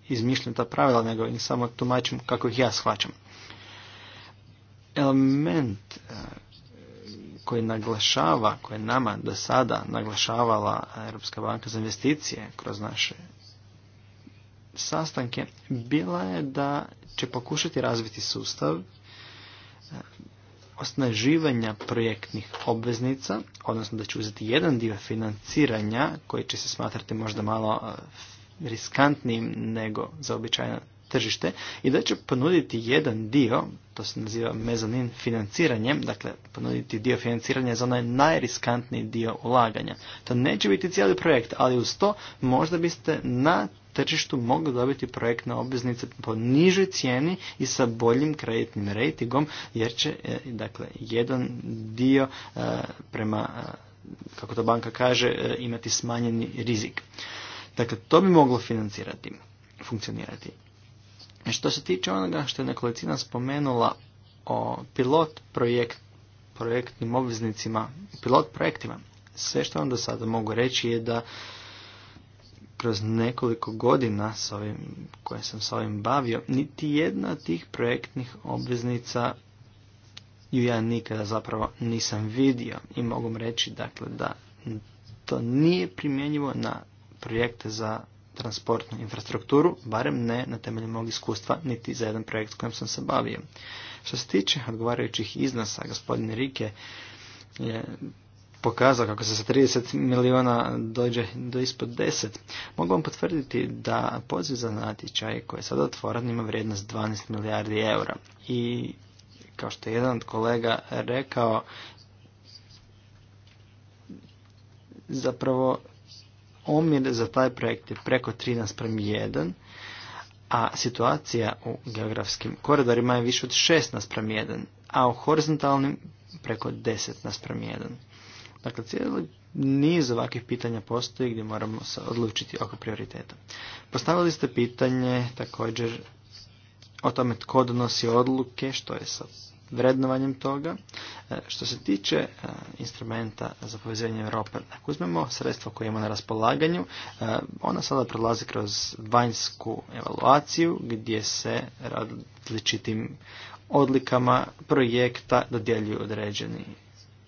izmišljam ta pravila, nego ih samo tumačim kako ih ja shvaćam. Element e, koji naglašava, koji nama do sada naglašavala Europska banka za investicije kroz naše sastanke, bila je da će pokušati razviti sustav e, osnaživanja projektnih obveznica, odnosno da će uzeti jedan dio financiranja koji će se smatrati možda malo e, riskantnijim nego za običajno tržište i da će ponuditi jedan dio, to se naziva mezanin financiranjem, dakle ponuditi dio financiranja za onaj najriskantniji dio ulaganja. To neće biti cijeli projekt, ali uz to možda biste na tržištu mogli dobiti na obveznice po nižoj cijeni i sa boljim kreditnim rejtingom, jer će e, dakle, jedan dio e, prema, e, kako to banka kaže, imati smanjeni rizik. Dakle, to bi moglo financirati, funkcionirati. E, što se tiče onoga što je nekolicina spomenula o pilot projekt, projektnim obveznicima, pilot projektima, sve što vam do sada mogu reći je da kroz nekoliko godina s ovim, koje sam s ovim bavio, niti jedna od tih projektnih obveznica ju ja nikada zapravo nisam vidio i mogu reći dakle da to nije primjenjivo na projekte za transportnu infrastrukturu, barem ne na temelju mog iskustva, niti za jedan projekt s kojim sam se bavio. Što se tiče odgovarajućih iznosa, gospodin Rike je pokazao kako se sa 30 miliona dođe do ispod 10. Mogu vam potvrditi da poziv za natječaj koji je sada otvoren ima vrijednost 12 milijardi eura. I kao što je jedan od kolega rekao, zapravo omjer za taj projekt je preko 13 naspram 1, a situacija u geografskim koridorima je više od 16 pram 1, a u horizontalnim preko 10 naspram 1. Dakle, cijeli niz ovakvih pitanja postoji gdje moramo se odlučiti oko prioriteta. Postavili ste pitanje također o tome tko donosi odluke, što je sa vrednovanjem toga. E, što se tiče e, instrumenta za povezivanje Europe, ako uzmemo sredstva koje imamo na raspolaganju, e, ona sada prolazi kroz vanjsku evaluaciju gdje se različitim odlikama projekta dodjeljuju određeni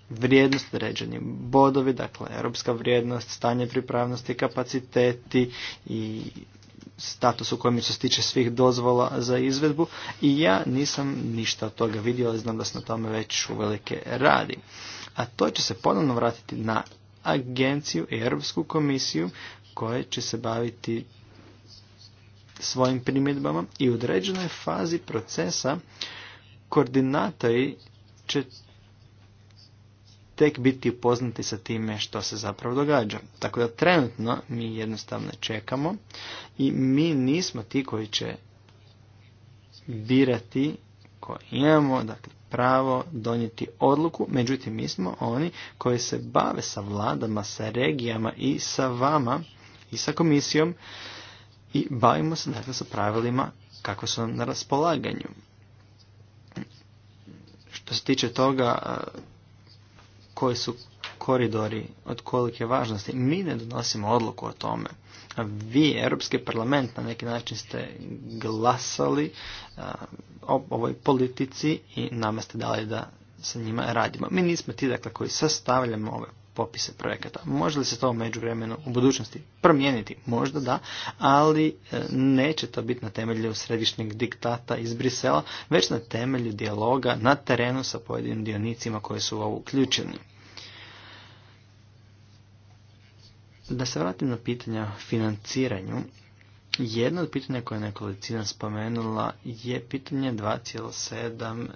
vrijednost, određeni bodovi, dakle europska vrijednost, stanje pripravnosti, kapaciteti i status u kojem se tiče svih dozvola za izvedbu i ja nisam ništa od toga vidio, ali znam da se na tome već velike radi. A to će se ponovno vratiti na agenciju i Europsku komisiju koja će se baviti svojim primjedbama i u određenoj fazi procesa koordinatori će tek biti upoznati sa time što se zapravo događa. Tako da trenutno mi jednostavno čekamo i mi nismo ti koji će birati koji imamo, dakle pravo donijeti odluku, međutim mi smo oni koji se bave sa vladama, sa regijama i sa vama i sa komisijom i bavimo se dakle sa pravilima kako su nam na raspolaganju. Što se tiče toga koji su koridori od kolike važnosti. Mi ne donosimo odluku o tome. Vi, Europski parlament, na neki način ste glasali o ovoj politici i nama ste dali da sa njima radimo. Mi nismo ti dakle koji sastavljamo ove popise projekata. Može li se to među vremenu u budućnosti promijeniti? Možda da, ali e, neće to biti na temelju središnjeg diktata iz Brisela, već na temelju dijaloga na terenu sa pojedinim dionicima koji su u ovo uključeni. Da se vratim na pitanja financiranju, jedno od pitanja koje je nekolicina spomenula je pitanje 2,7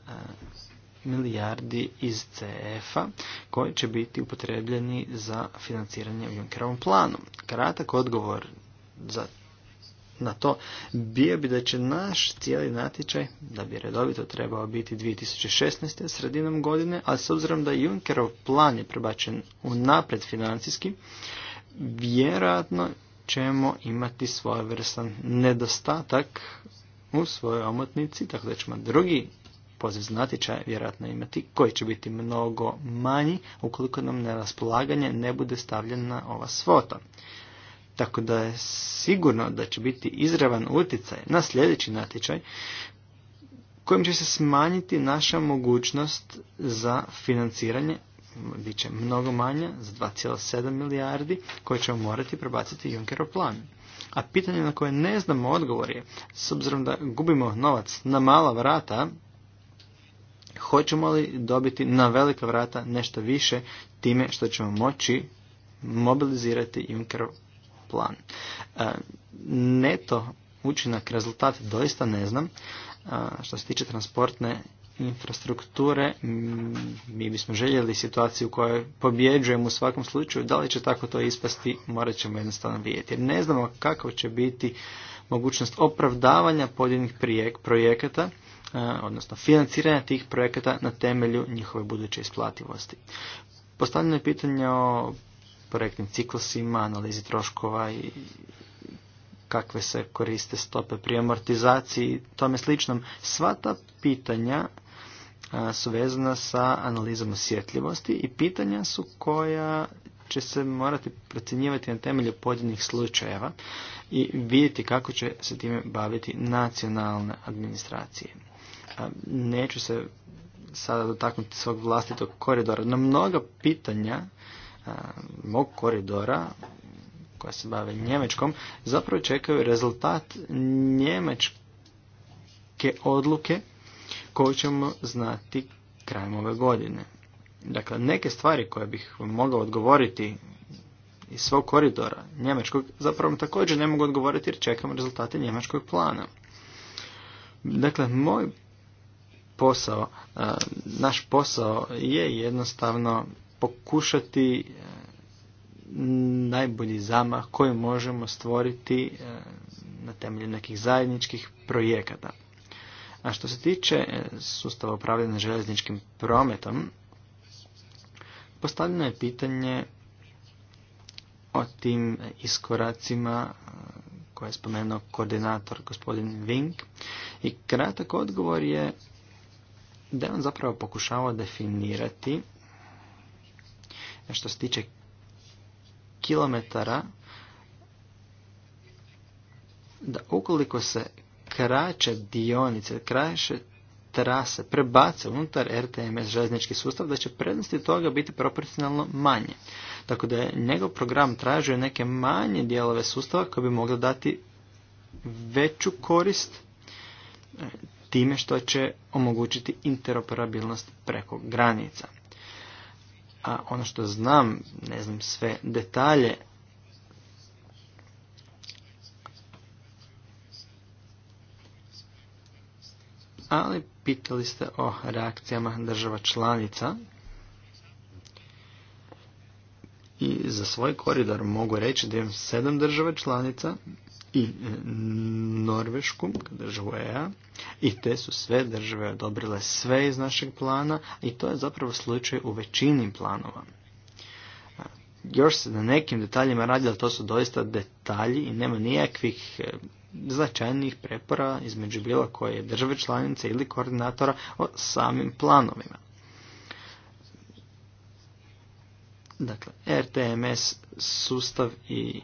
milijardi iz CFa e a koji će biti upotrebljeni za financiranje u Junckerovom planu. Kratak odgovor za na to bio bi da će naš cijeli natječaj, da bi redovito trebao biti 2016. sredinom godine, a s obzirom da Junckerov plan je prebačen u napred financijski, vjerojatno ćemo imati svojevrstan nedostatak u svojoj omotnici, tako da ćemo drugi poziv za natječaj vjerojatno imati koji će biti mnogo manji ukoliko nam na raspolaganje ne bude stavljena ova svota. Tako da je sigurno da će biti izravan utjecaj na sljedeći natječaj kojim će se smanjiti naša mogućnost za financiranje bit će mnogo manja za 2,7 milijardi koje ćemo morati prebaciti Junckerov plan. A pitanje na koje ne znamo odgovor je, s obzirom da gubimo novac na mala vrata, Hoćemo li dobiti na velika vrata nešto više time što ćemo moći mobilizirati Junker plan? E, neto učinak, rezultat doista ne znam. E, što se tiče transportne infrastrukture, mi bismo željeli situaciju u kojoj pobjeđujemo u svakom slučaju, da li će tako to ispasti, morat ćemo jednostavno vidjeti. Jer ne znamo kako će biti mogućnost opravdavanja pojedinih projekata odnosno financiranja tih projekata na temelju njihove buduće isplativosti. Postavljeno je pitanje o projektnim ciklusima, analizi troškova i kakve se koriste stope pri amortizaciji i tome sličnom. Sva ta pitanja su vezana sa analizom osjetljivosti i pitanja su koja će se morati procjenjivati na temelju pojedinih slučajeva i vidjeti kako će se time baviti nacionalne administracije. Neću se sada dotaknuti svog vlastitog koridora. Na mnoga pitanja mog koridora koja se bave Njemačkom, zapravo čekaju rezultat njemačke odluke koju ćemo znati krajem ove godine. Dakle, neke stvari koje bih mogao odgovoriti iz svog koridora njemačkog, zapravo također ne mogu odgovoriti jer čekam rezultate njemačkog plana. Dakle, moj posao. E, naš posao je jednostavno pokušati e, najbolji zamah koji možemo stvoriti e, na temelju nekih zajedničkih projekata. A što se tiče sustava upravljanja željezničkim prometom, postavljeno je pitanje o tim iskoracima koje je spomenuo koordinator gospodin Vink i kratak odgovor je da je on zapravo pokušavao definirati e, što se tiče kilometara da ukoliko se kraće dionice, kraće trase prebace unutar RTMS željeznički sustav, da će prednosti toga biti proporcionalno manje. Tako da je njegov program tražio neke manje dijelove sustava koje bi mogli dati veću korist e, time što će omogućiti interoperabilnost preko granica. A ono što znam, ne znam sve detalje, ali pitali ste o reakcijama država članica. I za svoj koridor mogu reći da imam sedam država članica i e, Norvešku, državu EA, i te su sve države odobrile sve iz našeg plana i to je zapravo slučaj u većini planova. Još se na nekim detaljima radi, ali to su doista detalji i nema nijakvih e, značajnih prepora između bilo koje države članice ili koordinatora o samim planovima. Dakle, RTMS sustav i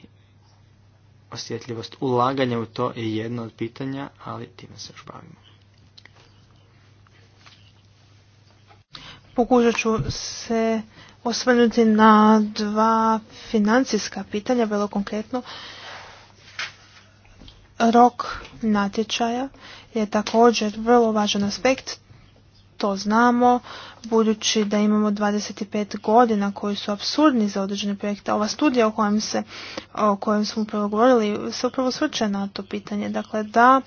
osjetljivost ulaganja u to je jedno od pitanja, ali time se još bavimo. Pokušat ću se osvrnuti na dva financijska pitanja, vrlo konkretno. Rok natječaja je također vrlo važan aspekt to znamo, budući da imamo 25 godina koji su absurdni za određene projekte. Ova studija o kojem, se, o kojem smo upravo govorili se upravo svrče na to pitanje. Dakle, da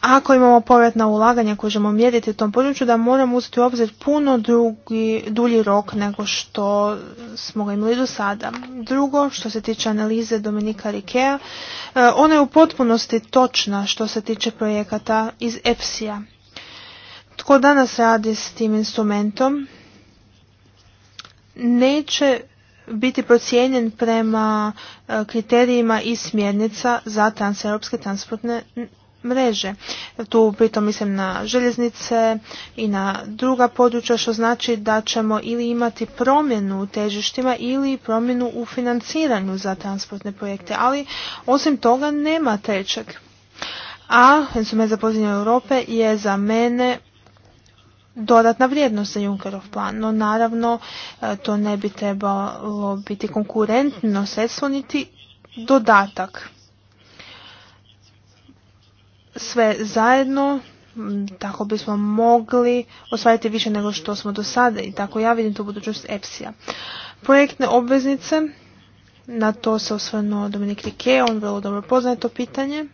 ako imamo povratna ulaganja koje ćemo mjeriti u tom području, da moramo uzeti u obzir puno drugi, dulji rok nego što smo ga imali do sada. Drugo, što se tiče analize Dominika Rikea, e, ona je u potpunosti točna što se tiče projekata iz EPSI-a tko danas radi s tim instrumentom neće biti procijenjen prema e, kriterijima i smjernica za transeuropske transportne mreže. Tu pritom mislim na željeznice i na druga područja što znači da ćemo ili imati promjenu u težištima ili promjenu u financiranju za transportne projekte, ali osim toga nema trećeg. A instrument za pozdravljanje Europe je za mene dodatna vrijednost za Junkerov plan, no naravno e, to ne bi trebalo biti konkurentno sredstvo niti dodatak. Sve zajedno tako bismo mogli osvajati više nego što smo do sada i tako ja vidim tu budućnost EPSI-a. Projektne obveznice, na to se osvrnuo Dominik Rike, on vrlo dobro poznaje to pitanje.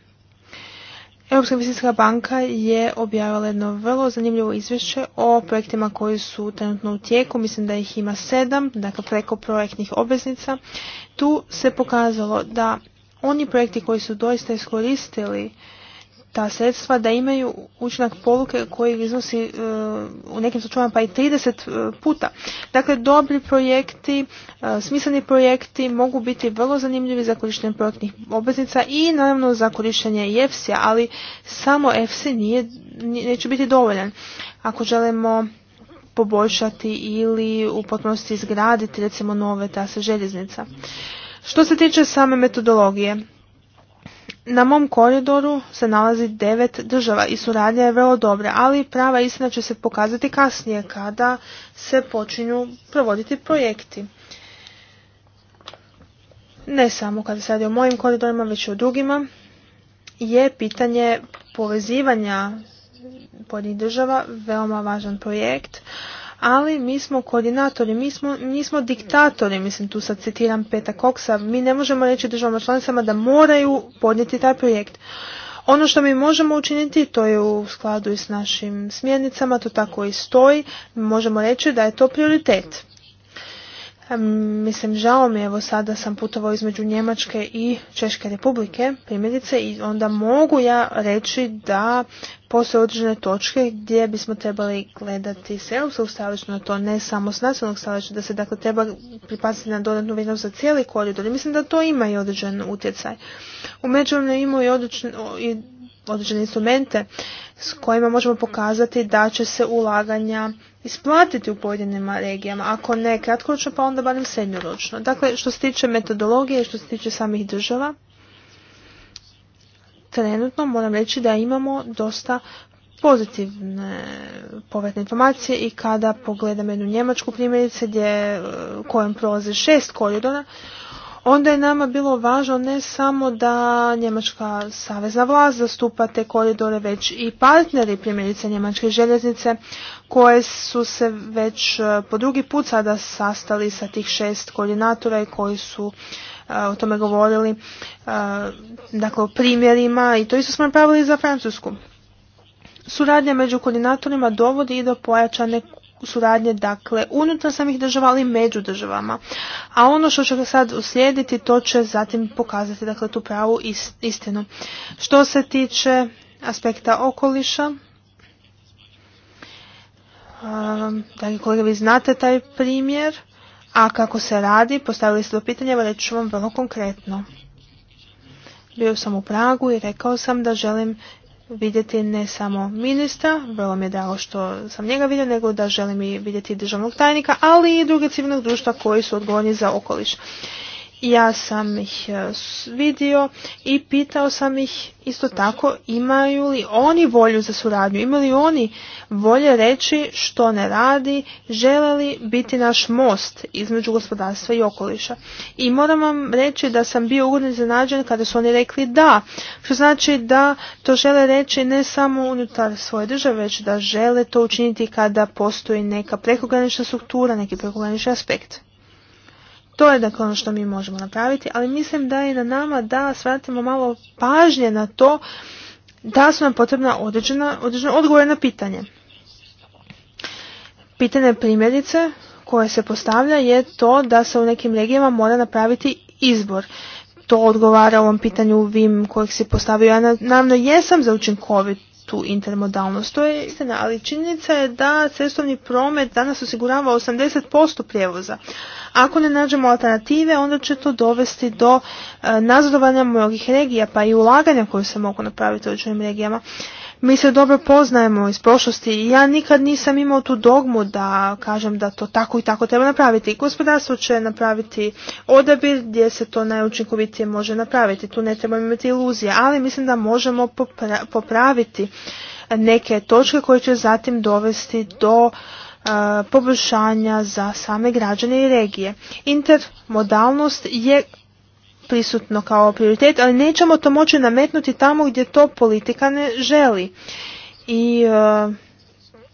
Europska investicijska banka je objavila jedno vrlo zanimljivo izvješće o projektima koji su trenutno u tijeku. Mislim da ih ima sedam, dakle preko projektnih obveznica. Tu se pokazalo da oni projekti koji su doista iskoristili ta sredstva da imaju učinak poluke koji iznosi e, u nekim slučajevima pa i 30 e, puta. Dakle, dobri projekti, e, smisleni projekti mogu biti vrlo zanimljivi za korištenje projektnih obveznica i naravno za korištenje efsi ali samo EFSI nije, neće biti dovoljan. Ako želimo poboljšati ili u potpunosti izgraditi recimo nove tase željeznica. Što se tiče same metodologije, na mom koridoru se nalazi devet država i suradnja je vrlo dobra, ali prava istina će se pokazati kasnije kada se počinju provoditi projekti. Ne samo kada se radi o mojim koridorima, već i o drugima, je pitanje povezivanja pojedinih država veoma važan projekt, ali mi smo koordinatori, mi smo, nismo diktatori, mislim tu sad citiram Peta Koksa, mi ne možemo reći državama članicama da moraju podnijeti taj projekt. Ono što mi možemo učiniti, to je u skladu i s našim smjernicama, to tako i stoji, možemo reći da je to prioritet. Mislim, žao mi je, evo sada sam putovao između Njemačke i Češke republike, primjerice, i onda mogu ja reći da postoje određene točke gdje bismo trebali gledati s europskog stajališta na to, ne samo s nacionalnog stajališta, da se dakle treba pripaziti na dodatnu vrijednost za cijeli koridor. I mislim da to ima i određen utjecaj. U međuvremenu ima i, i određene instrumente s kojima možemo pokazati da će se ulaganja isplatiti u pojedinim regijama, ako ne kratkoročno pa onda barem srednjoročno. Dakle, što se tiče metodologije, što se tiče samih država, trenutno moram reći da imamo dosta pozitivne povratne informacije i kada pogledam jednu Njemačku primjerice gdje, kojom prolaze šest koridora, onda je nama bilo važno ne samo da Njemačka savezna vlast zastupa te koridore, već i partneri primjerice Njemačke željeznice, koje su se već e, po drugi put sada sastali sa tih šest koordinatora i koji su e, o tome govorili, e, dakle o primjerima i to isto smo napravili za Francusku. Suradnja među koordinatorima dovodi i do pojačane suradnje dakle unutar samih država ali među državama. A ono što će sad uslijediti to će zatim pokazati dakle tu pravu istinu. Što se tiče aspekta okoliša, Dragi kolege vi znate taj primjer, a kako se radi, postavili ste do pitanja, reći ću vam vrlo konkretno. Bio sam u Pragu i rekao sam da želim vidjeti ne samo ministra, vrlo mi je drago što sam njega vidio, nego da želim i vidjeti državnog tajnika, ali i druge civilnog društva koji su odgovorni za okoliš. Ja sam ih e, vidio i pitao sam ih isto tako imaju li oni volju za suradnju, imaju li oni volje reći što ne radi, žele li biti naš most između gospodarstva i okoliša. I moram vam reći da sam bio ugodno zanađen kada su oni rekli da, što znači da to žele reći ne samo unutar svoje države, već da žele to učiniti kada postoji neka prekogranična struktura, neki prekogranični aspekt. To je dakle ono što mi možemo napraviti, ali mislim da je na nama da svratimo malo pažnje na to da su nam potrebna određena, određena odgovore na pitanje. Pitanje primjerice koje se postavlja je to da se u nekim regijama mora napraviti izbor. To odgovara ovom pitanju Vim kojeg si postavio. Ja naravno jesam za učinkovit tu intermodalnost. To je istina, ali činjenica je da cestovni promet danas osigurava 80% prijevoza. Ako ne nađemo alternative, onda će to dovesti do eh, nazadovanja mnogih regija, pa i ulaganja koje se mogu napraviti u određenim regijama. Mi se dobro poznajemo iz prošlosti i ja nikad nisam imao tu dogmu da kažem da to tako i tako treba napraviti. Gospodarstvo će napraviti odabir gdje se to najučinkovitije može napraviti. Tu ne trebamo imati iluzije, ali mislim da možemo popraviti neke točke koje će zatim dovesti do uh, poboljšanja za same građane i regije. Intermodalnost je prisutno kao prioritet, ali nećemo to moći nametnuti tamo gdje to politika ne želi. I e,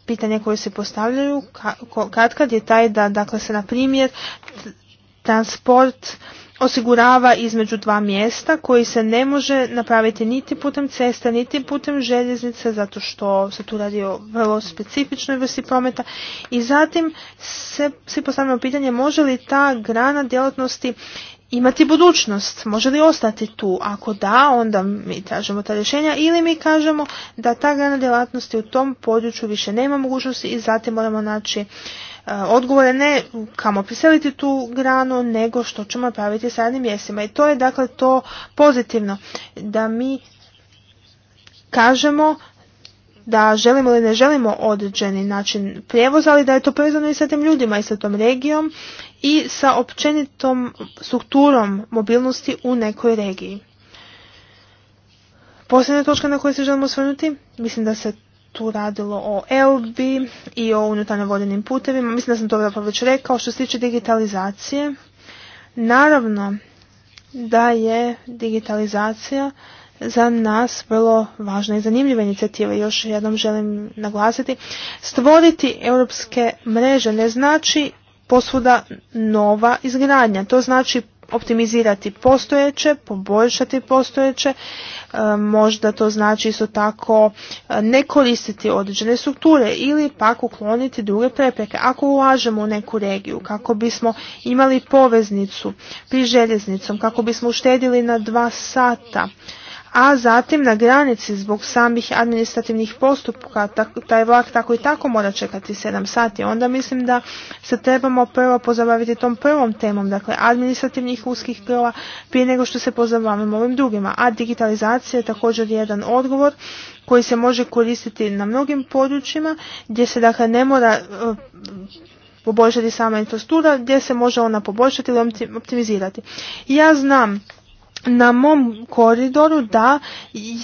pitanje koje se postavljaju kad kad je taj da dakle se na primjer transport osigurava između dva mjesta koji se ne može napraviti niti putem cesta, niti putem željeznice zato što se tu radi o vrlo specifičnoj vrsti prometa i zatim se, svi postavljamo pitanje može li ta grana djelatnosti imati budućnost? Može li ostati tu? Ako da, onda mi tražimo ta rješenja ili mi kažemo da ta grana djelatnosti u tom području više nema mogućnosti i zatim moramo naći eh, odgovore ne kamo priseliti tu granu, nego što ćemo praviti sa radnim mjestima. I to je dakle to pozitivno, da mi kažemo da želimo ili ne želimo određeni način prijevoza, ali da je to povezano i sa tim ljudima i sa tom regijom i sa općenitom strukturom mobilnosti u nekoj regiji. Posljednja točka na koju se želimo osvrnuti, mislim da se tu radilo o ELBI i o unutarnjo vodenim putevima. Mislim da sam to zapravo već rekao. Što se tiče digitalizacije, naravno da je digitalizacija za nas vrlo važna i zanimljiva inicijativa. Još jednom želim naglasiti. Stvoriti europske mreže ne znači posvuda nova izgradnja. To znači optimizirati postojeće, poboljšati postojeće, e, možda to znači isto tako e, ne koristiti određene strukture ili pak ukloniti druge prepreke. Ako ulažemo u neku regiju, kako bismo imali poveznicu pri željeznicom, kako bismo uštedili na dva sata, a zatim na granici zbog samih administrativnih postupka taj vlak tako i tako mora čekati 7 sati. Onda mislim da se trebamo prvo pozabaviti tom prvom temom, dakle administrativnih uskih grla prije nego što se pozabavimo ovim drugima. A digitalizacija je također jedan odgovor koji se može koristiti na mnogim područjima gdje se dakle ne mora e, poboljšati sama infrastruktura, gdje se može ona poboljšati ili optimizirati. Ja znam na mom koridoru da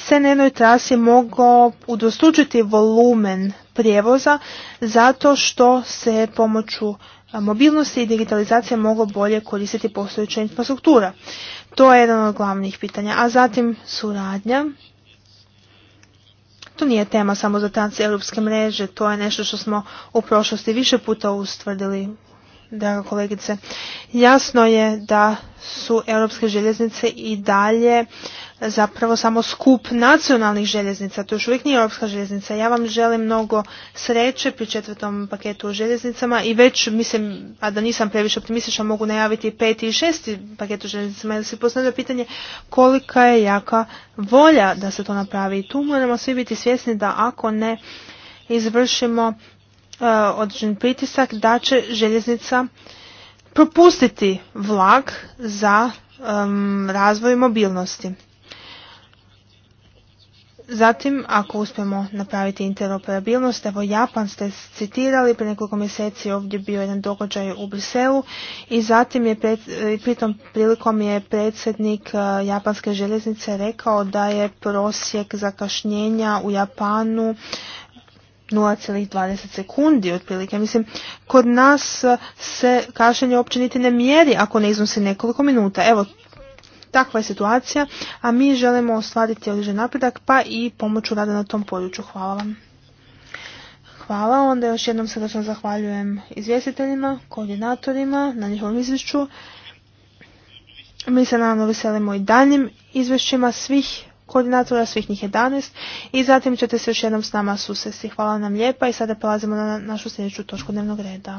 se na jednoj trasi mogao udostručiti volumen prijevoza zato što se pomoću mobilnosti i digitalizacije moglo bolje koristiti postojeća infrastruktura. To je jedan od glavnih pitanja. A zatim suradnja. To nije tema samo za tanci europske mreže, to je nešto što smo u prošlosti više puta ustvrdili draga kolegice. Jasno je da su europske željeznice i dalje zapravo samo skup nacionalnih željeznica. To još uvijek nije europska željeznica. Ja vam želim mnogo sreće pri četvrtom paketu o željeznicama i već, mislim, a da nisam previše optimistična, mogu najaviti peti i šesti paket o željeznicama jer se postavlja pitanje kolika je jaka volja da se to napravi. I tu moramo svi biti svjesni da ako ne izvršimo E, određen pritisak da će željeznica propustiti vlak za razvoj mobilnosti. Zatim, ako uspijemo napraviti interoperabilnost, evo Japan ste citirali, pre nekoliko mjeseci ovdje bio jedan događaj u Briselu i zatim je, e, pritom prilikom je predsjednik e, Japanske željeznice rekao da je prosjek zakašnjenja u Japanu 0,20 sekundi otprilike. Mislim, kod nas se kašnjenje uopće niti ne mjeri ako ne iznosi nekoliko minuta. Evo, takva je situacija, a mi želimo ostvariti određen napredak pa i pomoću rada na tom području. Hvala vam. Hvala, onda još jednom srdečno zahvaljujem izvjestiteljima, koordinatorima na njihovom izvješću. Mi se naravno veselimo i daljim izvješćima svih koordinatora, svih njih 11 i zatim ćete se još jednom s nama susesti. Hvala nam lijepa i sada prelazimo na našu sljedeću točku dnevnog reda.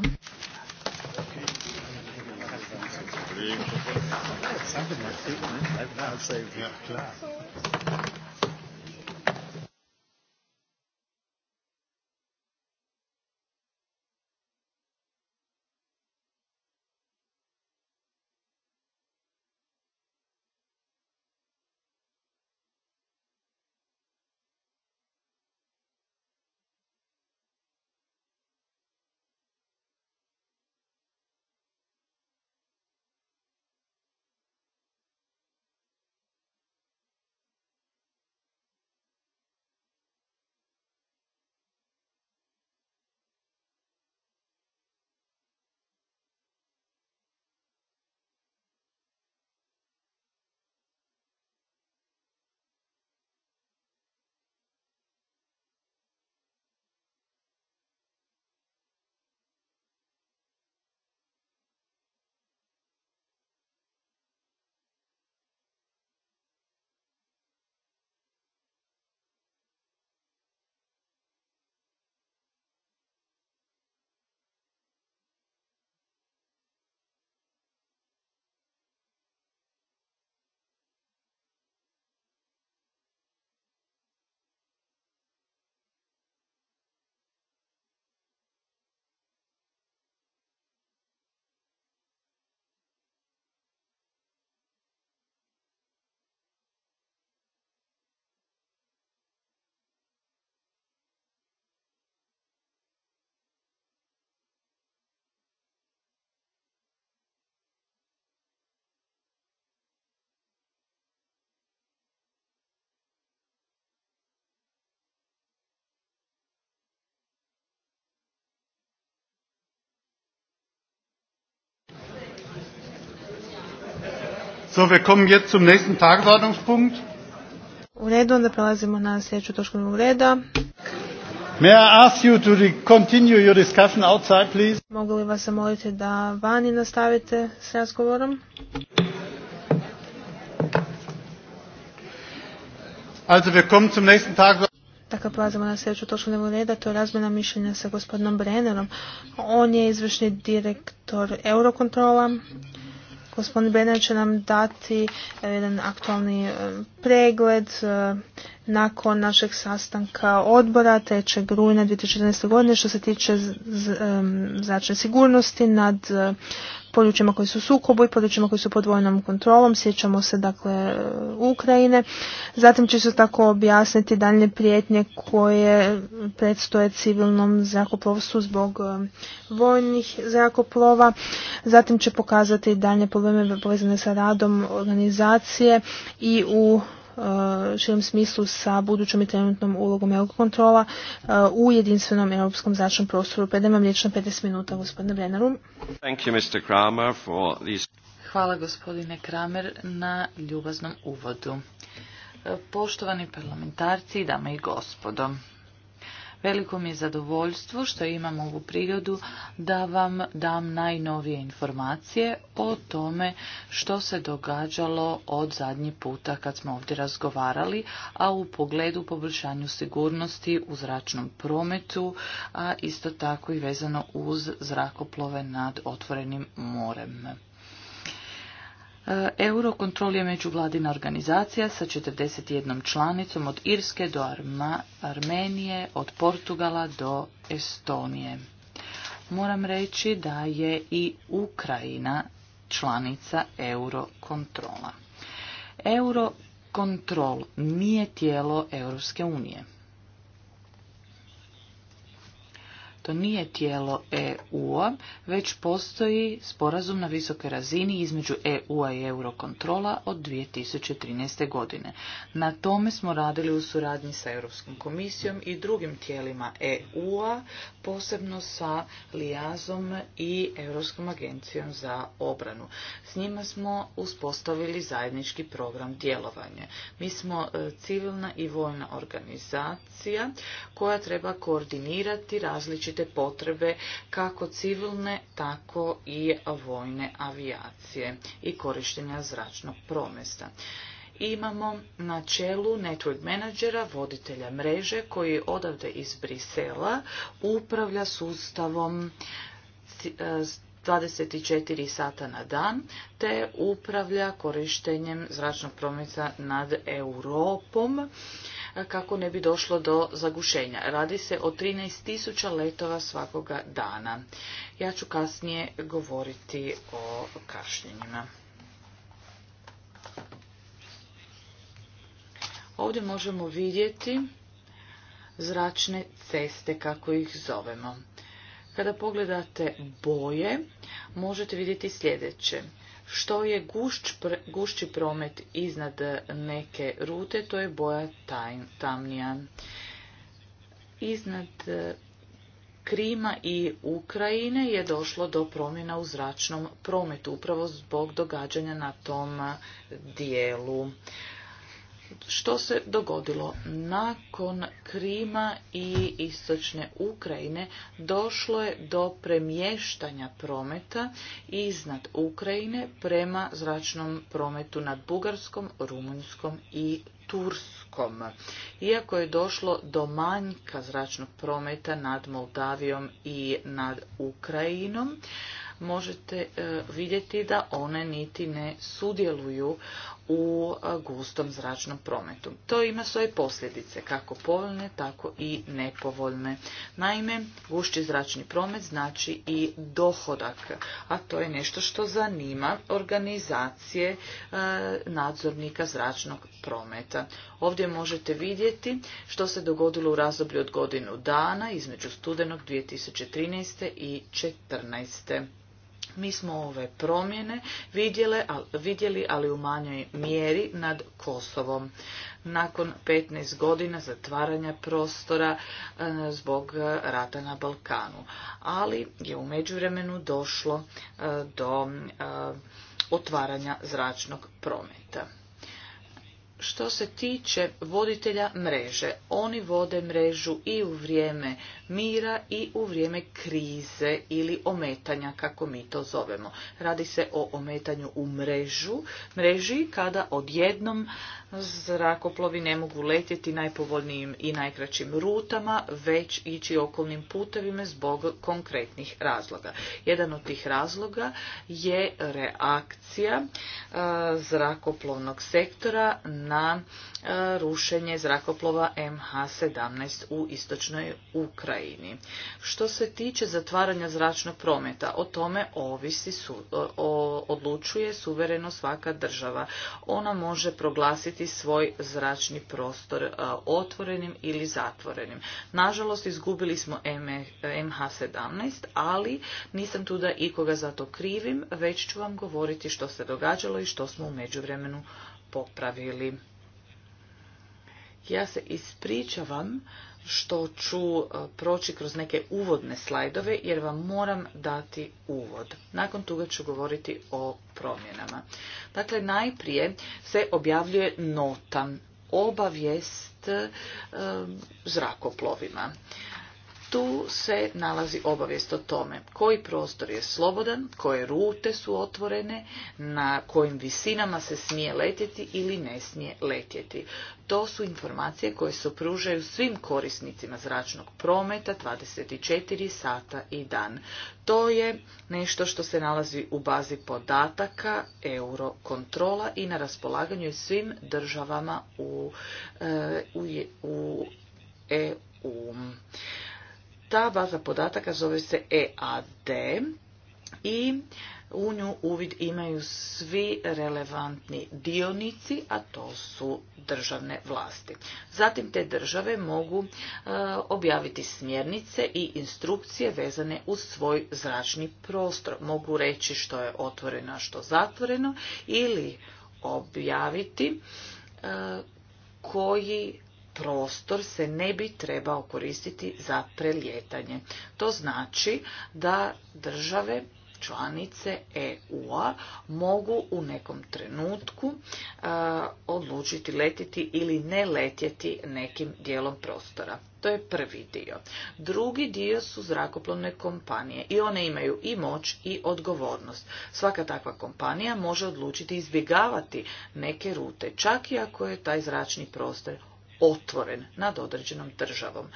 So, wir kommen jetzt zum nächsten Tagesordnungspunkt. U redu, onda prelazimo na sljedeću točku dnevnog reda. May I ask you to continue your discussion outside, please? Mogu li vas zamoliti da vani nastavite s razgovorom? Also, wir kommen zum nächsten Tagesordnungspunkt. Dakle, prelazimo na sljedeću točku dnevnog reda, to je razmjena mišljenja sa gospodinom Brennerom. On je izvršni direktor Eurokontrola Gospodin Bena će nam dati e, jedan aktualni e, pregled e, nakon našeg sastanka odbora 3. rujna 2014. godine što se tiče zračne sigurnosti nad e, područjima koji su sukobu i područjima koji su pod vojnom kontrolom. Sjećamo se dakle e, Ukrajine. Zatim će se tako objasniti daljnje prijetnje koje predstoje civilnom zrakoplovstvu zbog vojnih zrakoplova. Zatim će pokazati daljnje probleme povezane sa radom organizacije i u Eh, širom smislu sa budućom i trenutnom ulogom kontrola eh, u jedinstvenom europskom zračnom prostoru. Predajem vam liječno 15 minuta, gospodine Brenneru. Hvala gospodine Kramer na ljubaznom uvodu. Eh, poštovani parlamentarci, dame i gospodo, Veliko mi je zadovoljstvo što imam ovu prigodu da vam dam najnovije informacije o tome što se događalo od zadnji puta kad smo ovdje razgovarali, a u pogledu poboljšanju sigurnosti u zračnom prometu, a isto tako i vezano uz zrakoplove nad otvorenim morem. E, Eurokontrol je međuvladina organizacija sa 41 članicom od Irske do Armenije, od Portugala do Estonije. Moram reći da je i Ukrajina članica Eurokontrola. Eurokontrol nije tijelo Europske unije. nije tijelo EU-a, već postoji sporazum na visokoj razini između EU-a i Eurokontrola od 2013. godine. Na tome smo radili u suradnji sa Europskom komisijom i drugim tijelima EU-a, posebno sa Lijazom i Europskom agencijom za obranu. S njima smo uspostavili zajednički program djelovanja. Mi smo e, civilna i vojna organizacija koja treba koordinirati različite potrebe kako civilne, tako i vojne avijacije i korištenja zračnog promesta. Imamo na čelu network menadžera, voditelja mreže koji odavde iz Brisela upravlja sustavom 24 e, sata na dan, te upravlja korištenjem zračnog prometa nad Europom kako ne bi došlo do zagušenja. Radi se o 13.000 letova svakoga dana. Ja ću kasnije govoriti o kašnjenjima. Ovdje možemo vidjeti zračne ceste, kako ih zovemo. Kada pogledate boje, možete vidjeti sljedeće. Što je gušći promet iznad neke rute, to je boja tamnija. Iznad e, Krima i Ukrajine je došlo do promjena u zračnom prometu, upravo zbog događanja na tom e, dijelu što se dogodilo. Nakon Krima i istočne Ukrajine došlo je do premještanja prometa iznad Ukrajine prema zračnom prometu nad Bugarskom, Rumunjskom i Turskom. Iako je došlo do manjka zračnog prometa nad Moldavijom i nad Ukrajinom, možete e, vidjeti da one niti ne sudjeluju u gustom zračnom prometu. To ima svoje posljedice, kako povoljne, tako i nepovoljne. Naime, gušći zračni promet znači i dohodak, a to je nešto što zanima organizacije nadzornika zračnog prometa. Ovdje možete vidjeti što se dogodilo u razdoblju od godinu dana između studenog 2013. i 2014 mi smo ove promjene vidjeli, ali u manjoj mjeri nad Kosovom. Nakon 15 godina zatvaranja prostora e, zbog rata na Balkanu. Ali je u međuvremenu došlo e, do e, otvaranja zračnog prometa. Što se tiče voditelja mreže, oni vode mrežu i u vrijeme mira i u vrijeme krize ili ometanja, kako mi to zovemo. Radi se o ometanju u mrežu, mreži kada odjednom zrakoplovi ne mogu letjeti najpovoljnijim i najkraćim rutama, već ići okolnim putevima zbog konkretnih razloga. Jedan od tih razloga je reakcija e, zrakoplovnog sektora na E, rušenje zrakoplova MH17 u istočnoj Ukrajini. Što se tiče zatvaranja zračnog prometa, o tome ovisi odlučuje suvereno svaka država. Ona može proglasiti svoj zračni prostor e, otvorenim ili zatvorenim. Nažalost, izgubili smo MH17, e, ali nisam tu da ikoga za to krivim, već ću vam govoriti što se događalo i što smo u međuvremenu popravili. Ja se ispričavam što ću e, proći kroz neke uvodne slajdove jer vam moram dati uvod. Nakon toga ću govoriti o promjenama. Dakle, najprije se objavljuje nota obavijest e, zrakoplovima tu se nalazi obavijest o tome koji prostor je slobodan, koje rute su otvorene, na kojim visinama se smije letjeti ili ne smije letjeti. To su informacije koje se pružaju svim korisnicima zračnog prometa 24 sata i dan. To je nešto što se nalazi u bazi podataka Eurokontrola i na raspolaganju je svim državama u, e, u, u EU. Ta baza podataka zove se EAD i u nju uvid imaju svi relevantni dionici, a to su državne vlasti. Zatim te države mogu e, objaviti smjernice i instrukcije vezane uz svoj zračni prostor. Mogu reći što je otvoreno, a što zatvoreno ili objaviti e, koji prostor se ne bi trebao koristiti za prelijetanje. To znači da države članice EU-a mogu u nekom trenutku odlučiti letjeti ili ne letjeti nekim dijelom prostora. To je prvi dio. Drugi dio su zrakoplovne kompanije i one imaju i moć i odgovornost. Svaka takva kompanija može odlučiti izbjegavati neke rute, čak i ako je taj zračni prostor otvoren nad određenom državom.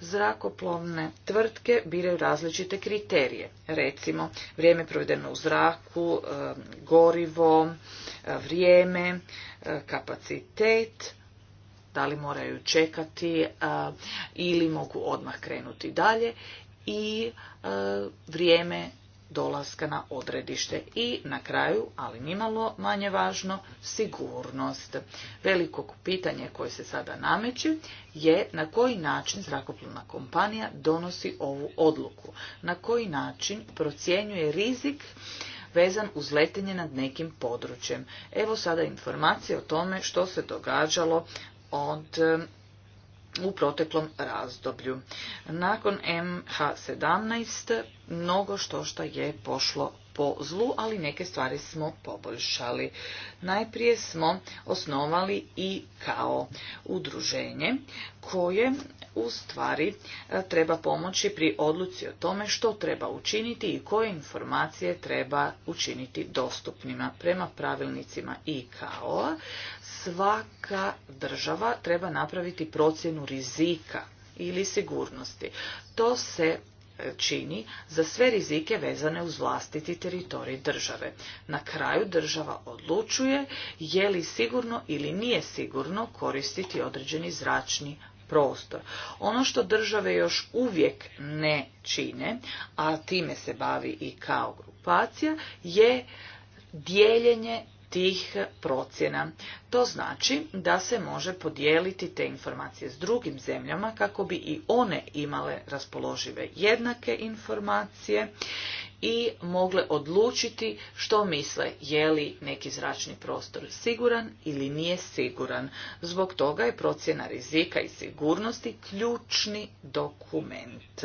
Zrakoplovne tvrtke biraju različite kriterije, recimo vrijeme provedeno u zraku, e, gorivo, e, vrijeme, e, kapacitet, da li moraju čekati ili mogu odmah krenuti dalje i vrijeme dolaska na odredište. I na kraju, ali nimalo manje važno, sigurnost. Veliko pitanje koje se sada nameće je na koji način zrakoplovna kompanija donosi ovu odluku. Na koji način procjenjuje rizik vezan uz letenje nad nekim područjem. Evo sada informacije o tome što se događalo od u proteklom razdoblju. Nakon MH17 mnogo što što je pošlo po zlu, ali neke stvari smo poboljšali. Najprije smo osnovali i kao udruženje koje u stvari e, treba pomoći pri odluci o tome što treba učiniti i koje informacije treba učiniti dostupnima. Prema pravilnicima i kao svaka država treba napraviti procjenu rizika ili sigurnosti. To se e, čini za sve rizike vezane uz vlastiti teritorij države. Na kraju država odlučuje je li sigurno ili nije sigurno koristiti određeni zračni prostor. Ono što države još uvijek ne čine, a time se bavi i kao grupacija, je dijeljenje tih procjena. To znači da se može podijeliti te informacije s drugim zemljama kako bi i one imale raspoložive jednake informacije i mogle odlučiti što misle je li neki zračni prostor siguran ili nije siguran. Zbog toga je procjena rizika i sigurnosti ključni dokument.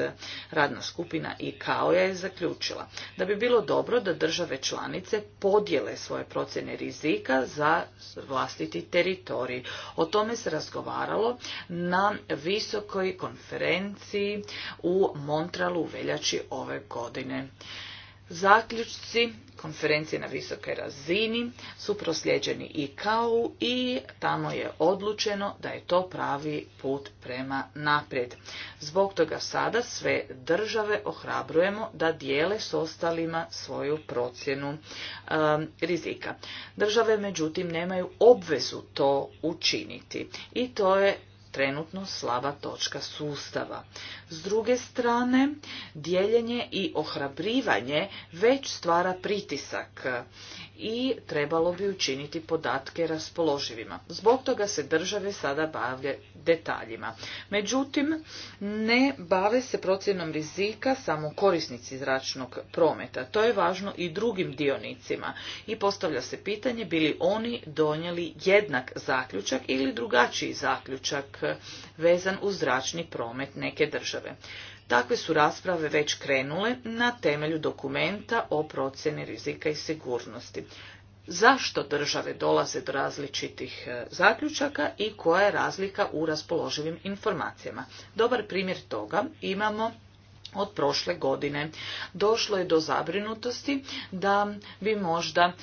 Radna skupina i kao je zaključila da bi bilo dobro da države članice podijele svoje procjene rizika za vlastiti teritorij. O tome se razgovaralo na visokoj konferenciji u Montralu u veljači ove godine. Zaključci konferencije na visokoj razini su prosljeđeni i kao i tamo je odlučeno da je to pravi put prema naprijed. Zbog toga sada sve države ohrabrujemo da dijele s ostalima svoju procjenu um, rizika. Države međutim nemaju obvezu to učiniti i to je trenutno slaba točka sustava. S druge strane, dijeljenje i ohrabrivanje već stvara pritisak i trebalo bi učiniti podatke raspoloživima. Zbog toga se države sada bavlje detaljima. Međutim, ne bave se procjenom rizika samo korisnici zračnog prometa. To je važno i drugim dionicima. I postavlja se pitanje bili oni donijeli jednak zaključak ili drugačiji zaključak vezan uz zračni promet neke države. Takve su rasprave već krenule na temelju dokumenta o procjeni rizika i sigurnosti. Zašto države dolaze do različitih e, zaključaka i koja je razlika u raspoloživim informacijama? Dobar primjer toga imamo od prošle godine. Došlo je do zabrinutosti da bi možda e,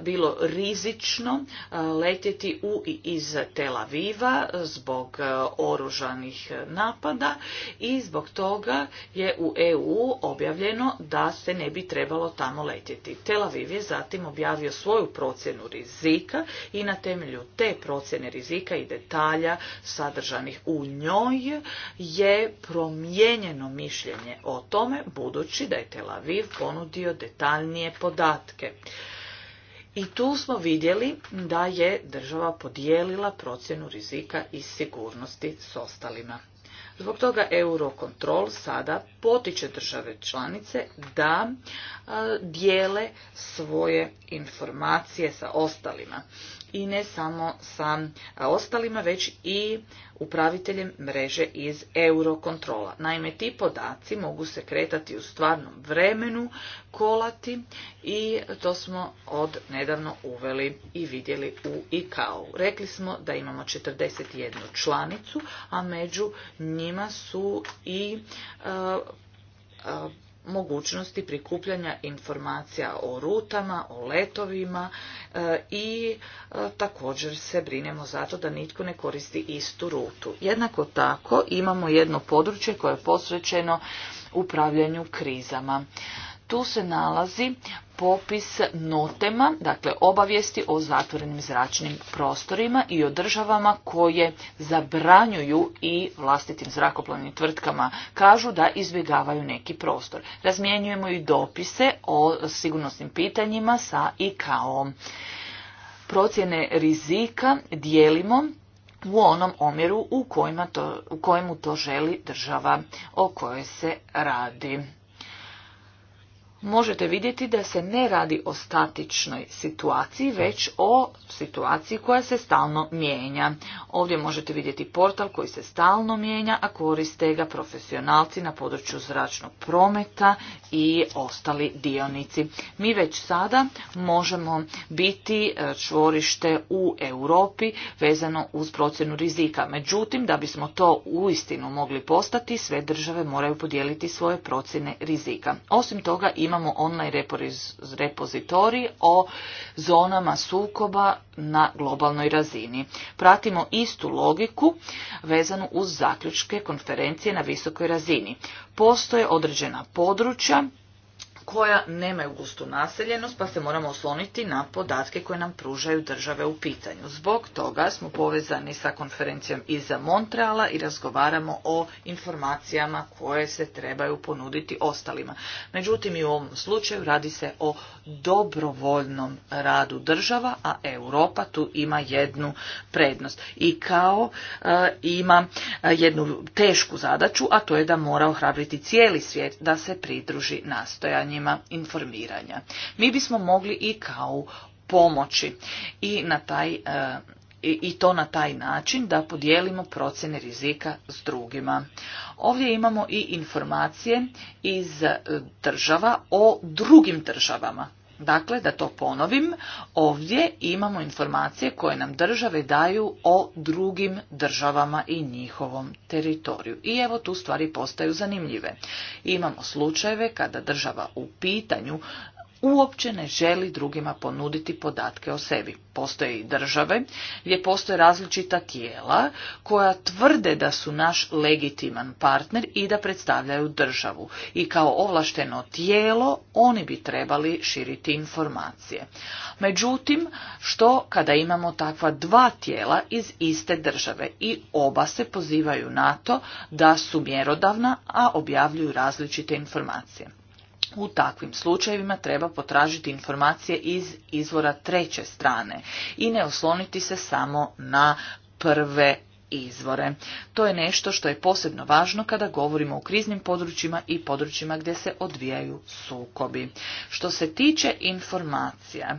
bilo rizično e, letjeti u i iz Tel Aviva zbog e, oružanih napada i zbog toga je u EU objavljeno da se ne bi trebalo tamo letjeti. Tel Aviv je zatim objavio svoju procjenu rizika i na temelju te procjene rizika i detalja sadržanih u njoj je promijenjeno mišljenje o tome, budući da je Tel Aviv ponudio detaljnije podatke. I tu smo vidjeli da je država podijelila procjenu rizika i sigurnosti s ostalima. Zbog toga Eurocontrol sada potiče države članice da dijele svoje informacije sa ostalima i ne samo sa ostalima, već i upraviteljem mreže iz eurokontrola. Naime, ti podaci mogu se kretati u stvarnom vremenu, kolati i to smo od nedavno uveli i vidjeli u ICAO. Rekli smo da imamo 41 članicu, a među njima su i mogućnosti prikupljanja informacija o rutama, o letovima e, i e, također se brinemo zato da nitko ne koristi istu rutu. Jednako tako imamo jedno područje koje je posvećeno upravljanju krizama. Tu se nalazi popis notema, dakle obavijesti o zatvorenim zračnim prostorima i o državama koje zabranjuju i vlastitim zrakoplovnim tvrtkama kažu da izbjegavaju neki prostor. Razmjenjujemo i dopise o sigurnosnim pitanjima sa icao Procjene rizika dijelimo u onom omjeru u, u kojemu to želi država o kojoj se radi možete vidjeti da se ne radi o statičnoj situaciji, već o situaciji koja se stalno mijenja. Ovdje možete vidjeti portal koji se stalno mijenja, a koriste ga profesionalci na području zračnog prometa i ostali dionici. Mi već sada možemo biti e, čvorište u Europi vezano uz procjenu rizika. Međutim, da bismo to uistinu mogli postati, sve države moraju podijeliti svoje procjene rizika. Osim toga, ima imamo online repozitorij o zonama sukoba na globalnoj razini. Pratimo istu logiku vezanu uz zaključke konferencije na visokoj razini. Postoje određena područja koja nemaju gustu naseljenost, pa se moramo osloniti na podatke koje nam pružaju države u pitanju. Zbog toga smo povezani sa konferencijom iza Montreala i razgovaramo o informacijama koje se trebaju ponuditi ostalima. Međutim, i u ovom slučaju radi se o dobrovoljnom radu država, a Europa tu ima jednu prednost. I kao e, ima e, jednu tešku zadaću, a to je da mora ohrabriti cijeli svijet da se pridruži nastojanjima informiranja. Mi bismo mogli i kao pomoći i na taj eh, i to na taj način da podijelimo procjene rizika s drugima. Ovdje imamo i informacije iz eh, država o drugim državama. Dakle, da to ponovim, ovdje imamo informacije koje nam države daju o drugim državama i njihovom teritoriju. I evo tu stvari postaju zanimljive. Imamo slučajeve kada država u pitanju uopće ne želi drugima ponuditi podatke o sebi. Postoje i države gdje postoje različita tijela koja tvrde da su naš legitiman partner i da predstavljaju državu. I kao ovlašteno tijelo oni bi trebali širiti informacije. Međutim, što kada imamo takva dva tijela iz iste države i oba se pozivaju na to da su mjerodavna, a objavljuju različite informacije. U takvim slučajevima treba potražiti informacije iz izvora treće strane i ne osloniti se samo na prve izvore. To je nešto što je posebno važno kada govorimo o kriznim područjima i područjima gdje se odvijaju sukobi. Što se tiče informacija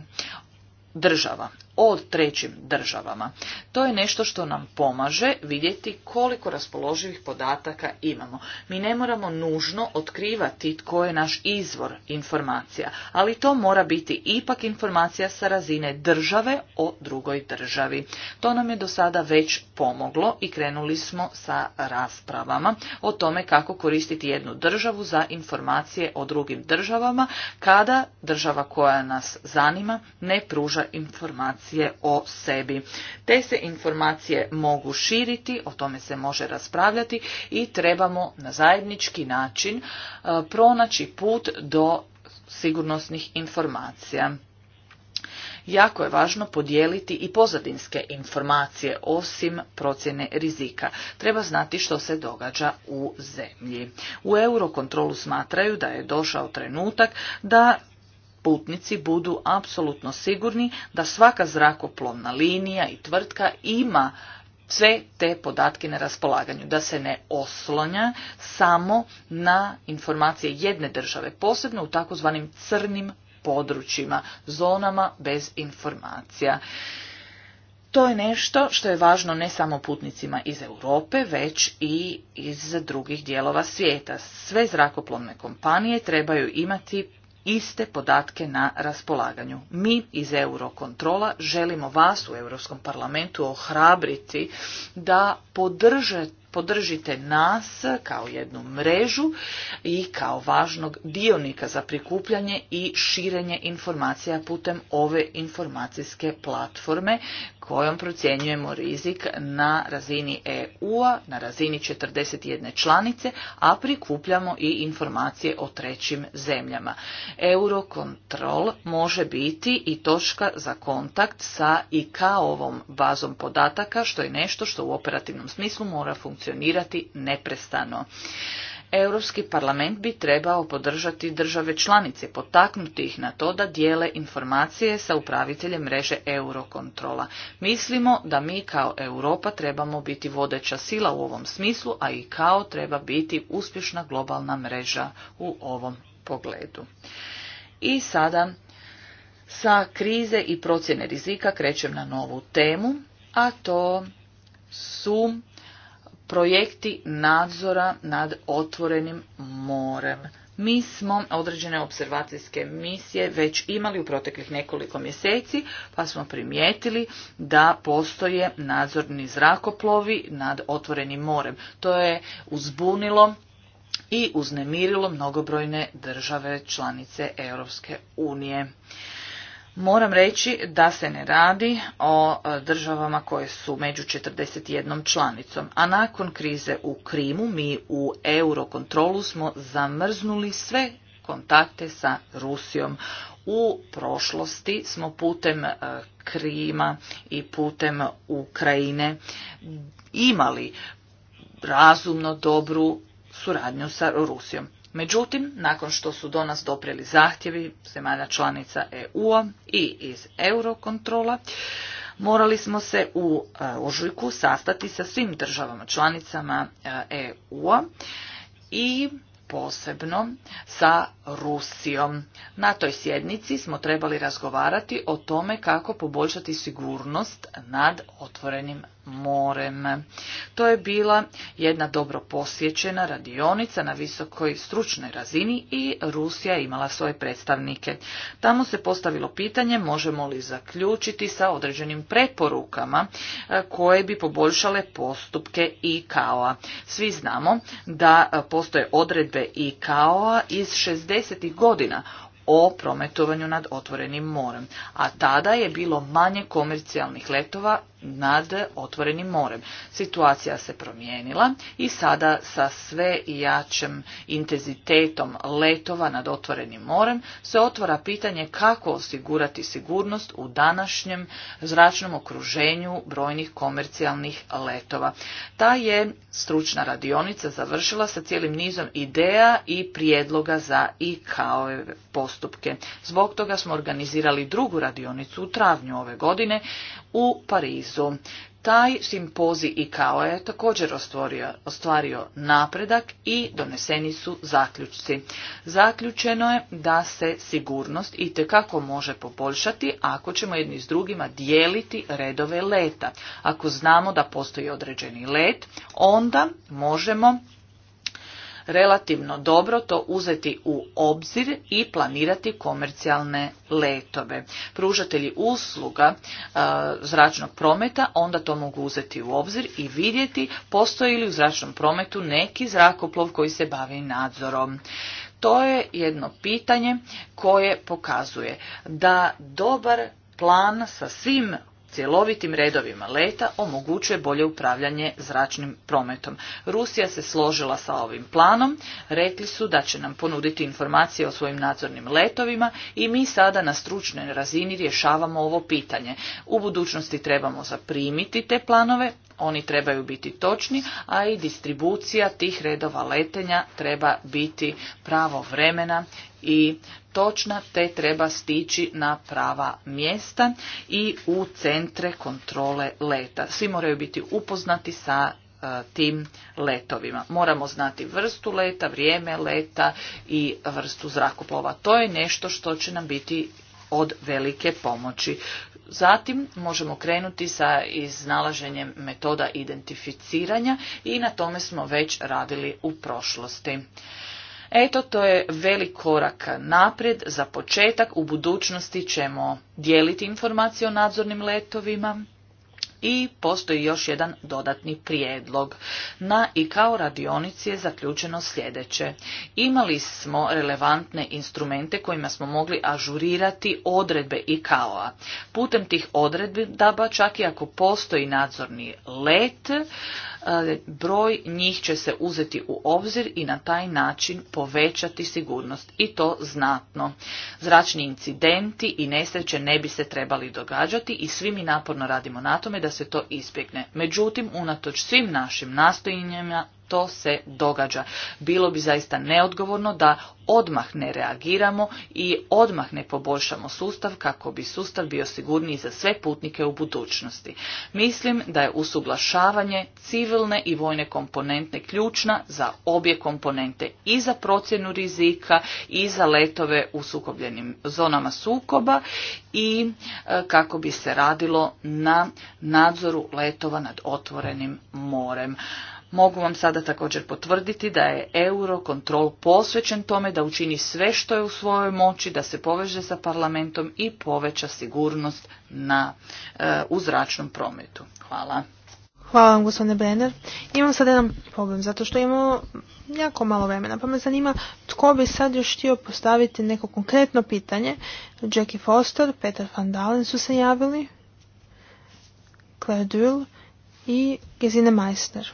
država o trećim državama. To je nešto što nam pomaže vidjeti koliko raspoloživih podataka imamo. Mi ne moramo nužno otkrivati tko je naš izvor informacija, ali to mora biti ipak informacija sa razine države o drugoj državi. To nam je do sada već pomoglo i krenuli smo sa raspravama o tome kako koristiti jednu državu za informacije o drugim državama kada država koja nas zanima ne pruža informacije informacije o sebi. Te se informacije mogu širiti, o tome se može raspravljati i trebamo na zajednički način e, pronaći put do sigurnosnih informacija. Jako je važno podijeliti i pozadinske informacije osim procjene rizika. Treba znati što se događa u zemlji. U Eurokontrolu smatraju da je došao trenutak da putnici budu apsolutno sigurni da svaka zrakoplovna linija i tvrtka ima sve te podatke na raspolaganju, da se ne oslonja samo na informacije jedne države, posebno u takozvanim crnim područjima, zonama bez informacija. To je nešto što je važno ne samo putnicima iz Europe, već i iz drugih dijelova svijeta. Sve zrakoplovne kompanije trebaju imati iste podatke na raspolaganju. Mi iz Eurokontrola želimo vas u Europskom parlamentu ohrabriti da podržite nas kao jednu mrežu i kao važnog dionika za prikupljanje i širenje informacija putem ove informacijske platforme kojom procjenjujemo rizik na razini EU-a, na razini 41 članice, a prikupljamo i informacije o trećim zemljama. Eurocontrol može biti i točka za kontakt sa i kao ovom bazom podataka, što je nešto što u operativnom smislu mora funkcionirati neprestano. Europski parlament bi trebao podržati države članice, potaknuti ih na to da dijele informacije sa upraviteljem mreže Eurokontrola. Mislimo da mi kao Europa trebamo biti vodeća sila u ovom smislu, a i kao treba biti uspješna globalna mreža u ovom pogledu. I sada sa krize i procjene rizika krećem na novu temu, a to su projekti nadzora nad otvorenim morem. Mi smo određene observacijske misije već imali u proteklih nekoliko mjeseci, pa smo primijetili da postoje nadzorni zrakoplovi nad otvorenim morem. To je uzbunilo i uznemirilo mnogobrojne države članice Europske unije. Moram reći da se ne radi o e, državama koje su među 41 članicom, a nakon krize u Krimu mi u Eurokontrolu smo zamrznuli sve kontakte sa Rusijom. U prošlosti smo putem e, Krima i putem Ukrajine imali razumno dobru suradnju sa Rusijom. Međutim, nakon što su do nas doprijeli zahtjevi zemalja članica EU-a i iz Eurokontrola, morali smo se u e, ožujku sastati sa svim državama članicama EU-a e i posebno sa Rusijom. Na toj sjednici smo trebali razgovarati o tome kako poboljšati sigurnost nad otvorenim morem. To je bila jedna dobro posjećena radionica na visokoj stručnoj razini i Rusija imala svoje predstavnike. Tamo se postavilo pitanje možemo li zaključiti sa određenim preporukama e, koje bi poboljšale postupke i kao Svi znamo da e, postoje odredbe Dakle, i kao iz 60. godina o prometovanju nad otvorenim morem, a tada je bilo manje komercijalnih letova nad otvorenim morem. Situacija se promijenila i sada sa sve jačem intenzitetom letova nad otvorenim morem se otvara pitanje kako osigurati sigurnost u današnjem zračnom okruženju brojnih komercijalnih letova. Ta je stručna radionica završila sa cijelim nizom ideja i prijedloga za i kao postupke. Zbog toga smo organizirali drugu radionicu u travnju ove godine u Parizu. Taj simpozij i kao je također ostvario napredak i doneseni su zaključci. Zaključeno je da se sigurnost i kako može poboljšati ako ćemo jedni s drugima dijeliti redove leta. Ako znamo da postoji određeni let, onda možemo relativno dobro to uzeti u obzir i planirati komercijalne letove. Pružatelji usluga e, zračnog prometa onda to mogu uzeti u obzir i vidjeti postoji li u zračnom prometu neki zrakoplov koji se bavi nadzorom. To je jedno pitanje koje pokazuje da dobar plan sa svim cjelovitim redovima leta omogućuje bolje upravljanje zračnim prometom. Rusija se složila sa ovim planom, rekli su da će nam ponuditi informacije o svojim nadzornim letovima i mi sada na stručnoj razini rješavamo ovo pitanje. U budućnosti trebamo zaprimiti te planove, oni trebaju biti točni, a i distribucija tih redova letenja treba biti vremena i točna te treba stići na prava mjesta i u centre kontrole leta. Svi moraju biti upoznati sa e, tim letovima. Moramo znati vrstu leta, vrijeme leta i vrstu zrakoplova. To je nešto što će nam biti od velike pomoći. Zatim možemo krenuti sa iznalaženjem metoda identificiranja i na tome smo već radili u prošlosti. Eto, to je velik korak naprijed. Za početak u budućnosti ćemo dijeliti informacije o nadzornim letovima i postoji još jedan dodatni prijedlog. Na i kao radionici je zaključeno sljedeće. Imali smo relevantne instrumente kojima smo mogli ažurirati odredbe i kao Putem tih odredbi daba čak i ako postoji nadzorni let, broj njih će se uzeti u obzir i na taj način povećati sigurnost i to znatno. Zračni incidenti i nesreće ne bi se trebali događati i svi mi naporno radimo na tome da se to izbjegne. Međutim, unatoč svim našim nastojanjima to se događa. Bilo bi zaista neodgovorno da odmah ne reagiramo i odmah ne poboljšamo sustav kako bi sustav bio sigurniji za sve putnike u budućnosti. Mislim da je usuglašavanje civilne i vojne komponente ključna za obje komponente i za procjenu rizika i za letove u sukobljenim zonama sukoba i e, kako bi se radilo na nadzoru letova nad otvorenim morem. Mogu vam sada također potvrditi da je Eurokontrol posvećen tome da učini sve što je u svojoj moći, da se poveže sa parlamentom i poveća sigurnost na, uzračnom e, u zračnom prometu. Hvala. Hvala vam, gospodine Brenner. Imam sad jedan problem, zato što imamo jako malo vremena, pa me zanima tko bi sad još htio postaviti neko konkretno pitanje. Jackie Foster, Peter Van Dalen su se javili, Claire Duhl i Gesine Meister.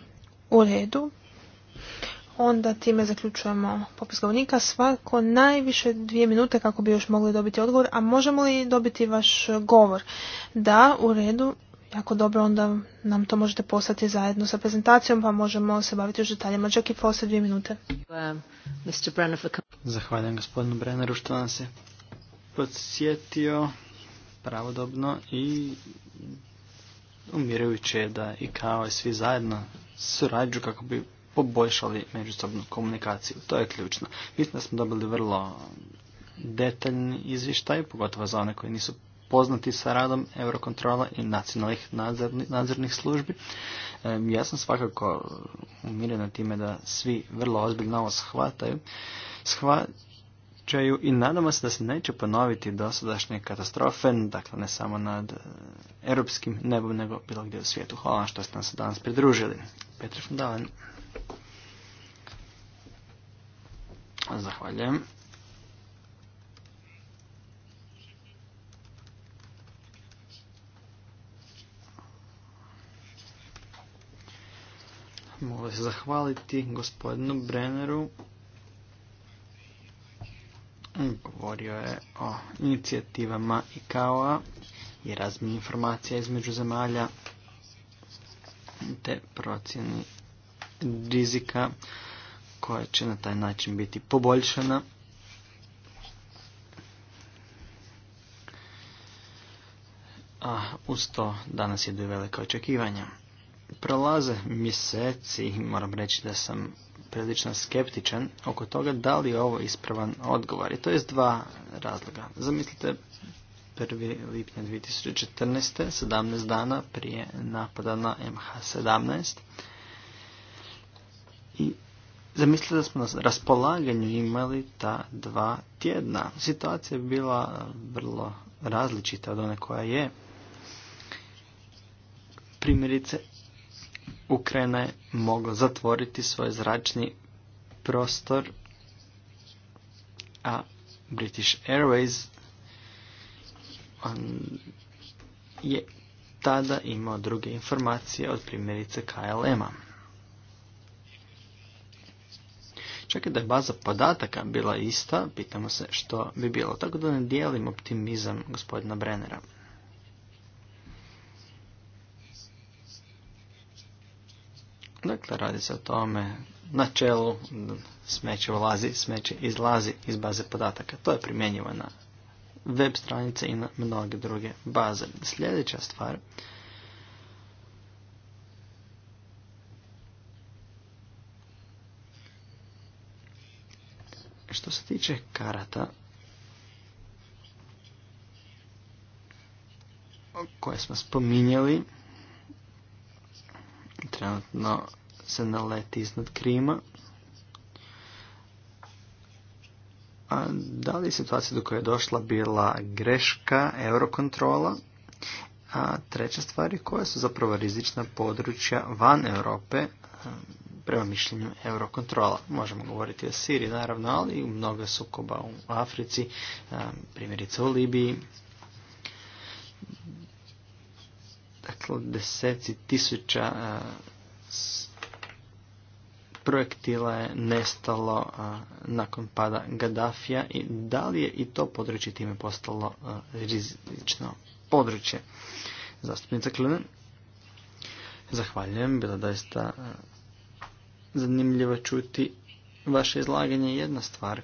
U redu. Onda time zaključujemo popis govornika. Svako najviše dvije minute kako bi još mogli dobiti odgovor. A možemo li dobiti vaš govor? Da, u redu. Jako dobro, onda nam to možete poslati zajedno sa prezentacijom, pa možemo se baviti još detaljima. Čak i poslije dvije minute. Zahvaljujem gospodinu Brenneru što nas se podsjetio pravodobno i umirujuće je da i kao i svi zajedno surađu kako bi poboljšali međusobnu komunikaciju. To je ključno. Mislim da smo dobili vrlo detaljni izvještaj, pogotovo za one koji nisu poznati sa radom Eurokontrola i nacionalnih nadzornih službi. ja sam svakako umirena time da svi vrlo ozbiljno ovo shvataju. Shvaćaju i nadamo se da se neće ponoviti dosadašnje katastrofe, dakle ne samo nad eh, europskim nebom, nego bilo gdje u svijetu. Hvala što ste nas danas pridružili. Petr Zahvaljujem. Mogu se zahvaliti gospodinu Brenneru. Govorio je o inicijativama i a i razmi informacija između zemalja te procjeni rizika koja će na taj način biti poboljšana. A uz to danas jedu i velika očekivanja. Prolaze mjeseci i moram reći da sam prilično skeptičan oko toga da li je ovo ispravan odgovor. I to je dva razloga. Zamislite 1. lipnja 2014. 17 dana prije napada na MH17. I zamislite da smo na raspolaganju imali ta dva tjedna. Situacija je bila vrlo različita od one koja je. Primjerice, Ukrajina je mogla zatvoriti svoj zračni prostor, a British Airways je tada imao druge informacije od primjerice KLM-a. Čak i da je baza podataka bila ista, pitamo se što bi bilo. Tako da ne dijelim optimizam gospodina Brennera. Dakle, radi se o tome na čelu smeće ulazi, smeće izlazi iz baze podataka. To je primjenjivo na web stranice i na mnoge druge baze. Sljedeća stvar što se tiče karata koje smo spominjali trenutno se naleti iznad Krima da li je situacija do koje je došla bila greška, eurokontrola? A treća stvar je koja su zapravo rizična područja van Europe prema mišljenju eurokontrola. Možemo govoriti o Siriji naravno, ali i mnoga sukoba u Africi, primjerice u Libiji. Dakle, deseci tisuća projektila je nestalo nakon pada Gaddafija i da li je i to područje time postalo rizično područje. Zastupnica Klunen, zahvaljujem, bilo doista a, zanimljivo čuti vaše izlaganje. Jedna stvar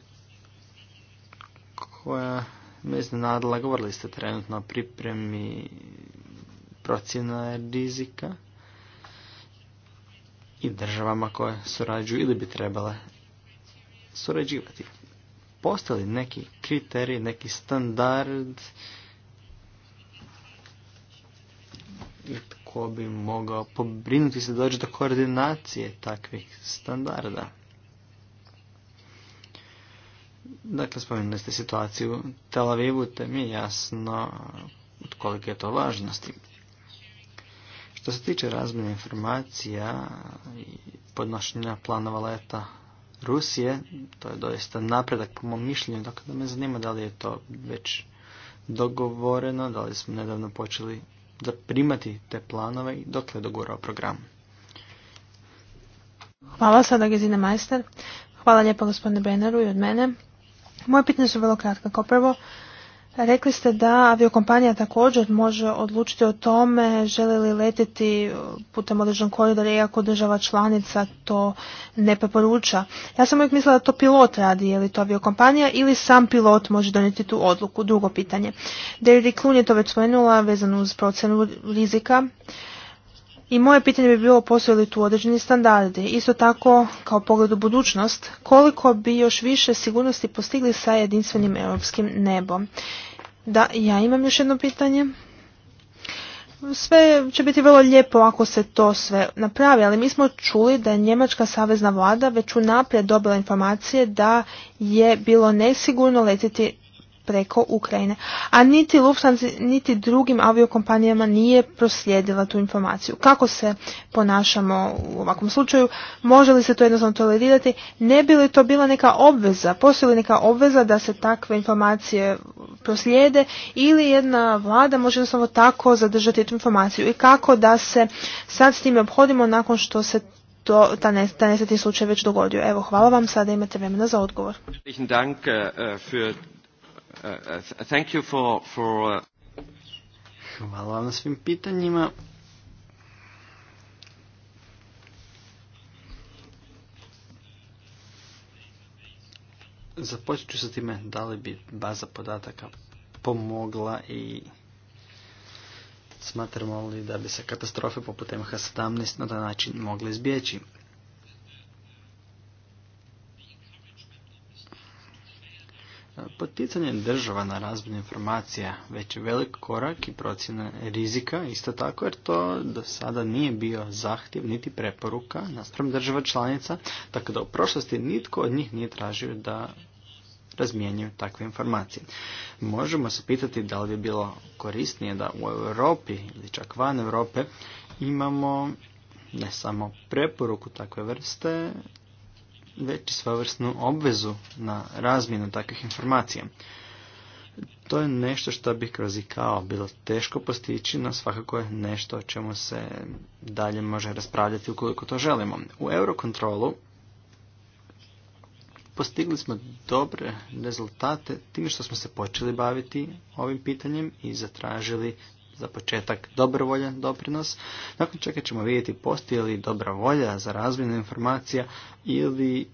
koja me iznenadila, govorili ste trenutno o pripremi procjena rizika i državama koje surađuju ili bi trebale surađivati. Postali neki kriterij, neki standard tko bi mogao pobrinuti se dođe do koordinacije takvih standarda? Dakle, spomenuli ste situaciju u Tel Avivu, te mi je jasno od kolike je to važnosti. Što se tiče razmjene informacija i podnošenja planova leta Rusije, to je doista napredak po mom mišljenju, dakle da me zanima da li je to već dogovoreno, da li smo nedavno počeli primati te planove i dokle je dogurao program. Hvala sada Gezina Majster. Hvala lijepo gospodine beneru i od mene. Moje pitanje su vrlo kratka. Kao prvo, Rekli ste da aviokompanija također može odlučiti o tome želi li letiti putem određenog koridora iako država članica to ne preporuča. Ja sam uvijek mislila da to pilot radi, je li to aviokompanija ili sam pilot može donijeti tu odluku. Drugo pitanje. David Klun je to već spomenula vezano uz procenu rizika. I moje pitanje bi bilo postoje li tu određeni standardi. Isto tako, kao pogled u budućnost, koliko bi još više sigurnosti postigli sa jedinstvenim europskim nebom? Da, ja imam još jedno pitanje. Sve će biti vrlo lijepo ako se to sve napravi, ali mi smo čuli da je Njemačka savezna vlada već unaprijed dobila informacije da je bilo nesigurno letiti preko Ukrajine. A niti Lufthansa, niti drugim aviokompanijama nije proslijedila tu informaciju. Kako se ponašamo u ovakvom slučaju? Može li se to jednostavno tolerirati? Ne bi li to bila neka obveza? Postoji li neka obveza da se takve informacije proslijede ili jedna vlada može jednostavno tako zadržati tu informaciju? I kako da se sad s time obhodimo nakon što se to, ta, ta nesretni slučaj već dogodio. Evo, hvala vam, sada imate vremena za odgovor. Uh, thank you uh, Hvala vam na svim pitanjima. Započet ću sa time da li bi baza podataka pomogla i smatramo li da bi se katastrofe poput MH17 na taj način mogle izbjeći. Poticanje država na razmjenu informacija već je velik korak i procjena rizika, isto tako jer to do sada nije bio zahtjev niti preporuka naspram država članica, tako da u prošlosti nitko od njih nije tražio da razmijenjuju takve informacije. Možemo se pitati da li bi bilo korisnije da u Europi ili čak van Europe imamo ne samo preporuku takve vrste, već i obvezu na razmjenu takvih informacija. To je nešto što bi kroz IKAO bilo teško postići, no svakako je nešto o čemu se dalje može raspravljati ukoliko to želimo. U Eurokontrolu postigli smo dobre rezultate time što smo se počeli baviti ovim pitanjem i zatražili za početak dobrovoljan doprinos. Nakon čega ćemo vidjeti postoji li dobra volja za razmjenu informacija ili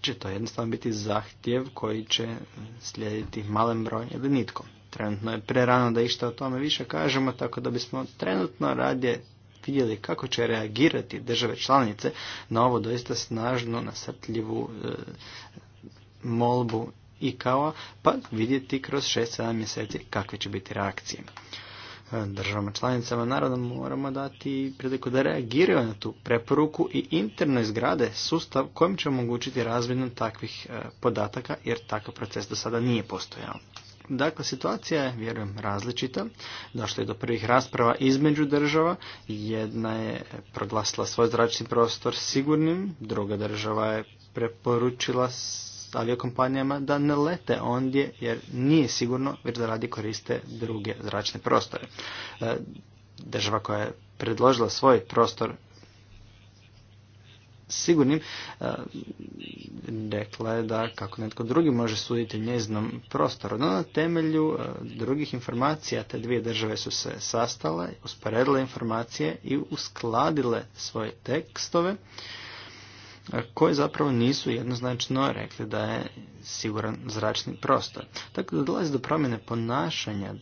će to jednostavno biti zahtjev koji će slijediti malen broj ili nitko. Trenutno je prerano da išta o tome više kažemo, tako da bismo trenutno radije vidjeli kako će reagirati države članice na ovo doista snažnu, nasrtljivu e, molbu i kao pa vidjeti kroz 6-7 mjeseci kakve će biti reakcije. E, državama članicama naravno moramo dati priliku da reagiraju na tu preporuku i interno izgrade sustav kojim će omogućiti razmjenu takvih e, podataka jer takav proces do sada nije postojao. Dakle, situacija je, vjerujem, različita. Došlo je do prvih rasprava između država. Jedna je proglasila svoj zračni prostor sigurnim, druga država je preporučila kompanijama da ne lete ondje jer nije sigurno jer da radi koriste druge zračne prostore. E, država koja je predložila svoj prostor sigurnim, e, rekla je da kako netko drugi može suditi njeznom prostoru. No, na temelju e, drugih informacija te dvije države su se sastale, usporedile informacije i uskladile svoje tekstove koje zapravo nisu jednoznačno rekli da je siguran zračni prostor. Tako da dolazi do promjene ponašanja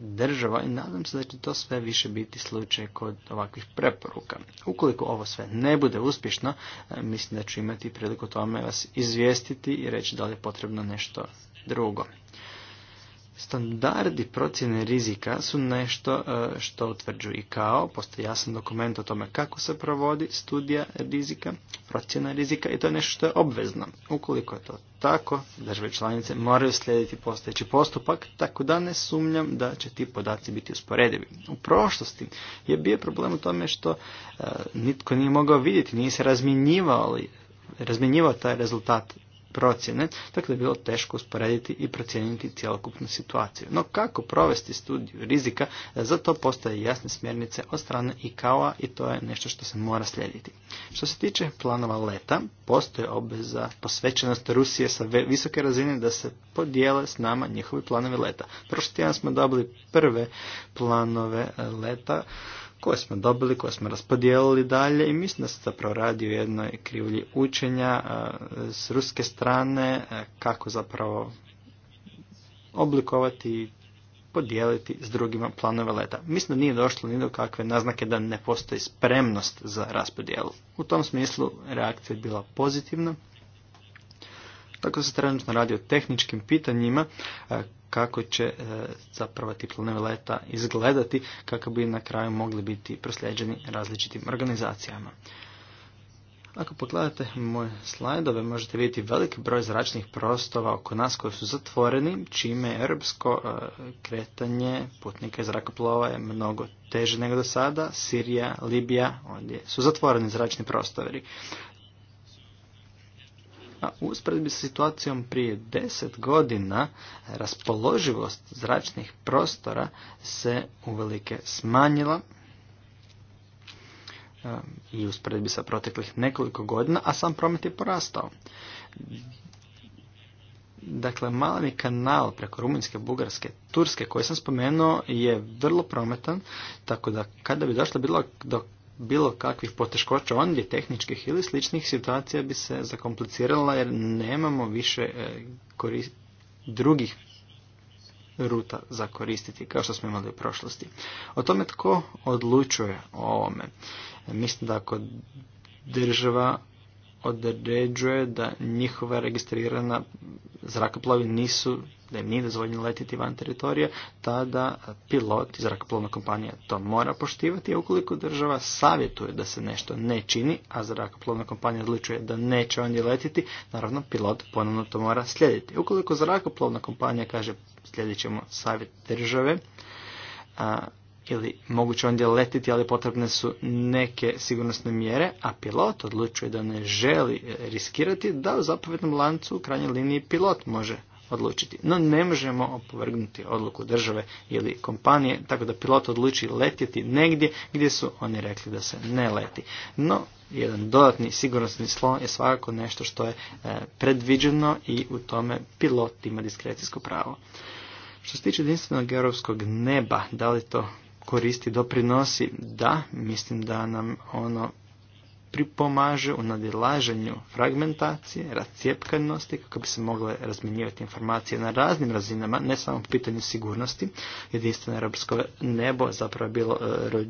država i nadam se da će to sve više biti slučaj kod ovakvih preporuka. Ukoliko ovo sve ne bude uspješno, e, mislim da ću imati priliku tome vas izvijestiti i reći da li je potrebno nešto drugo. Standardi procjene rizika su nešto e, što utvrđuju i kao, postoji jasan dokument o tome kako se provodi studija rizika, procjena rizika i to je nešto što je obvezno. Ukoliko je to tako, države članice moraju slijediti postojeći postupak, tako da ne sumnjam da će ti podaci biti usporedivi. U prošlosti je bio problem u tome što e, nitko nije mogao vidjeti, nije se razminjivao taj rezultat procjene, tako dakle, da je bilo teško usporediti i procijeniti cjelokupnu situaciju. No kako provesti studiju rizika, e, za to postoje jasne smjernice od strane ICAO-a i to je nešto što se mora slijediti. Što se tiče planova leta, postoje obveza posvećenost Rusije sa visoke razine da se podijele s nama njihovi planovi leta. Prošli tjedan smo dobili prve planove e, leta koje smo dobili, koje smo raspodijelili dalje i mislim da se zapravo radi o jednoj krivlji učenja e, s ruske strane e, kako zapravo oblikovati i podijeliti s drugima planove leta. Mislim da nije došlo ni do kakve naznake da ne postoji spremnost za raspodjelu. U tom smislu reakcija je bila pozitivna tako se trenutno radi o tehničkim pitanjima e, kako će e, zapravo ti leta izgledati kako bi na kraju mogli biti prosljeđeni različitim organizacijama. Ako pogledate moje slajdove, možete vidjeti veliki broj zračnih prostova oko nas koji su zatvoreni, čime je europsko e, kretanje putnika i zrakoplova je mnogo teže nego do sada. Sirija, Libija, ondje su zatvoreni zračni prostori. A usporedbi sa situacijom prije deset godina raspoloživost zračnih prostora se uvelike smanjila um, i usporedbi sa proteklih nekoliko godina, a sam promet je porastao. Dakle, mali kanal preko Rumunjske, Bugarske, Turske, koje sam spomenuo, je vrlo prometan, tako da kada bi došlo bilo do bilo kakvih poteškoća ondje tehničkih ili sličnih situacija bi se zakomplicirala jer nemamo više e, drugih ruta za koristiti kao što smo imali u prošlosti. O tome tko odlučuje o ovome. E, mislim da ako država određuje da njihova registrirana zrakoplovi nisu, da im nije dozvoljeno letiti van teritorija, tada pilot i zrakoplovna kompanija to mora poštivati, a ukoliko država savjetuje da se nešto ne čini, a zrakoplovna kompanija odlučuje da neće ondje letiti, naravno pilot ponovno to mora slijediti. Ukoliko zrakoplovna kompanija kaže slijedit ćemo savjet države, a, ili moguće ondje letiti, ali potrebne su neke sigurnosne mjere, a pilot odlučuje da ne želi riskirati da u zapovjednom lancu u krajnjoj liniji pilot može odlučiti. No ne možemo opovrgnuti odluku države ili kompanije, tako da pilot odluči letjeti negdje gdje su oni rekli da se ne leti. No, jedan dodatni sigurnosni slon je svakako nešto što je e, predviđeno i u tome pilot ima diskrecijsko pravo. Što se tiče jedinstvenog europskog neba, da li to koristi doprinosi, da, mislim da nam ono pripomaže u nadilaženju fragmentacije, razcijepkanosti, kako bi se mogle razmjenjivati informacije na raznim razinama, ne samo po pitanju sigurnosti. Jedinstveno europsko nebo zapravo je bilo e,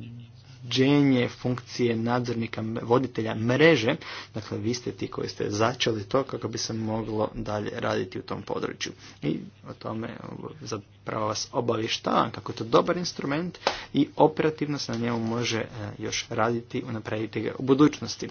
uređenje funkcije nadzornika voditelja mreže. Dakle, vi ste ti koji ste začeli to kako bi se moglo dalje raditi u tom području. I o tome zapravo vas obavještavam kako je to dobar instrument i operativno se na njemu može e, još raditi, unaprijediti ga u budućnosti.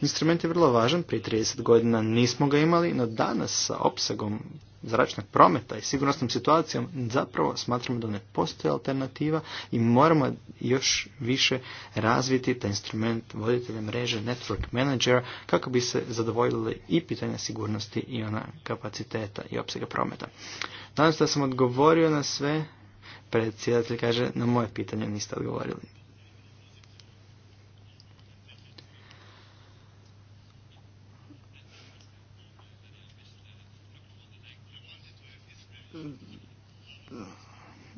Instrument je vrlo važan, prije 30 godina nismo ga imali, no danas sa opsegom zračnog prometa i sigurnosnom situacijom zapravo smatramo da ne postoji alternativa i moramo još više razviti taj instrument voditelja mreže network manager, kako bi se zadovoljili i pitanja sigurnosti i ona kapaciteta i opsega prometa. Nadam što da sam odgovorio na sve, predsjedatelj kaže na moje pitanje niste odgovorili.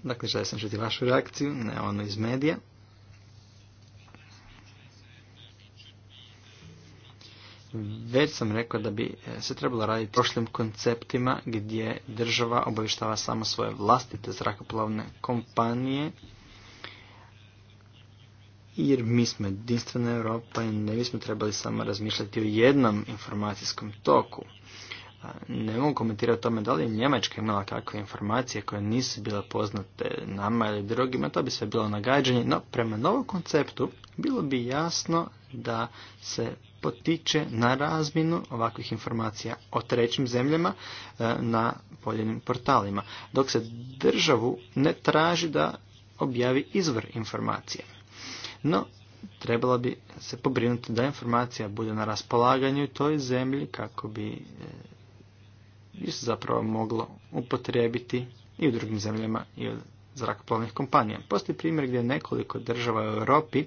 Dakle, želim sam čuti vašu reakciju, ne ono iz medija. Već sam rekao da bi e, se trebalo raditi prošlim konceptima gdje država obavještava samo svoje vlastite zrakoplovne kompanije jer mi smo jedinstvena Europa i ne bismo trebali samo razmišljati o jednom informacijskom toku. Pa ne mogu komentirati o tome da li je Njemačka imala kakve informacije koje nisu bile poznate nama ili drugima, to bi sve bilo nagađanje, no prema novom konceptu bilo bi jasno da se potiče na razminu ovakvih informacija o trećim zemljama e, na poljenim portalima, dok se državu ne traži da objavi izvor informacije. No, trebalo bi se pobrinuti da informacija bude na raspolaganju toj zemlji kako bi e, bi se zapravo moglo upotrijebiti i u drugim zemljama i od zrakoplovnih kompanija. Postoji primjer gdje nekoliko država u Europi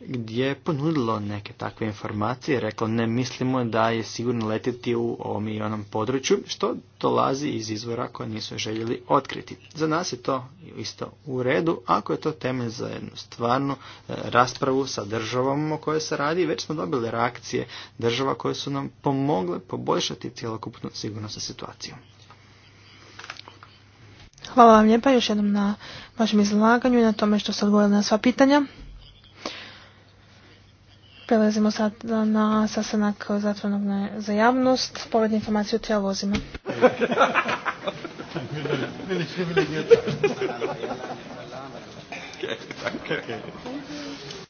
gdje je ponudilo neke takve informacije, reklo ne mislimo da je sigurno letiti u ovom i onom području, što dolazi iz izvora koje nisu željeli otkriti. Za nas je to isto u redu, ako je to temelj za jednu stvarnu e, raspravu sa državom o kojoj se radi, već smo dobili reakcije država koje su nam pomogle poboljšati cjelokupnu sigurnosnu situaciju. Hvala vam lijepa još jednom na vašem izlaganju i na tome što ste odgovorili na sva pitanja. Prelazimo sad na sasanak zatvornog za javnost. Povedne informacije o tijelozima.